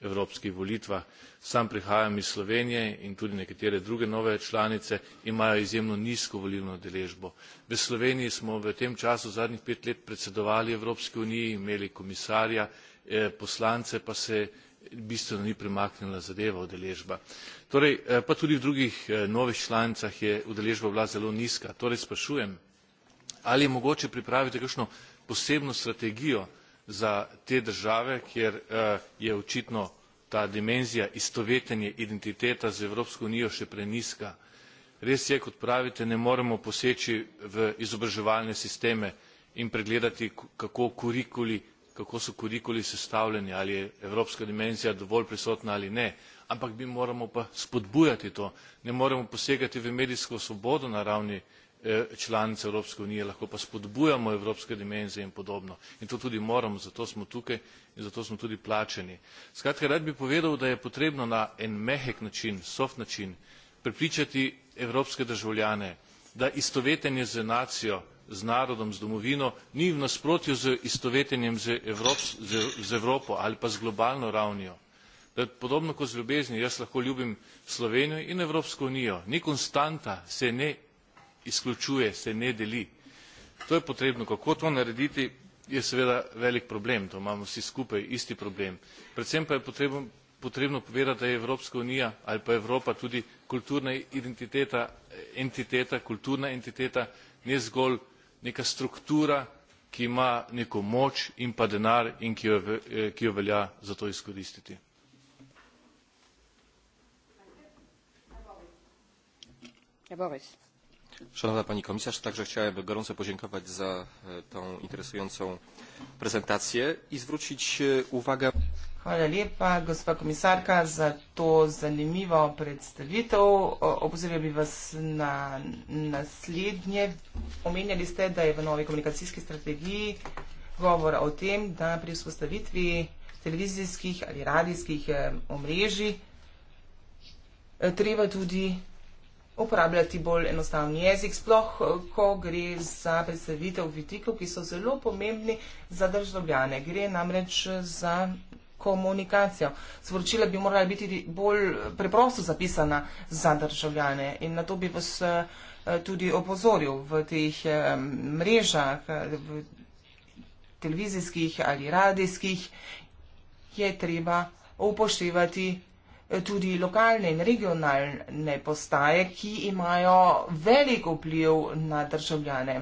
evropskih volitvah. sam prihajam iz slovenije in tudi nekatere druge nove članice imajo izjemno nizko volilno udeležbo. v sloveniji smo v tem času zadnjih pet let predsedovali evropski uniji imeli komisarja eh, poslance pa se bistveno ni premaknila zadeva udeležba. torej eh, pa tudi v drugih eh, novih članicah je udeležba bila zelo nizka. torej sprašujem ali je mogoče pripraviti kakšno posebno strategijo za te države kjer eh, je očitno ta dimenzija istovetenje identiteta z evropsko unijo še prenizka. res je kot pravite ne moremo poseči v izobraževalne sisteme in pregledati kako kurikuli kako so kurikuli sestavljeni ali je evropska dimenzija dovolj prisotna ali ne ampak mi moramo pa spodbujati to ne moremo posegati v medijsko svobodo na ravni Eh, članic evropske unije lahko pa spodbujamo evropske dimenzije in podobno in to tudi moramo zato smo tukaj in zato smo tudi plačani. skratka rad bi povedal da je potrebno na en mehek način soft način prepričati evropske državljane da istovetenje z nacijo z narodom z domovino ni v nasprotju z istovetenjem z evropo ali pa z globalno ravnijo da podobno kot z ljubeznijo jaz lahko ljubim slovenijo in evropsko unijo ni konstanta se ne izključuje se ne deli to je potrebno kako to narediti je seveda velik problem to imamo vsi skupaj isti problem predvsem pa je potrebno povedati da je evropska unija ali pa evropa tudi kulturna identiteta entiteta kulturna entiteta ne zgolj neka struktura ki ima neko moč in pa denar in ki jo eh, ki jo velja za to izkoristiti ja, Szanowna Pani Komisarz, także chciałem gorąco podziękować za e, tą interesującą prezentację i zwrócić e, uwagę... Hvala lepa, gospa komisarka, za to zanimivo predstavitev. Obozoril bi vas na naslednje. Omenjali ste, da je v novi komunikacijski strategiji govor o tem, da pri vzpostavitvi televizijskih ali radijskih e, omrežij treba tudi uporabljati bolj enostaven jezik, sploh eh, ko gre za predstavitev vitikov, ki so zelo pomembni za državljane. Gre namreč eh, za komunikacijo. Sporočila bi morala biti bolj eh, preprosto zapisana za državljane in na to bi vas tudi opozoril v teh mrežah, v televizijskih ali radijskih, je treba upoštevati tudi lokalne in regionalne postaje, ki imajo velik vpliv na državljane.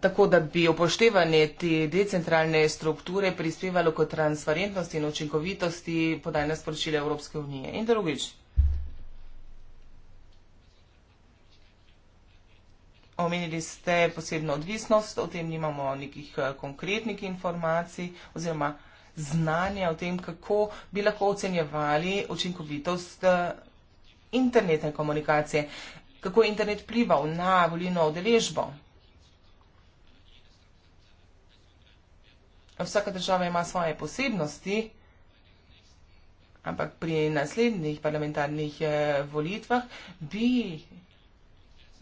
Tako da bi upoštevanje te decentralne strukture prispevalo k transparentnosti in učinkovitosti podajne sporočile Evropske unije. In drugič, omenili ste posebno odvisnost, o tem nimamo nekih eh, konkretnih informacij oziroma znanja o tem, kako bi lahko ocenjevali učinkovitost eh, internetne komunikacije, kako je internet plival na volilno odeležbo. Vsaka država ima svoje posebnosti, ampak pri naslednjih parlamentarnih eh, volitvah bi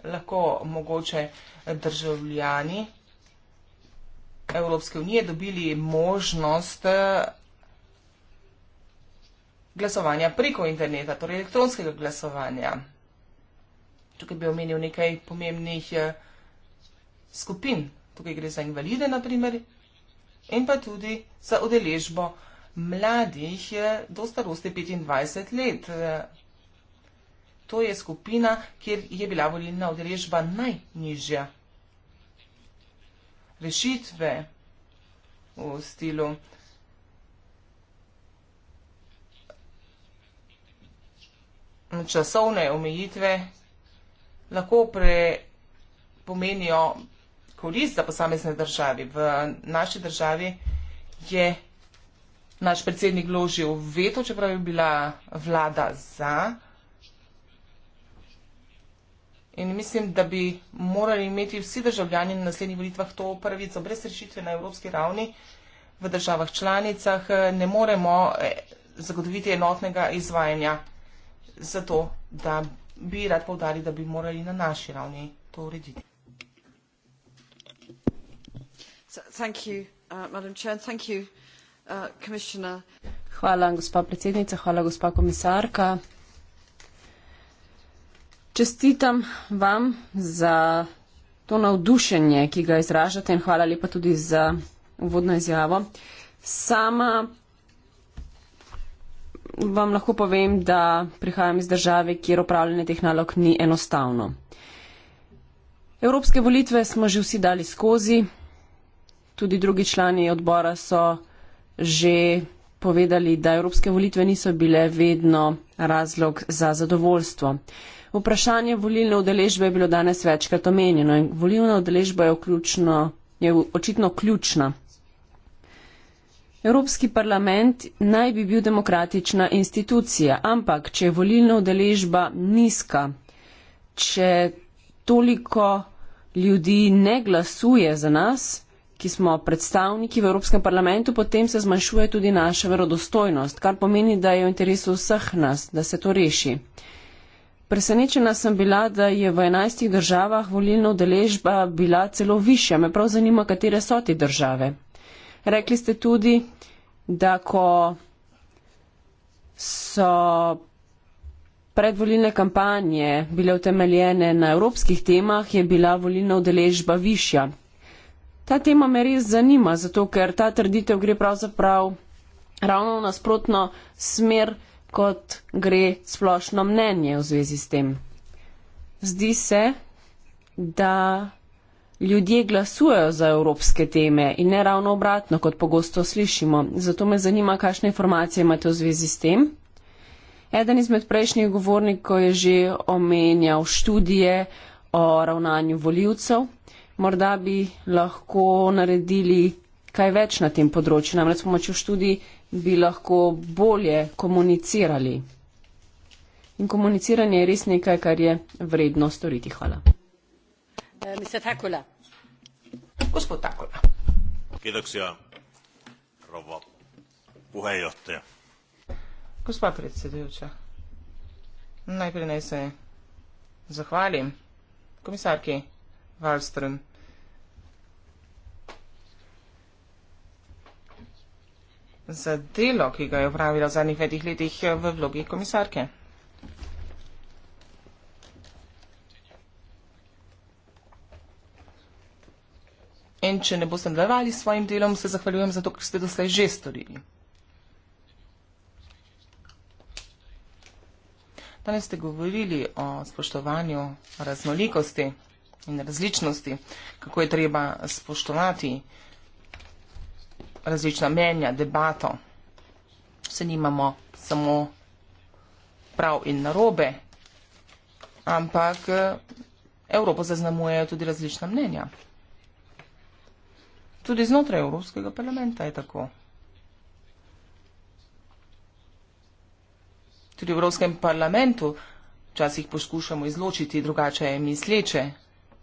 lahko mogoče državljani Evropske unije dobili možnost eh, glasovanja preko interneta, torej elektronskega glasovanja. Tukaj bi omenil nekaj pomembnih eh, skupin. Tukaj gre za invalide, naprimer, in pa tudi za udeležbo mladih eh, do starosti 25 let. To je skupina, kjer je bila volilna udeležba najnižja rešitve v stilu. Časovne omejitve lahko pre, pomenijo korist za posamezne države. V naši državi je naš predsednik vložil veto, čeprav je bila vlada za. In mislim, da bi morali imeti vsi državljani na naslednjih volitvah to pravico brez rešitve na evropski ravni v državah članicah. Eh, ne moremo eh, zagotoviti enotnega izvajanja zato, da bi rad povdali, da bi morali na naši ravni to urediti. Thank you, uh, Madam Chair. Thank you, uh, Commissioner. Hvala, gospa predsednica, hvala, gospa komisarka. Čestitam vam za to navdušenje, ki ga izražate in hvala lepa tudi za uvodno izjavo. Sama vam lahko povem, da prihajam iz države, kjer upravljanje teh nalog ni enostavno. Evropske volitve smo že vsi dali skozi, tudi drugi člani odbora so že povedali, da evropske volitve niso bile vedno razlog za zadovoljstvo. Vprašanje volilne udeležbe je bilo danes večkrat omenjeno in volilna udeležba je, vključno, je očitno ključna. Evropski parlament naj bi bil demokratična institucija, ampak če je volilna udeležba nizka, če toliko ljudi ne glasuje za nas, ki smo predstavniki v Evropskem parlamentu, potem se zmanjšuje tudi naša verodostojnost, kar pomeni, da je v interesu vseh nas, da se to reši. Presenečena sem bila, da je v enajstih državah volilna udeležba bila celo višja. Me prav zanima, katere so te države. Rekli ste tudi, da ko so predvolilne kampanje bile utemeljene na evropskih temah, je bila volilna udeležba višja. Ta tema me res zanima, zato ker ta trditev gre pravzaprav ravno v nasprotno smer kot gre splošno mnenje v zvezi s tem. Zdi se, da ljudje glasujejo za evropske teme in ne ravno obratno, kot pogosto slišimo. Zato me zanima, kakšne informacije imate v zvezi s tem. Eden izmed prejšnjih govornikov je že omenjal študije o ravnanju voljivcev. Morda bi lahko naredili kaj več na tem področju. Namreč s pomočjo študij bi lahko bolje komunicirali. In komuniciranje je res nekaj, kar je vredno storiti. Hvala. Eh, Mr. Takula. Gospod Takula. Kedoksija, rovo, puhejote. Gospa predsedujoča, najprej naj se zahvalim komisarki Valstrom. za delo, ki ga je upravila v zadnjih petih letih eh, v vlogi komisarke. In če ne boste nadaljevali s svojim delom, se zahvaljujem za to, kar ste doslej že storili. Danes ste govorili o spoštovanju raznolikosti in različnosti, kako je treba spoštovati uh, različna mnenja, debato, se nimamo samo prav in narobe, ampak eh, Evropo zaznamujejo tudi različna mnenja. Tudi znotraj Evropskega parlamenta je tako. Tudi v Evropskem parlamentu včasih poskušamo izločiti drugače misleče,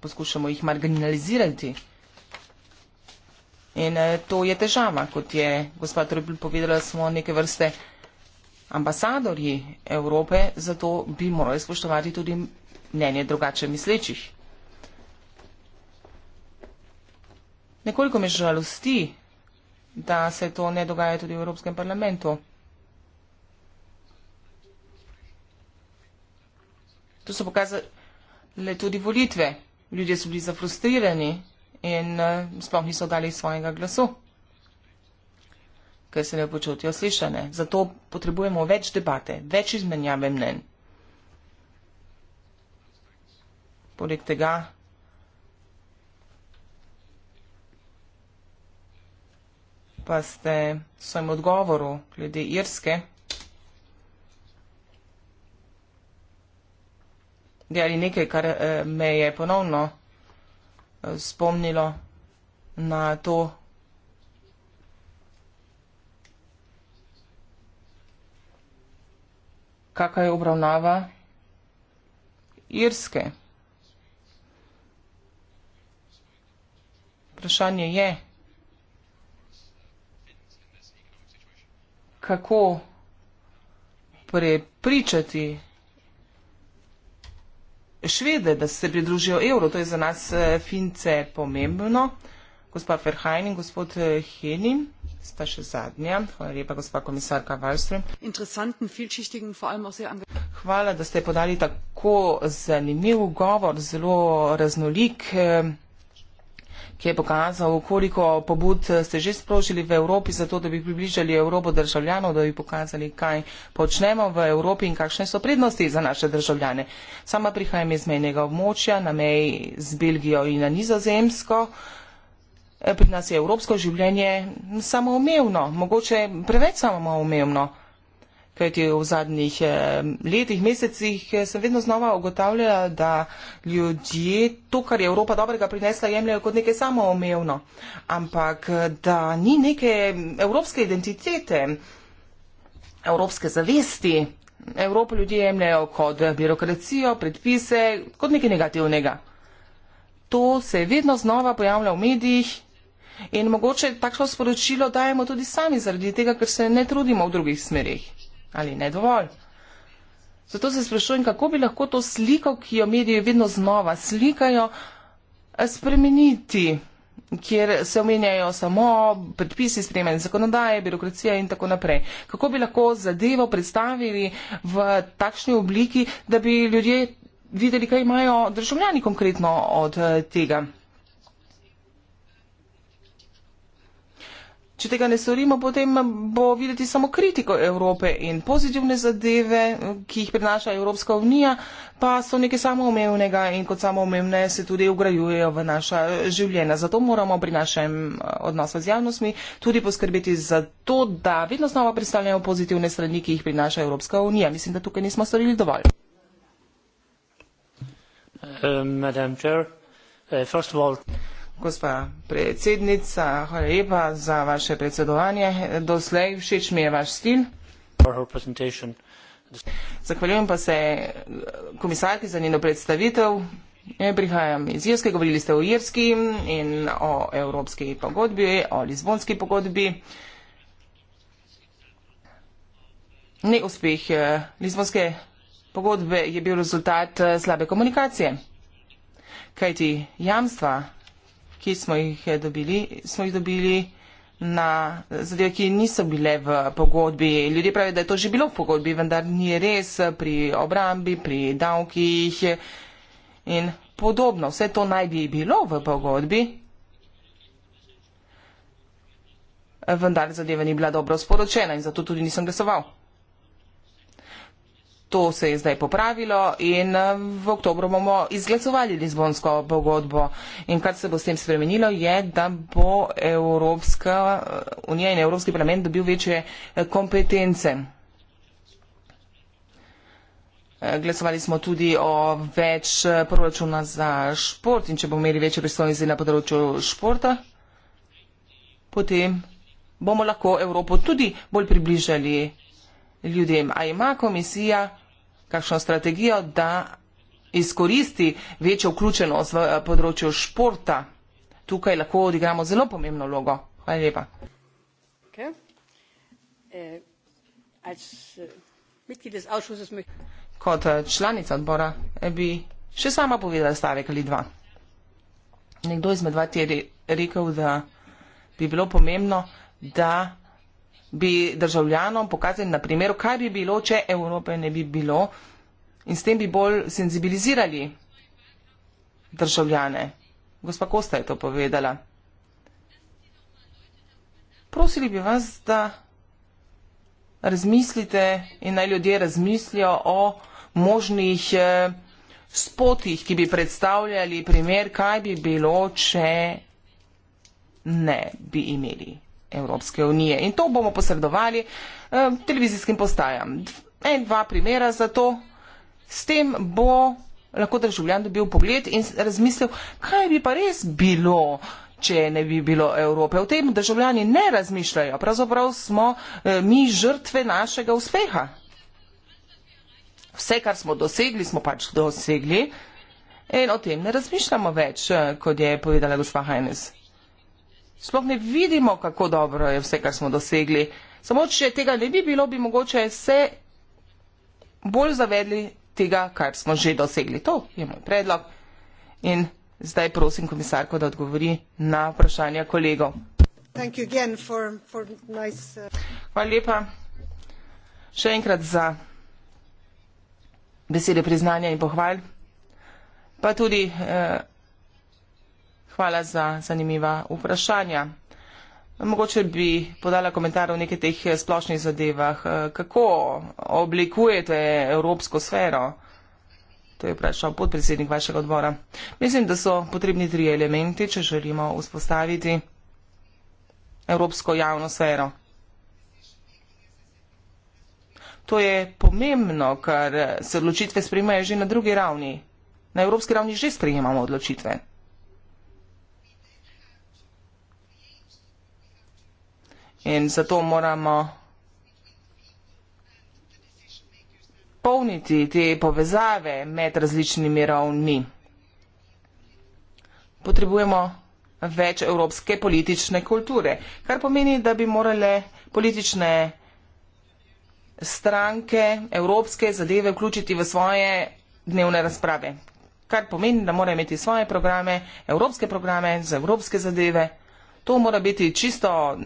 poskušamo jih marginalizirati. In eh, to je težava, kot je gospa Trebl povedala, smo neke vrste ambasadorji Evrope, zato bi morali spoštovati tudi mnenje drugače mislečih. Nekoliko me žalosti, da se to ne dogaja tudi v Evropskem parlamentu. To so pokazali tudi volitve. Ljudje so bili zafrustrirani, in eh, sploh niso dali svojega glasu, ker se ne počutijo slišane. Zato potrebujemo več debate, več izmenjave mnen. Poleg tega pa ste v svojem odgovoru glede Irske. Ali nekaj, kar eh, me je ponovno spomnilo na to. Kaka je obravnava Irske? Vprašanje je, kako prepričati Švede, da se pridružijo evro, to je za nas eh, Fince pomembno. Gospa Ferhajn in gospod eh, Heni sta še zadnja. Hvala lepa, gospa komisarka Wallström. Hvala, da ste podali tako zanimiv govor, zelo raznolik. Eh, ki je pokazal, koliko pobud ste že sprožili v Evropi, zato da bi približali Evropo državljanov, da bi pokazali, kaj počnemo v Evropi in kakšne so prednosti za naše državljane. Sama prihajam iz menjega območja na meji z Belgijo in na Nizozemsko. Pri nas je evropsko življenje samoumevno, mogoče preveč samoumevno kajti v zadnjih eh, letih, mesecih eh, sem vedno znova ugotavljala, da ljudje to, kar je Evropa dobrega prinesla, jemljajo kot nekaj samoomevno, ampak eh, da ni neke evropske identitete, evropske zavesti. Evropo ljudje jemljajo kot birokracijo, predpise, kot nekaj negativnega. To se vedno znova pojavlja v medijih. In mogoče takšno sporočilo dajemo tudi sami, zaradi tega, ker se ne trudimo v drugih smerih ali ne dovolj. Zato se sprašujem, kako bi lahko to sliko, ki jo mediji vedno znova slikajo, spremeniti, kjer se omenjajo samo predpisi, spremenje zakonodaje, birokracija in tako naprej. Kako bi lahko zadevo predstavili v takšni obliki, da bi ljudje videli, kaj imajo državljani konkretno od eh, tega. Če tega ne storimo, potem bo videti samo kritiko Evrope in pozitivne zadeve, ki jih prinaša Evropska unija, pa so nekaj samoumevnega in kot samoumevne se tudi ugrajujejo v naša življenja. Zato moramo pri našem eh, odnosu z javnostmi tudi poskrbeti za to, da vedno znova predstavljamo pozitivne strani, ki jih prinaša Evropska unija. Mislim, da tukaj nismo storili dovolj. Um, Gospa predsednica, hvala lepa za vaše predsedovanje. Doslej všeč mi je vaš stil. Zahvaljujem pa se komisarki za njeno predstavitev. Ja, prihajam iz Irske, govorili ste o Irski in o Evropski pogodbi, o Lizbonski pogodbi. Neuspeh eh, Lizbonske pogodbe je bil rezultat eh, slabe komunikacije, kajti jamstva ki smo jih eh, dobili, smo jih dobili na zadeve, ki niso bile v pogodbi. Ljudje pravijo, da je to že bilo v pogodbi, vendar ni res pri obrambi, pri davkih in podobno. Vse to naj bi bilo v pogodbi, vendar zadeva ni bila dobro sporočena in zato tudi nisem glasoval to se je zdaj popravilo in eh, v oktobru bomo izglasovali Lizbonsko pogodbo. In kar se bo s tem spremenilo, je, da bo Evropska eh, unija in Evropski parlament dobil večje eh, kompetence. Glasovali smo tudi o več proračuna za šport in če bomo imeli večje pristojnosti na področju športa, potem bomo lahko Evropo tudi bolj približali ljudem. A ima komisija? kakšno strategijo, da izkoristi večjo vključenost v eh, področju športa. Tukaj lahko odigramo zelo pomembno vlogo. Hvala lepa. Eh, eh, Kot članica odbora bi še sama povedala stavek ali dva. Nekdo izmed vati je rekel, da bi bilo pomembno, da bi državljanom pokazali na primeru, kaj bi bilo, če Evrope ne bi bilo in s tem bi bolj senzibilizirali državljane. Gospa Kosta je to povedala. Prosili bi vas, da razmislite in naj ljudje razmislijo o možnih eh, spotih, ki bi predstavljali primer, kaj bi bilo, če ne bi imeli Evropske unije. In to bomo posredovali eh, televizijskim postajam. En, dva primera za to. S tem bo lahko državljan dobil pogled in razmislil, kaj bi pa res bilo, če ne bi bilo Evrope. O tem državljani ne razmišljajo. Pravzaprav smo eh, mi žrtve našega uspeha. Vse, kar smo dosegli, smo pač dosegli. In o tem ne razmišljamo več, eh, kot je povedala gospa Hajnes sploh ne vidimo, kako dobro je vse, kar smo dosegli. Samo če tega ne bi bilo, bi mogoče se bolj zavedli tega, kar smo že dosegli. To je moj predlog. In zdaj prosim komisarko, da odgovori na vprašanja kolegov. For, for nice, uh... Hvala lepa. Še enkrat za besede priznanja in pohval, pa tudi. Uh, Hvala za zanimiva vprašanja. Mogoče bi podala komentar o nekaj teh splošnih zadevah. Kako oblikujete evropsko sfero? To je vprašal podpredsednik vašega odbora. Mislim, da so potrebni tri elementi, če želimo vzpostaviti evropsko javno sfero. To je pomembno, ker se odločitve sprejmejo že na drugi ravni. Na evropski ravni že sprejemamo odločitve. In zato moramo polniti te povezave med različnimi ravni. Potrebujemo več evropske politične kulture, kar pomeni, da bi morale politične stranke evropske zadeve vključiti v svoje dnevne razprave. Kar pomeni, da morajo imeti svoje programe, evropske programe za evropske zadeve. To mora biti čisto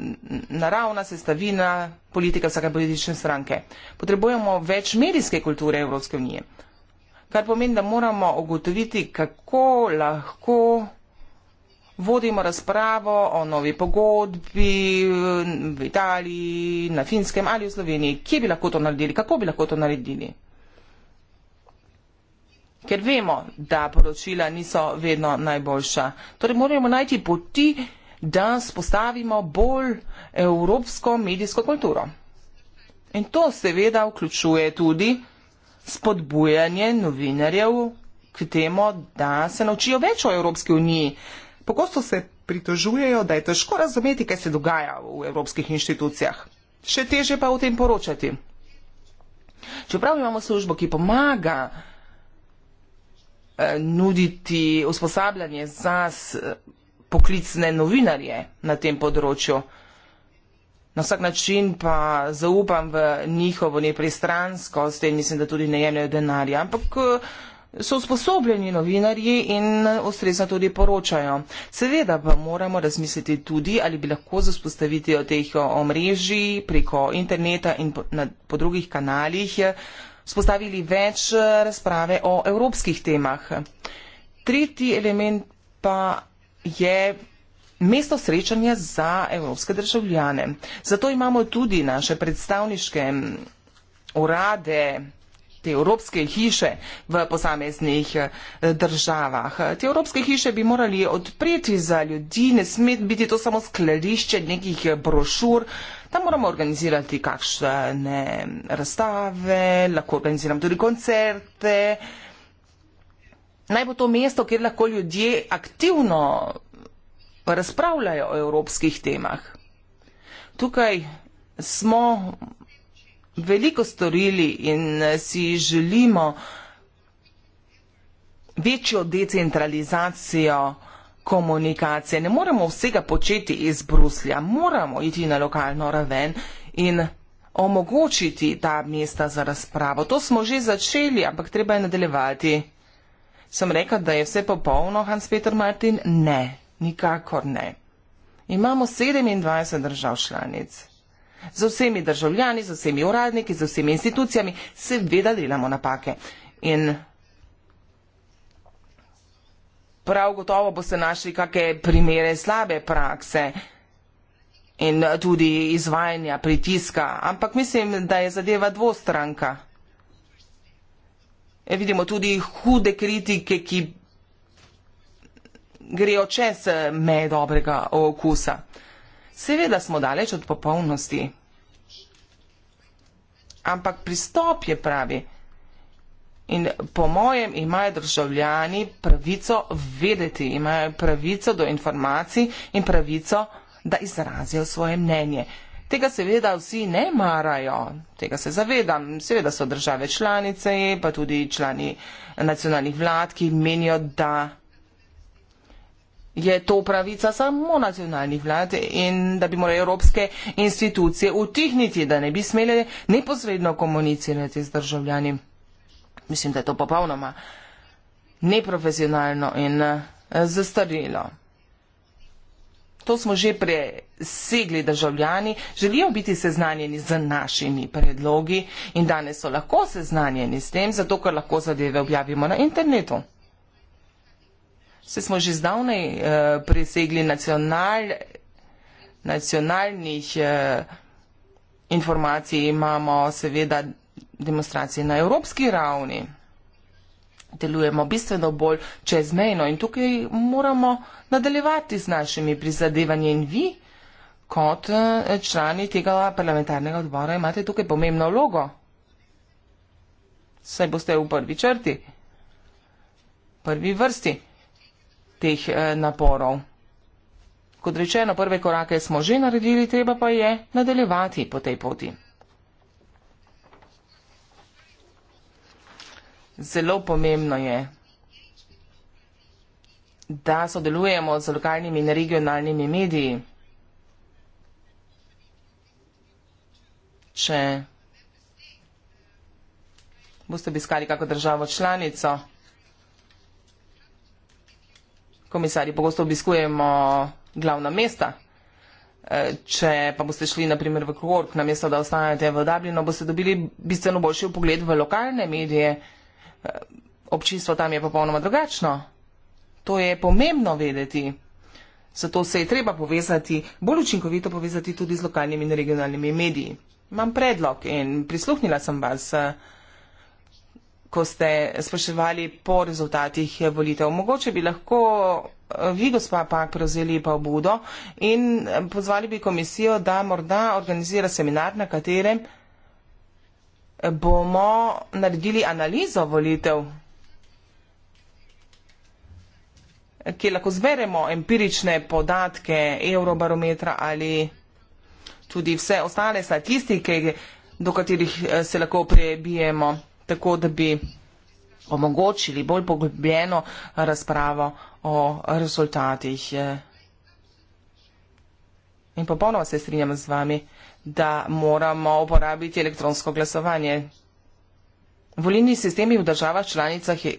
naravna sestavina politika vsake politične stranke. Potrebujemo več medijske kulture Evropske unije, kar pomeni, da moramo ugotoviti, kako lahko vodimo razpravo o novi pogodbi v Italiji, na Finskem ali v Sloveniji. Kje bi lahko to naredili? Kako bi lahko to naredili? Ker vemo, da poročila niso vedno najboljša. Torej moramo najti poti, da spostavimo bolj evropsko medijsko kulturo. In to seveda vključuje tudi spodbujanje novinarjev k temu, da se naučijo več o Evropski uniji. Pogosto se pritožujejo, da je težko razumeti, kaj se dogaja v evropskih inštitucijah. Še teže pa o tem poročati. Čeprav imamo službo, ki pomaga eh, nuditi usposabljanje za eh, poklicne novinarje na tem področju. Na vsak način pa zaupam v njihovo nepristransko, s tem mislim, da tudi ne jemljajo denarja, ampak eh, so usposobljeni novinarji in eh, ustrezno tudi poročajo. Seveda pa moramo razmisliti tudi, ali bi lahko z vzpostavitvijo teh eh, omrežij preko interneta in po, na, po drugih kanalih spostavili več razprave o evropskih temah. Tretji element pa je mesto srečanja za evropske državljane. Zato imamo tudi naše predstavniške urade te evropske hiše v posameznih eh, državah. Te evropske hiše bi morali odpreti za ljudi, ne sme biti to samo skladišče nekih eh, brošur. Tam moramo organizirati kakšne razstave, lahko organiziramo tudi koncerte, uh, naj bo to mesto, kjer lahko ljudje aktivno razpravljajo o evropskih temah. Tukaj smo veliko storili in si želimo večjo decentralizacijo komunikacije. Ne moremo vsega početi iz Bruslja, moramo iti na lokalno raven in omogočiti ta mesta za razpravo. To smo že začeli, ampak treba je nadaljevati sem rekel, da je vse popolno, Hans Peter Martin? Ne, nikakor ne. Imamo 27 držav članic. Z vsemi državljani, z vsemi uradniki, z vsemi institucijami seveda delamo napake. In prav gotovo boste našli kakšne primere slabe prakse in tudi izvajanja pritiska, ampak mislim, da je zadeva dvostranka e vidimo tudi hude kritike, ki grejo čez eh, me dobrega okusa. Seveda smo daleč od popolnosti, ampak pristop je pravi. In po mojem imajo državljani pravico vedeti, imajo pravico do informacij in pravico, da izrazijo svoje mnenje. Tega seveda vsi ne marajo, tega se zavedam. Seveda so države članice, pa tudi člani nacionalnih vlad, ki menijo, da je to pravica samo nacionalnih vlad in da bi morali evropske institucije utihniti, da ne bi smeli neposredno komunicirati z državljani. Mislim, da je to popolnoma neprofesionalno in zastarilo to smo že presegli državljani, želijo biti seznanjeni z našimi predlogi in danes so lahko seznanjeni s tem, zato ker lahko zadeve objavimo na internetu. Se smo že zdavnaj uh, presegli nacional, nacionalnih uh, informacij, imamo seveda demonstracije na evropski ravni delujemo bistveno bolj čezmejno in tukaj moramo nadaljevati z našimi prizadevanji in vi, kot eh, člani tega parlamentarnega odbora, imate tukaj pomembno vlogo. Saj boste v prvi črti, prvi vrsti teh eh, naporov. Kot rečeno, prve korake smo že naredili, treba pa je nadaljevati po tej poti. Zelo pomembno je, da sodelujemo z lokalnimi in regionalnimi mediji. Če boste obiskali kako državo članico, komisari, pogosto obiskujemo glavna mesta. E, če pa boste šli naprimer v Kork, na mesto, da ostanete v Dublinu, boste dobili bistveno boljši pogled v lokalne medije, Eh, občinstvo tam je popolnoma drugačno. To je pomembno vedeti. Zato se je treba povezati, bolj učinkovito povezati tudi z lokalnimi in regionalnimi mediji. Imam predlog in prisluhnila sem vas, eh, ko ste spraševali po rezultatih volitev. Mogoče bi lahko eh, vi, gospa Pak, prevzeli pa obudo in pozvali bi komisijo, da morda organizira seminar, na katerem bomo naredili analizo volitev, ki lahko zberemo empirične podatke eurobarometra ali tudi vse ostale statistike, do katerih eh, se lahko prebijemo, tako da bi omogočili bolj poglobljeno razpravo o rezultatih. Eh, in popolnoma se strinjam z vami da moramo uporabiti elektronsko glasovanje. Volilni sistemi v državah članicah je,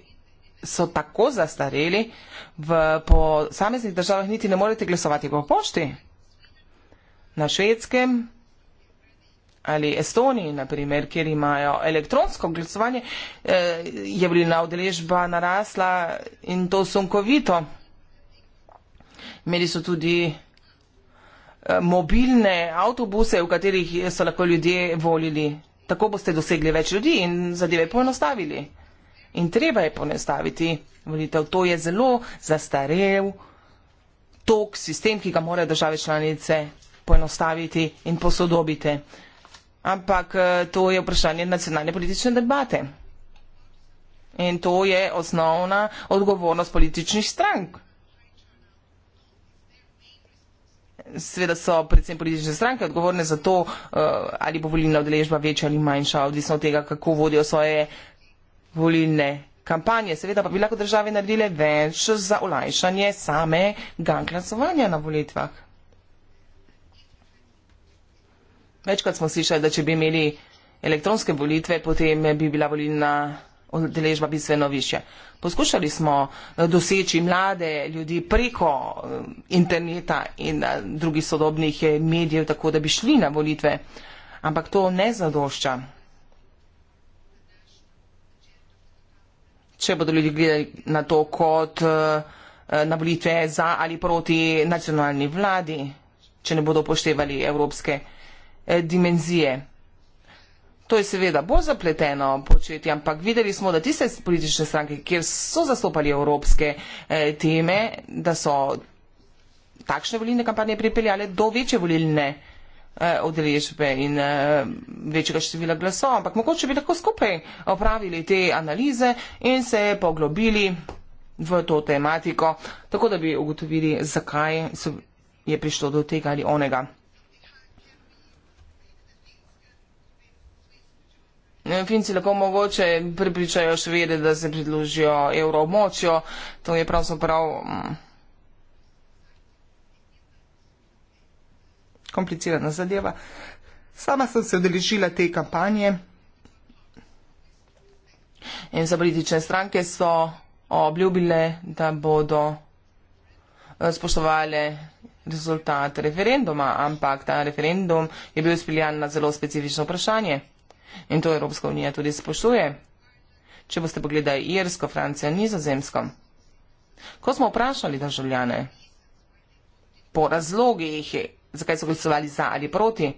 so tako zastareli, v posameznih državah niti ne morete glasovati po pošti. Na švedskem ali Estoniji, naprimer, kjer imajo elektronsko glasovanje, eh, je volilna udeležba narasla in to sunkovito. Imeli so tudi Eh, mobilne avtobuse, v katerih so lahko ljudje volili. Tako boste dosegli več ljudi in zadeve poenostavili. In treba je poenostaviti volitev. To je zelo zastarev tok sistem, ki ga morajo države članice poenostaviti in posodobiti. Ampak eh, to je vprašanje nacionalne politične debate. In to je osnovna odgovornost političnih strank. seveda so predvsem politične stranke odgovorne za to, eh, ali bo volilna odeležba večja ali manjša, odvisno od tega, kako vodijo svoje volilne kampanje. Seveda pa bi lahko države naredile več za olajšanje same glasovanja na volitvah. Večkrat smo slišali, da če bi imeli elektronske volitve, potem bi bila volilna deležba bistveno više. Poskušali smo eh, doseči mlade ljudi preko eh, interneta in eh, drugih sodobnih medijev, tako da bi šli na volitve, ampak to ne zadošča. Če bodo ljudi gledali na to kot na volitve za ali proti nacionalni vladi, če ne bodo poštevali evropske dimenzije. To je seveda bolj zapleteno početje, ampak videli smo, da tiste politične stranke, kjer so zastopali evropske eh, teme, da so takšne volilne kampanje pripeljale do večje volilne eh, odeležbe in eh, večjega števila glasov. Ampak mogoče bi lahko skupaj opravili te analize in se poglobili v to tematiko, tako da bi ugotovili, zakaj so, je prišlo do tega ali onega. Finci lahko mogoče pripričajo švede, da se pridružijo evroobmočju. To je pravzaprav mm, komplicirana zadeva. Sama sem se odeležila te kampanje in za politične stranke so obljubile, da bodo eh, spoštovali rezultat referenduma, ampak ta referendum je bil speljan na zelo specifično vprašanje. In to Evropska unija tudi spoštuje. Če boste pogledali Irsko, Francijo, Nizozemsko. Ko smo vprašali državljane po razlogih, zakaj so glasovali za ali proti,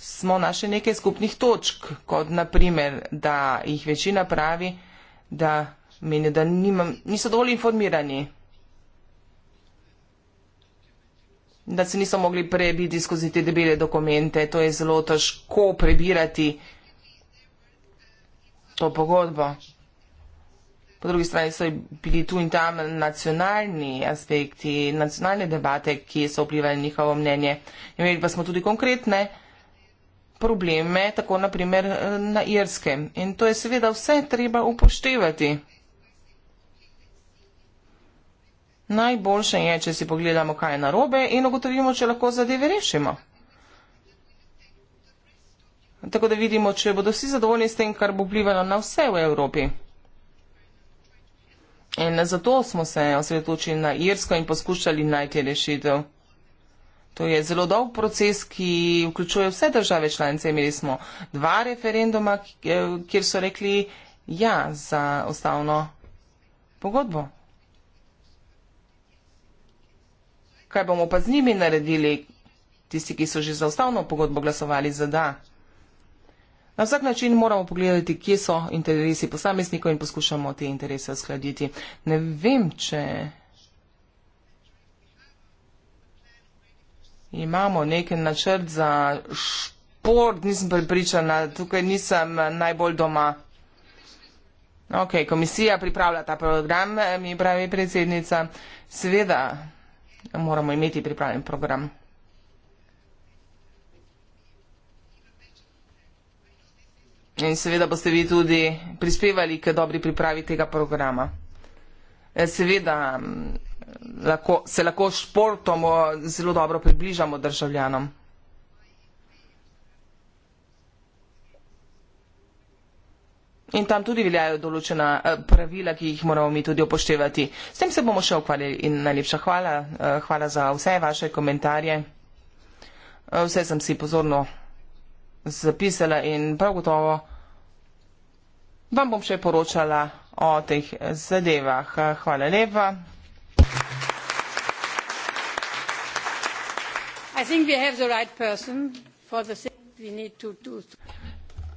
smo našli nekaj skupnih točk, kot naprimer, da jih večina pravi, da meni, da nimam, niso dovolj informirani, da se niso mogli prebiti skozi te debele dokumente. To je zelo težko prebirati to pogodbo. Po drugi strani so bili tu in tam nacionalni aspekti, nacionalne debate, ki so vplivali njihovo mnenje. Imeli pa smo tudi konkretne probleme, tako naprimer na Irskem. In to je seveda vse treba upoštevati. Najboljše je, če si pogledamo, kaj je narobe in ugotovimo, če lahko zadeve rešimo. Tako da vidimo, če bodo vsi zadovoljni s tem, kar bo vplivalo na vse v Evropi. In zato smo se osredotočili na Irsko in poskušali najti rešitev. To je zelo dolg proces, ki vključuje vse države članice. Imeli smo dva referenduma, eh, kjer so rekli ja za ustavno pogodbo. kaj bomo pa z njimi naredili, tisti, ki so že za ustavno pogodbo glasovali za da. Na vsak način moramo pogledati, kje so interesi posameznikov in poskušamo te interese uskladiti. Ne vem, če imamo neki načrt za šport, nisem pripričana, tukaj nisem najbolj doma. Ok, komisija pripravlja ta program, mi pravi predsednica. Seveda moramo imeti pripravljen program. In seveda boste vi tudi prispevali k dobri pripravi tega programa. Eh, seveda mm, lahko, se lahko športom zelo dobro približamo državljanom. in tam tudi veljajo določena eh, pravila, ki jih moramo mi tudi upoštevati. S tem se bomo še ukvarjali in najlepša hvala. Eh, hvala za vse vaše komentarje. Eh, vse sem si pozorno zapisala in prav gotovo vam bom še poročala o teh zadevah. Hvala lepa.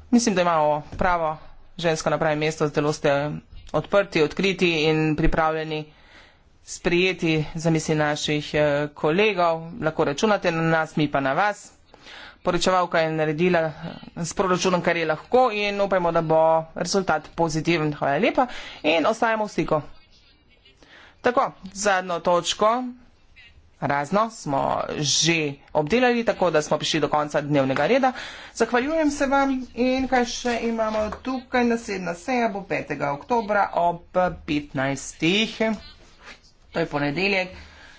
Mislim, da imamo pravo žensko na pravi mesto, zelo ste odprti, odkriti in pripravljeni sprijeti za misli naših eh, kolegov. Lahko računate na nas, mi pa na vas. Poročevalka je naredila eh, s proračunom, kar je lahko in upajmo, da bo rezultat pozitiven. Hvala lepa in ostajamo v stiku. Tako, zadnjo točko razno smo že obdelali, tako da smo prišli do konca dnevnega reda. Zahvaljujem se vam in kaj še imamo tukaj, naslednja seja bo 5. oktober ob 15. To je ponedeljek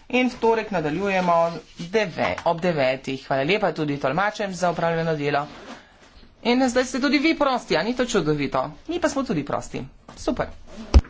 in vtorek nadaljujemo deve, ob 9. Hvala lepa tudi tolmačem za upravljeno delo. In zdaj ste tudi vi prosti, a ni to čudovito? Mi pa smo tudi prosti. Super.